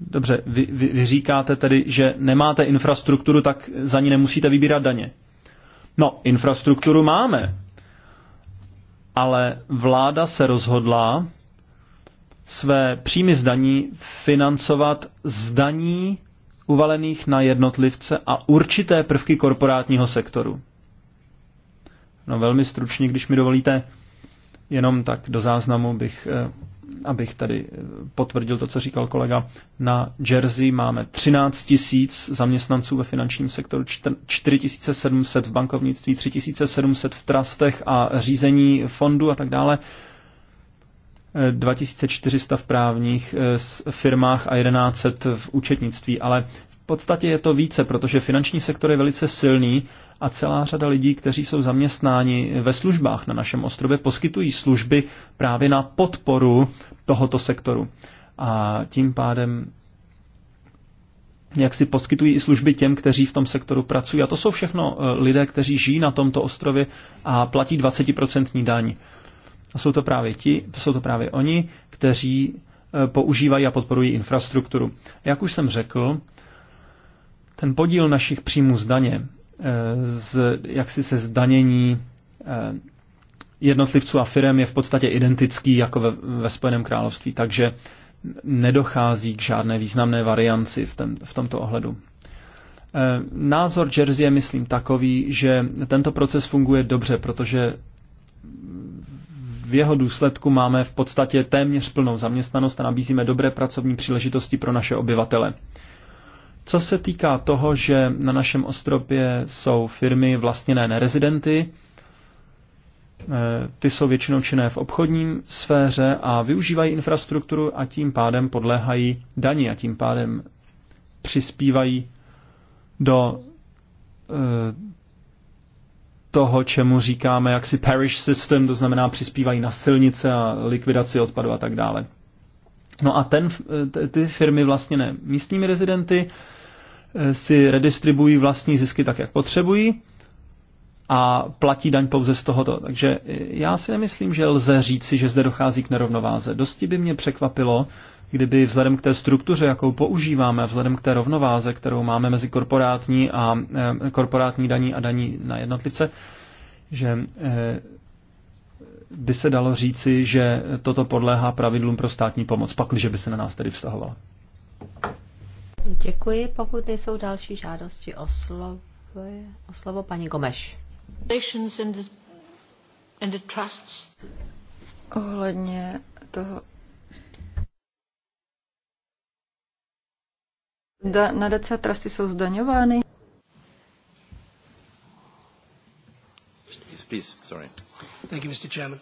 Dobře, vy, vy, vy říkáte tedy, že nemáte infrastrukturu, tak za ní nemusíte vybírat daně. No, infrastrukturu máme, ale vláda se rozhodla své příjmy z daní financovat z daní uvalených na jednotlivce a určité prvky korporátního sektoru. No velmi stručně, když mi dovolíte, jenom tak do záznamu bych eh, abych tady eh, potvrdil to, co říkal kolega, na Jersey máme 13 tisíc zaměstnanců ve finančním sektoru, 4700 v bankovnictví, 3700 v trastech a řízení fondu a tak dále, 2400 eh, v právních eh, firmách a 1100 v účetnictví, ale v podstatě je to více, protože finanční sektor je velice silný a celá řada lidí, kteří jsou zaměstnáni ve službách na našem ostrově, poskytují služby právě na podporu tohoto sektoru. A tím pádem jak si poskytují i služby těm, kteří v tom sektoru pracují. A to jsou všechno eh, lidé, kteří žijí na tomto ostrově a platí 20% daň. A jsou to právě ti, jsou to právě oni, kteří eh, používají a podporují infrastrukturu. Jak už jsem řekl, ten podíl našich příjmů z daně z jaksi se zdanění eh, jednotlivců a firem je v podstatě identický jako ve, ve Spojeném království, takže nedochází k žádné významné varianci v, ten, v tomto ohledu. Eh, názor Jersey je, myslím, takový, že tento proces funguje dobře, protože v jeho důsledku máme v podstatě téměř plnou zaměstnanost a nabízíme dobré pracovní příležitosti pro naše obyvatele. Co se týká toho, že na našem ostrově jsou firmy vlastněné nerezidenty, eh, ty jsou většinou činné v obchodním sféře a využívají infrastrukturu a tím pádem podléhají daní a tím pádem přispívají do eh, toho, čemu říkáme jaksi parish system, to znamená přispívají na silnice a likvidaci odpadu a tak dále. No a ten, eh, ty firmy vlastně ne místními rezidenty Eh, si redistribují vlastní zisky tak, jak potřebují a platí daň pouze z tohoto. Takže eh, já si nemyslím, že lze říci, že zde dochází k nerovnováze. Dosti by mě překvapilo, kdyby vzhledem k té struktuře, jakou používáme, vzhledem k té rovnováze, kterou máme mezi korporátní a e, korporátní daní a daní na jednotlivce, že e, by se dalo říci, že toto podléhá pravidlům pro státní pomoc, pakliže by se na nás tedy vztahovala. Děkuji, pokud nejsou další žádosti o slovo, o slovo paní Gomeš. Ohledně toho Da, nadace a trusty jsou zdaňovány? Please, sorry. Thank you, Mr. Chairman.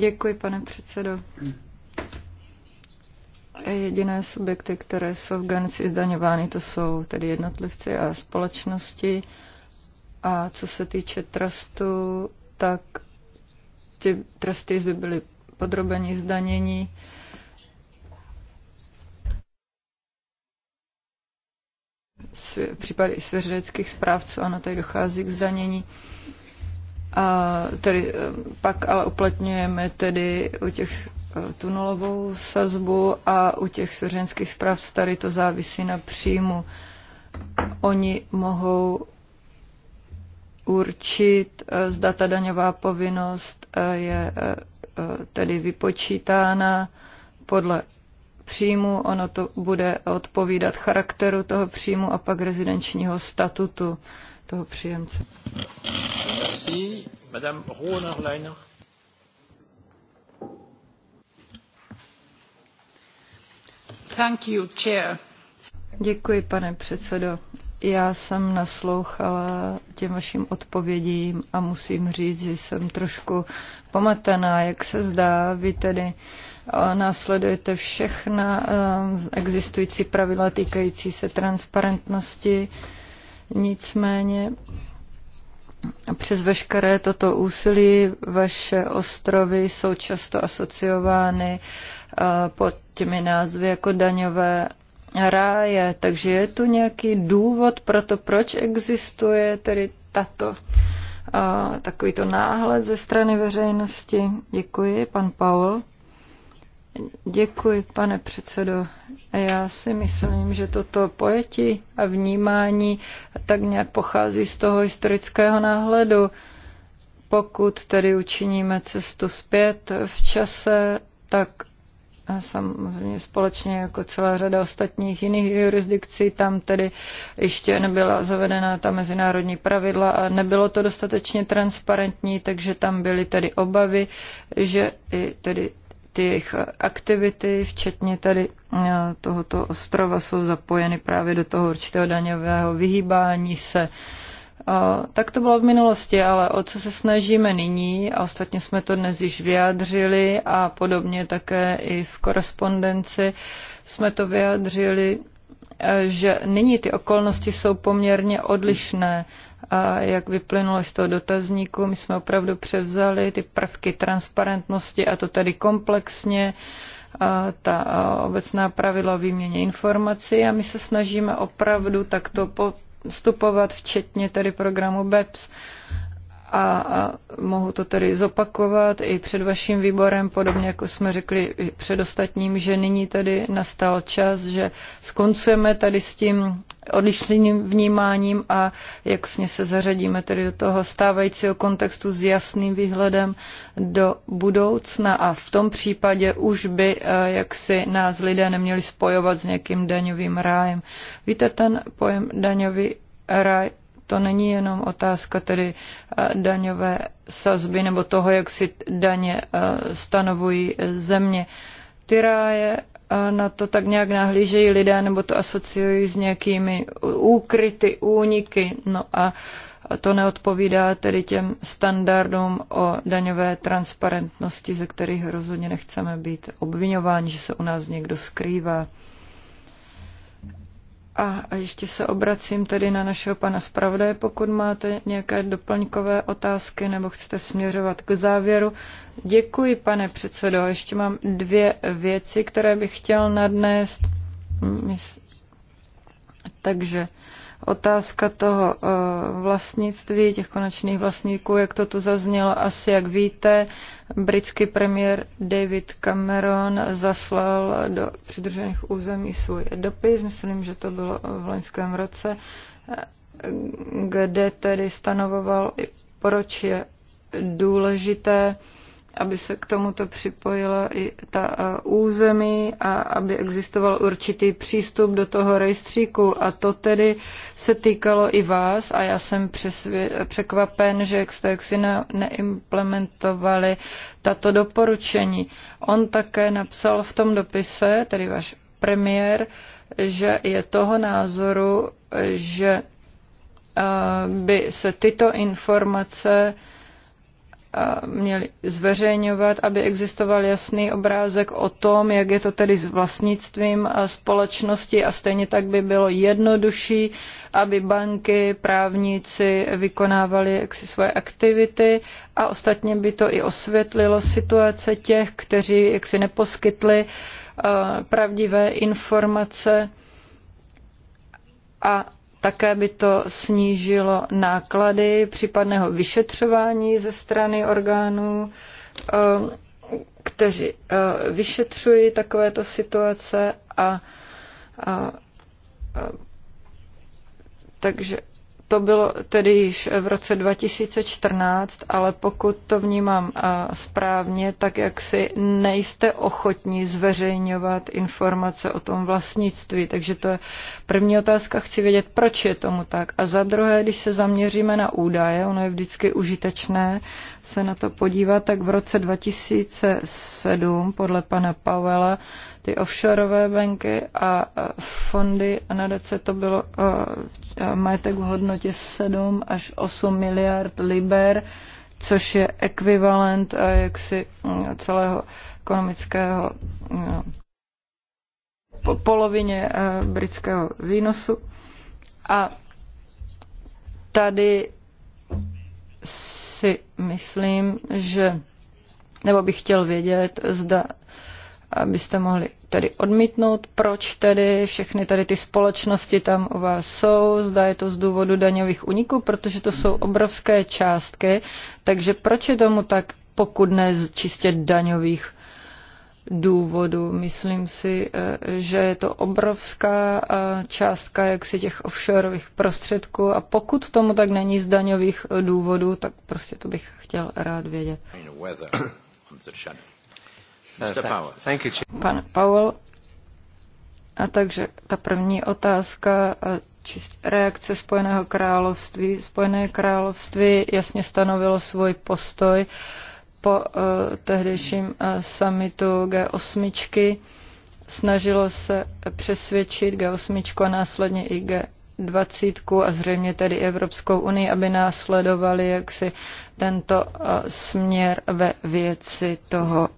Děkuji, pane předsedo. Jediné subjekty, které jsou v Ganci zdaňovány, to jsou tedy jednotlivci a společnosti. A co se týče trustu, tak ty trusty by byly podrobeni zdanění. případy i svěřeckých zprávců, ano, tady dochází k zdanění. A tedy e, pak ale uplatňujeme tedy u těch e, tunelovou sazbu a u těch svěřenských zpráv tady to závisí na příjmu. Oni mohou určit, e, zda ta daňová povinnost je tedy vypočítána podle příjmu, ono to bude odpovídat charakteru toho příjmu a pak rezidenčního statutu toho příjemce. Merci. Madame leiner Thank you, chair. Děkuji, pane předsedo. Já jsem naslouchala těm vašim odpovědím a musím říct, že jsem trošku pomatená, jak se zdá. Vy tedy eh, následujete všechna eh, existující pravidla týkající se transparentnosti. Nicméně přes veškeré toto úsilí vaše ostrovy jsou často asociovány eh, pod těmi názvy jako daňové ráje. Takže je tu nějaký důvod pro to, proč existuje tedy tato, eh, takovýto náhled ze strany veřejnosti? Děkuji, pan Paul. Děkuji, pane předsedo. Já si myslím, že toto pojetí a vnímání tak nějak pochází z toho historického náhledu. Pokud tedy učiníme cestu zpět v čase, tak a samozřejmě společně jako celá řada ostatních jiných jurisdikcí, tam tedy ještě nebyla zavedena ta mezinárodní pravidla a nebylo to dostatečně transparentní, takže tam byly tedy obavy, že i tedy ty jejich aktivity, včetně tady eh, tohoto ostrova, jsou zapojeny právě do toho určitého daňového vyhýbání se. Eh, tak to bylo v minulosti, ale o co se snažíme nyní, a ostatně jsme to dnes již vyjádřili a podobně také i v korespondenci jsme to vyjádřili, eh, že nyní ty okolnosti jsou poměrně odlišné a jak vyplynulo z toho dotazníku, my jsme opravdu převzali ty prvky transparentnosti a to tady komplexně ta obecná pravidla výměně informací a my se snažíme opravdu takto postupovat, včetně tedy programu BEPS a, a mohu to tedy zopakovat i před vaším výborem, podobně jako jsme řekli před ostatním, že nyní tedy nastal čas, že skoncujeme tady s tím odlišným vnímáním a jak sně se zařadíme tedy do toho stávajícího kontextu s jasným výhledem do budoucna a v tom případě už by eh, jaksi nás lidé neměli spojovat s nějakým daňovým rájem. Víte, ten pojem daňový ráj? To není jenom otázka tedy eh, daňové sazby nebo toho, jak si daně eh, stanovují země. Ty ráje eh, na to tak nějak nahlížejí lidé nebo to asociují s nějakými úkryty, úniky. No a to neodpovídá tedy těm standardům o daňové transparentnosti, ze kterých rozhodně nechceme být obvinováni, že se u nás někdo skrývá. A ještě se obracím tedy na našeho pana zpravodaje, pokud máte nějaké doplňkové otázky nebo chcete směřovat k závěru. Děkuji, pane předsedo. Ještě mám dvě věci, které bych chtěl nadnést. Hmm, Takže otázka toho eh, vlastnictví, těch konečných vlastníků, jak to tu zaznělo, asi jak víte, britský premiér David Cameron zaslal do přidružených území svůj dopis, myslím, že to bylo v loňském roce, eh, kde tedy stanovoval, proč je důležité aby se k tomuto připojila i ta eh, území a aby existoval určitý přístup do toho rejstříku. A to tedy se týkalo i vás a já jsem přesvě- překvapen, že jste jaksi ne- neimplementovali tato doporučení. On také napsal v tom dopise, tedy váš premiér, že je toho názoru, že eh, by se tyto informace uh, měli zveřejňovat, aby existoval jasný obrázek o tom, jak je to tedy s vlastnictvím společnosti a stejně tak by bylo jednodušší, aby banky, právníci vykonávali jaksi svoje aktivity a ostatně by to i osvětlilo situace těch, kteří jaksi neposkytli pravdivé informace a také by to snížilo náklady případného vyšetřování ze strany orgánů, eh, kteří eh, vyšetřují takovéto situace a, a, a takže to bylo tedy již v roce 2014, ale pokud to vnímám eh, správně, tak jak si nejste ochotní zveřejňovat informace o tom vlastnictví. Takže to je první otázka, chci vědět, proč je tomu tak. A za druhé, když se zaměříme na údaje, ono je vždycky užitečné se na to podívat, tak v roce 2007 podle pana Pavela ty offshoreové banky a fondy a nadace to bylo majetek v hodnotě 7 až 8 miliard liber, což je ekvivalent jaksi celého ekonomického po polovině britského výnosu. A tady si myslím, že nebo bych chtěl vědět, zda abyste mohli tedy odmítnout, proč tedy všechny tady ty společnosti tam u vás jsou, zda je to z důvodu daňových uniků, protože to jsou obrovské částky, takže proč je tomu tak, pokud ne z čistě daňových důvodů. Myslím si, eh, že je to obrovská eh, částka jaksi těch offshoreových prostředků a pokud tomu tak není z daňových eh, důvodů, tak prostě to bych chtěl rád vědět. Eh, Pan Powell. A takže ta první otázka, eh, čist, reakce Spojeného království. Spojené království jasně stanovilo svůj postoj po uh, tehdejším uh, summitu G8. Snažilo se přesvědčit G8 a následně i G 20 a zřejmě tedy Evropskou unii, aby následovali jaksi tento směr ve věci toho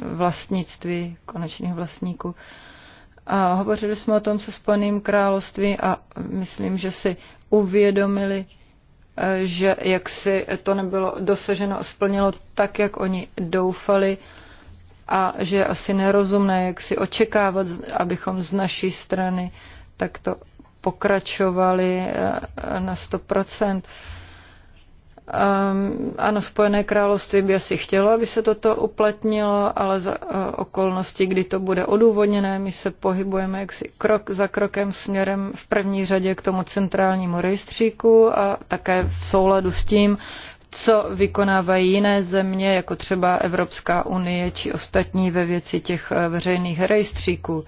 vlastnictví konečných vlastníků. A hovořili jsme o tom se Spojeným království a myslím, že si uvědomili, eh, že jak si to nebylo dosaženo a splnilo tak, jak oni doufali a že je asi nerozumné, jak si očekávat, abychom z naší strany takto pokračovali eh, na 100%. Um, ano, Spojené království by asi chtělo, aby se toto uplatnilo, ale za uh, okolnosti, kdy to bude odůvodněné, my se pohybujeme jaksi krok za krokem směrem v první řadě k tomu centrálnímu rejstříku a také v souladu s tím, co vykonávají jiné země, jako třeba Evropská unie či ostatní ve věci těch eh, veřejných rejstříků. Uh,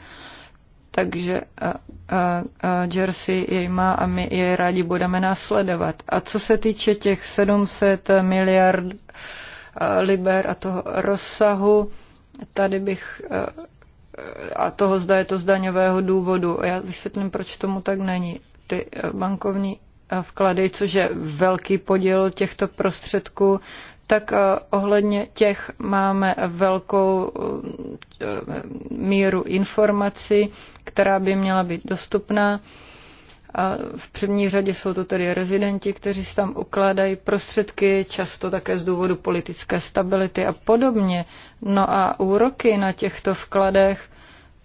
takže a, a, a Jersey jej má a my jej rádi budeme následovat. A co se týče těch 700 miliard liber a toho rozsahu, tady bych a toho zda je to z daňového důvodu. Já vysvětlím, proč tomu tak není. Ty e, bankovní vklady, což je velký podíl těchto prostředků, tak eh, ohledně těch máme velkou eh, míru informací, která by měla být dostupná. A v první řadě jsou to tedy rezidenti, kteří si tam ukládají prostředky, často také z důvodu politické stability a podobně. No a úroky na těchto vkladech,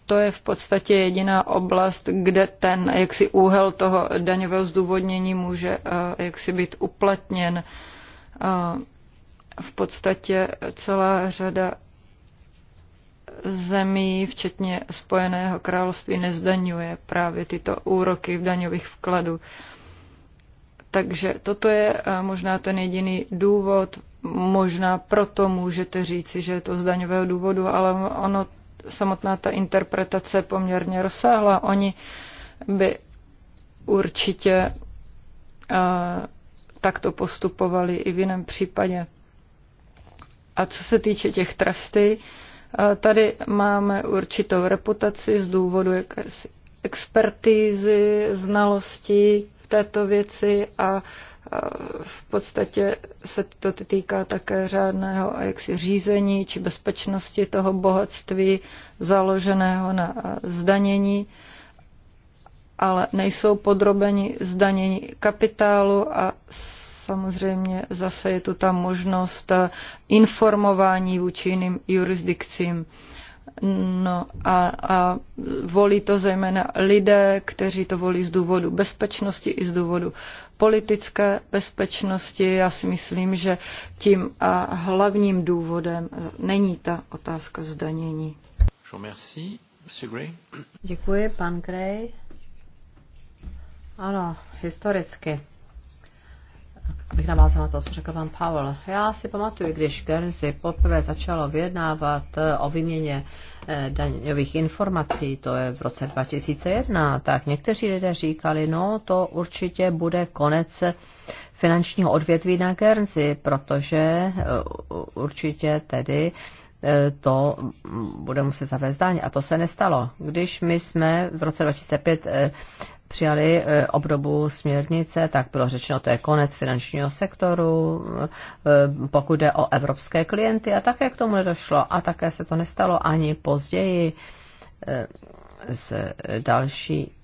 to je v podstatě jediná oblast, kde ten jaksi úhel toho daňového zdůvodnění může eh, jaksi být uplatněn v podstatě celá řada zemí, včetně Spojeného království, nezdaňuje právě tyto úroky v daňových vkladů. Takže toto je eh, možná ten jediný důvod, možná proto můžete říci, že je to z daňového důvodu, ale ono, samotná ta interpretace je poměrně rozsáhla. Oni by určitě eh, takto postupovali i v jiném případě. A co se týče těch trusty, eh, tady máme určitou reputaci z důvodu jakési expertízy, znalosti v této věci a eh, v podstatě se to týká také řádného jaksi řízení či bezpečnosti toho bohatství založeného na eh, zdanění, ale nejsou podrobeni zdanění kapitálu a Samozřejmě zase je tu ta možnost informování vůči jiným jurisdikcím. No a, a volí to zejména lidé, kteří to volí z důvodu bezpečnosti i z důvodu politické bezpečnosti. Já si myslím, že tím a hlavním důvodem není ta otázka zdanění. Děkuji, pan Gray. Ano, historicky abych navázala na to, co řekl pan Powell. Já si pamatuju, když Guernsey poprvé začalo vyjednávat eh, o výměně eh, daňových informací, to je v roce 2001, tak někteří lidé říkali, no to určitě bude konec finančního odvětví na Guernsey, protože eh, určitě tedy E, to bude muset zavést daň. A to se nestalo. Když my jsme v roce 2005 e, přijali e, obdobu směrnice, tak bylo řečeno, to je konec finančního sektoru, pokud jde o evropské klienty a také k tomu nedošlo a také se to nestalo ani později s další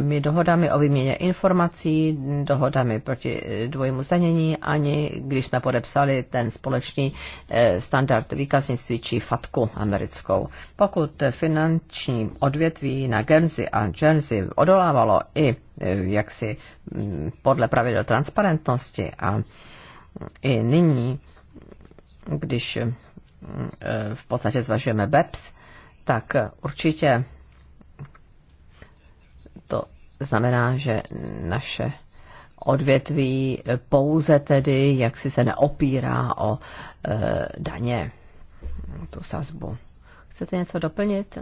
mi dohodami o výměně informací, dohodami proti eh, dvojmu zdanění, ani když jsme podepsali ten společný eh, standard výkaznictví či fatku americkou. Pokud finanční odvětví na Guernsey a Jersey odolávalo i eh, jaksi mm, podle pravidel transparentnosti a mm, i nyní, když mm, v podstatě zvažujeme BEPS, tak určitě znamená, že naše odvětví pouze tedy, jak si se neopírá o e, daně, tu sazbu. Chcete něco doplnit?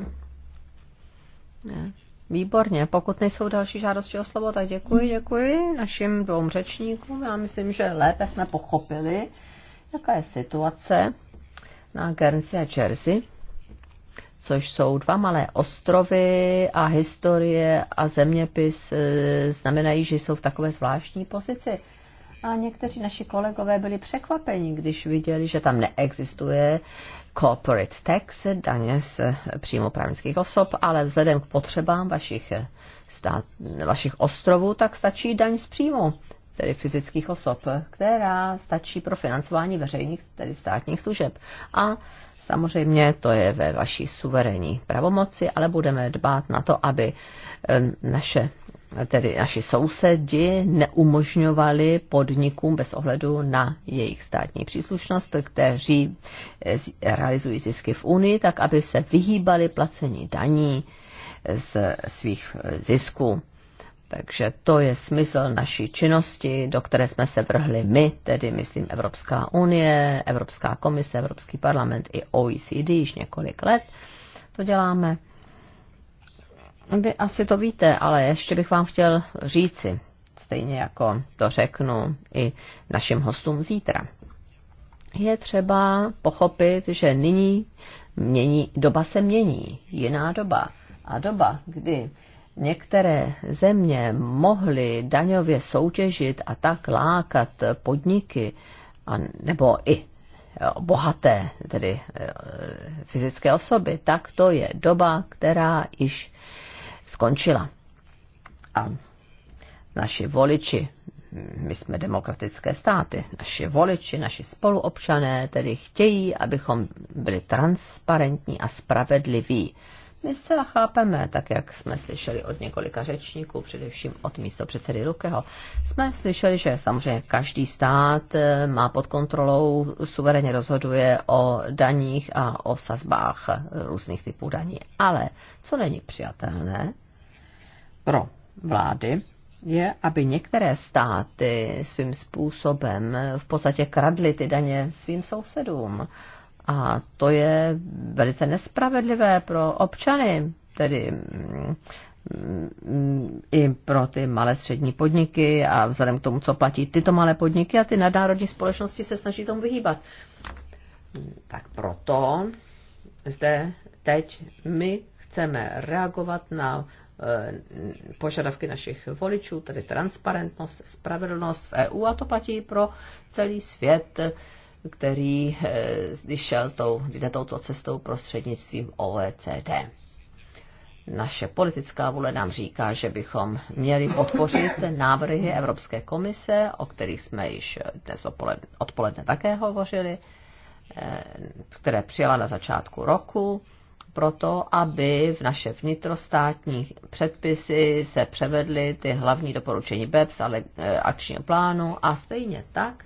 Ne. Výborně, pokud nejsou další žádosti o slovo, tak děkuji, děkuji našim dvou řečníkům. Já myslím, že lépe jsme pochopili, jaká je situace na Guernsey a Jersey což jsou dva malé ostrovy a historie a zeměpis e, znamenají, že jsou v takové zvláštní pozici. A někteří naši kolegové byli překvapeni, když viděli, že tam neexistuje corporate tax, daně z e, přímo právnických osob, ale vzhledem k potřebám vašich, e, stát, vašich ostrovů, tak stačí daň z příjmu, tedy fyzických osob, která stačí pro financování veřejných, tedy státních služeb. A Samozřejmě to je ve vaší suverénní pravomoci, ale budeme dbát na to, aby naše, tedy naši sousedi neumožňovali podnikům bez ohledu na jejich státní příslušnost, kteří eh, realizují zisky v Unii, tak aby se vyhýbali placení daní z svých eh, zisků. Takže to je smysl naší činnosti, do které jsme se vrhli my, tedy myslím Evropská unie, Evropská komise, Evropský parlament i OECD již několik let. To děláme. Vy asi to víte, ale ještě bych vám chtěl říci, stejně jako to řeknu i našim hostům zítra. Je třeba pochopit, že nyní mění, doba se mění, jiná doba. A doba, kdy některé země mohly daňově soutěžit a tak lákat podniky, a, nebo i e, bohaté, tedy e, fyzické osoby, tak to je doba, která již skončila. A naši voliči, my jsme demokratické státy, naši voliči, naši spoluobčané tedy chtějí, abychom byli transparentní a spravedliví. My zcela chápeme, tak jak jsme slyšeli od několika řečníků, především od místo předsedy Lukeho, jsme slyšeli, že samozřejmě každý stát eh, má pod kontrolou, suverénně rozhoduje o daních a o sazbách eh, různých typů daní. Ale co není přijatelné pro vlády, je, aby některé státy svým způsobem v podstatě kradly ty daně svým sousedům. A to je velice nespravedlivé pro občany, tedy mm, mm, i pro ty malé střední podniky a vzhledem k tomu, co platí tyto malé podniky a ty nadnárodní společnosti se snaží tomu vyhýbat. Tak proto zde teď my chceme reagovat na eh, požadavky našich voličů, tedy transparentnost, spravedlnost v EU a to platí pro celý svět který eh, když šel tou, jde touto cestou prostřednictvím OECD. Naše politická vůle nám říká, že bychom měli podpořit návrhy Evropské komise, o kterých jsme již dnes odpoledne, odpoledne také hovořili, eh, které přijala na začátku roku, proto, aby v naše vnitrostátní předpisy se převedly ty hlavní doporučení BEPS ale eh, akčního plánu a stejně tak,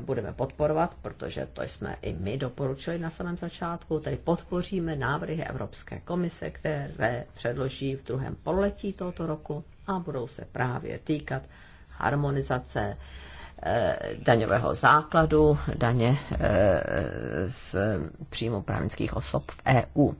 budeme podporovat, protože to jsme i my doporučili na samém začátku, tedy podpoříme návrhy Evropské komise, které předloží v druhém poletí tohoto roku a budou se právě týkat harmonizace eh, daňového základu, daně eh, z příjmu právnických osob v EU.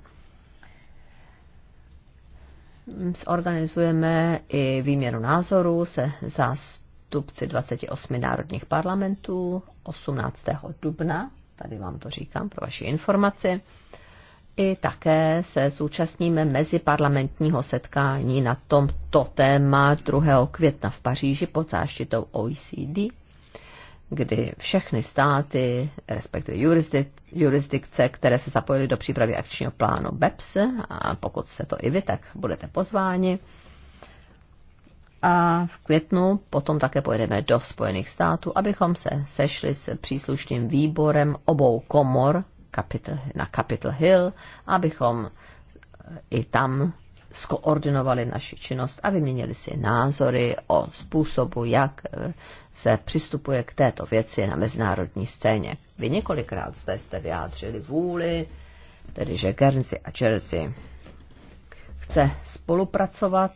Zorganizujeme i výměnu názorů se zástupci zástupci 28 národních parlamentů 18. dubna, tady vám to říkám pro vaši informaci, i také se zúčastníme meziparlamentního setkání na tomto téma 2. května v Paříži pod záštitou OECD, kdy všechny státy, respektive jurisdikce, které se zapojily do přípravy akčního plánu BEPS, a pokud se to i vy, tak budete pozváni, a v květnu potom také pojedeme do Spojených států, abychom se sešli s příslušným výborem obou komor Capitol, na Capitol Hill, abychom i tam skoordinovali naši činnost a vyměnili si názory o způsobu, jak eh, se přistupuje k této věci na mezinárodní scéně. Vy několikrát jste, jste vyjádřili vůli, tedy že Guernsey a Chelsea chce spolupracovat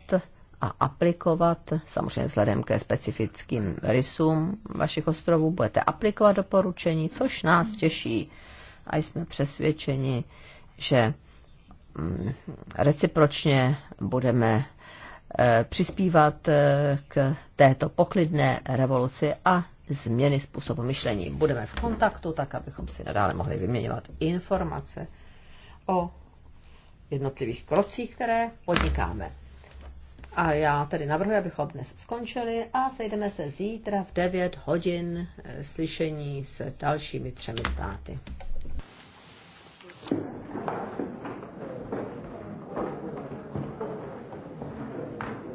a aplikovat, samozřejmě vzhledem ke specifickým rysům vašich ostrovů, budete aplikovat doporučení, což nás těší a jsme přesvědčeni, že mm, recipročně budeme eh, přispívat eh, k této poklidné revoluci a změny způsobu myšlení. Budeme v kontaktu, tak abychom si nadále mohli vyměňovat informace o jednotlivých krocích, které podnikáme. A já tedy navrhuji, abychom dnes skončili a sejdeme se zítra v 9 hodin eh, slyšení s dalšími třemi státy.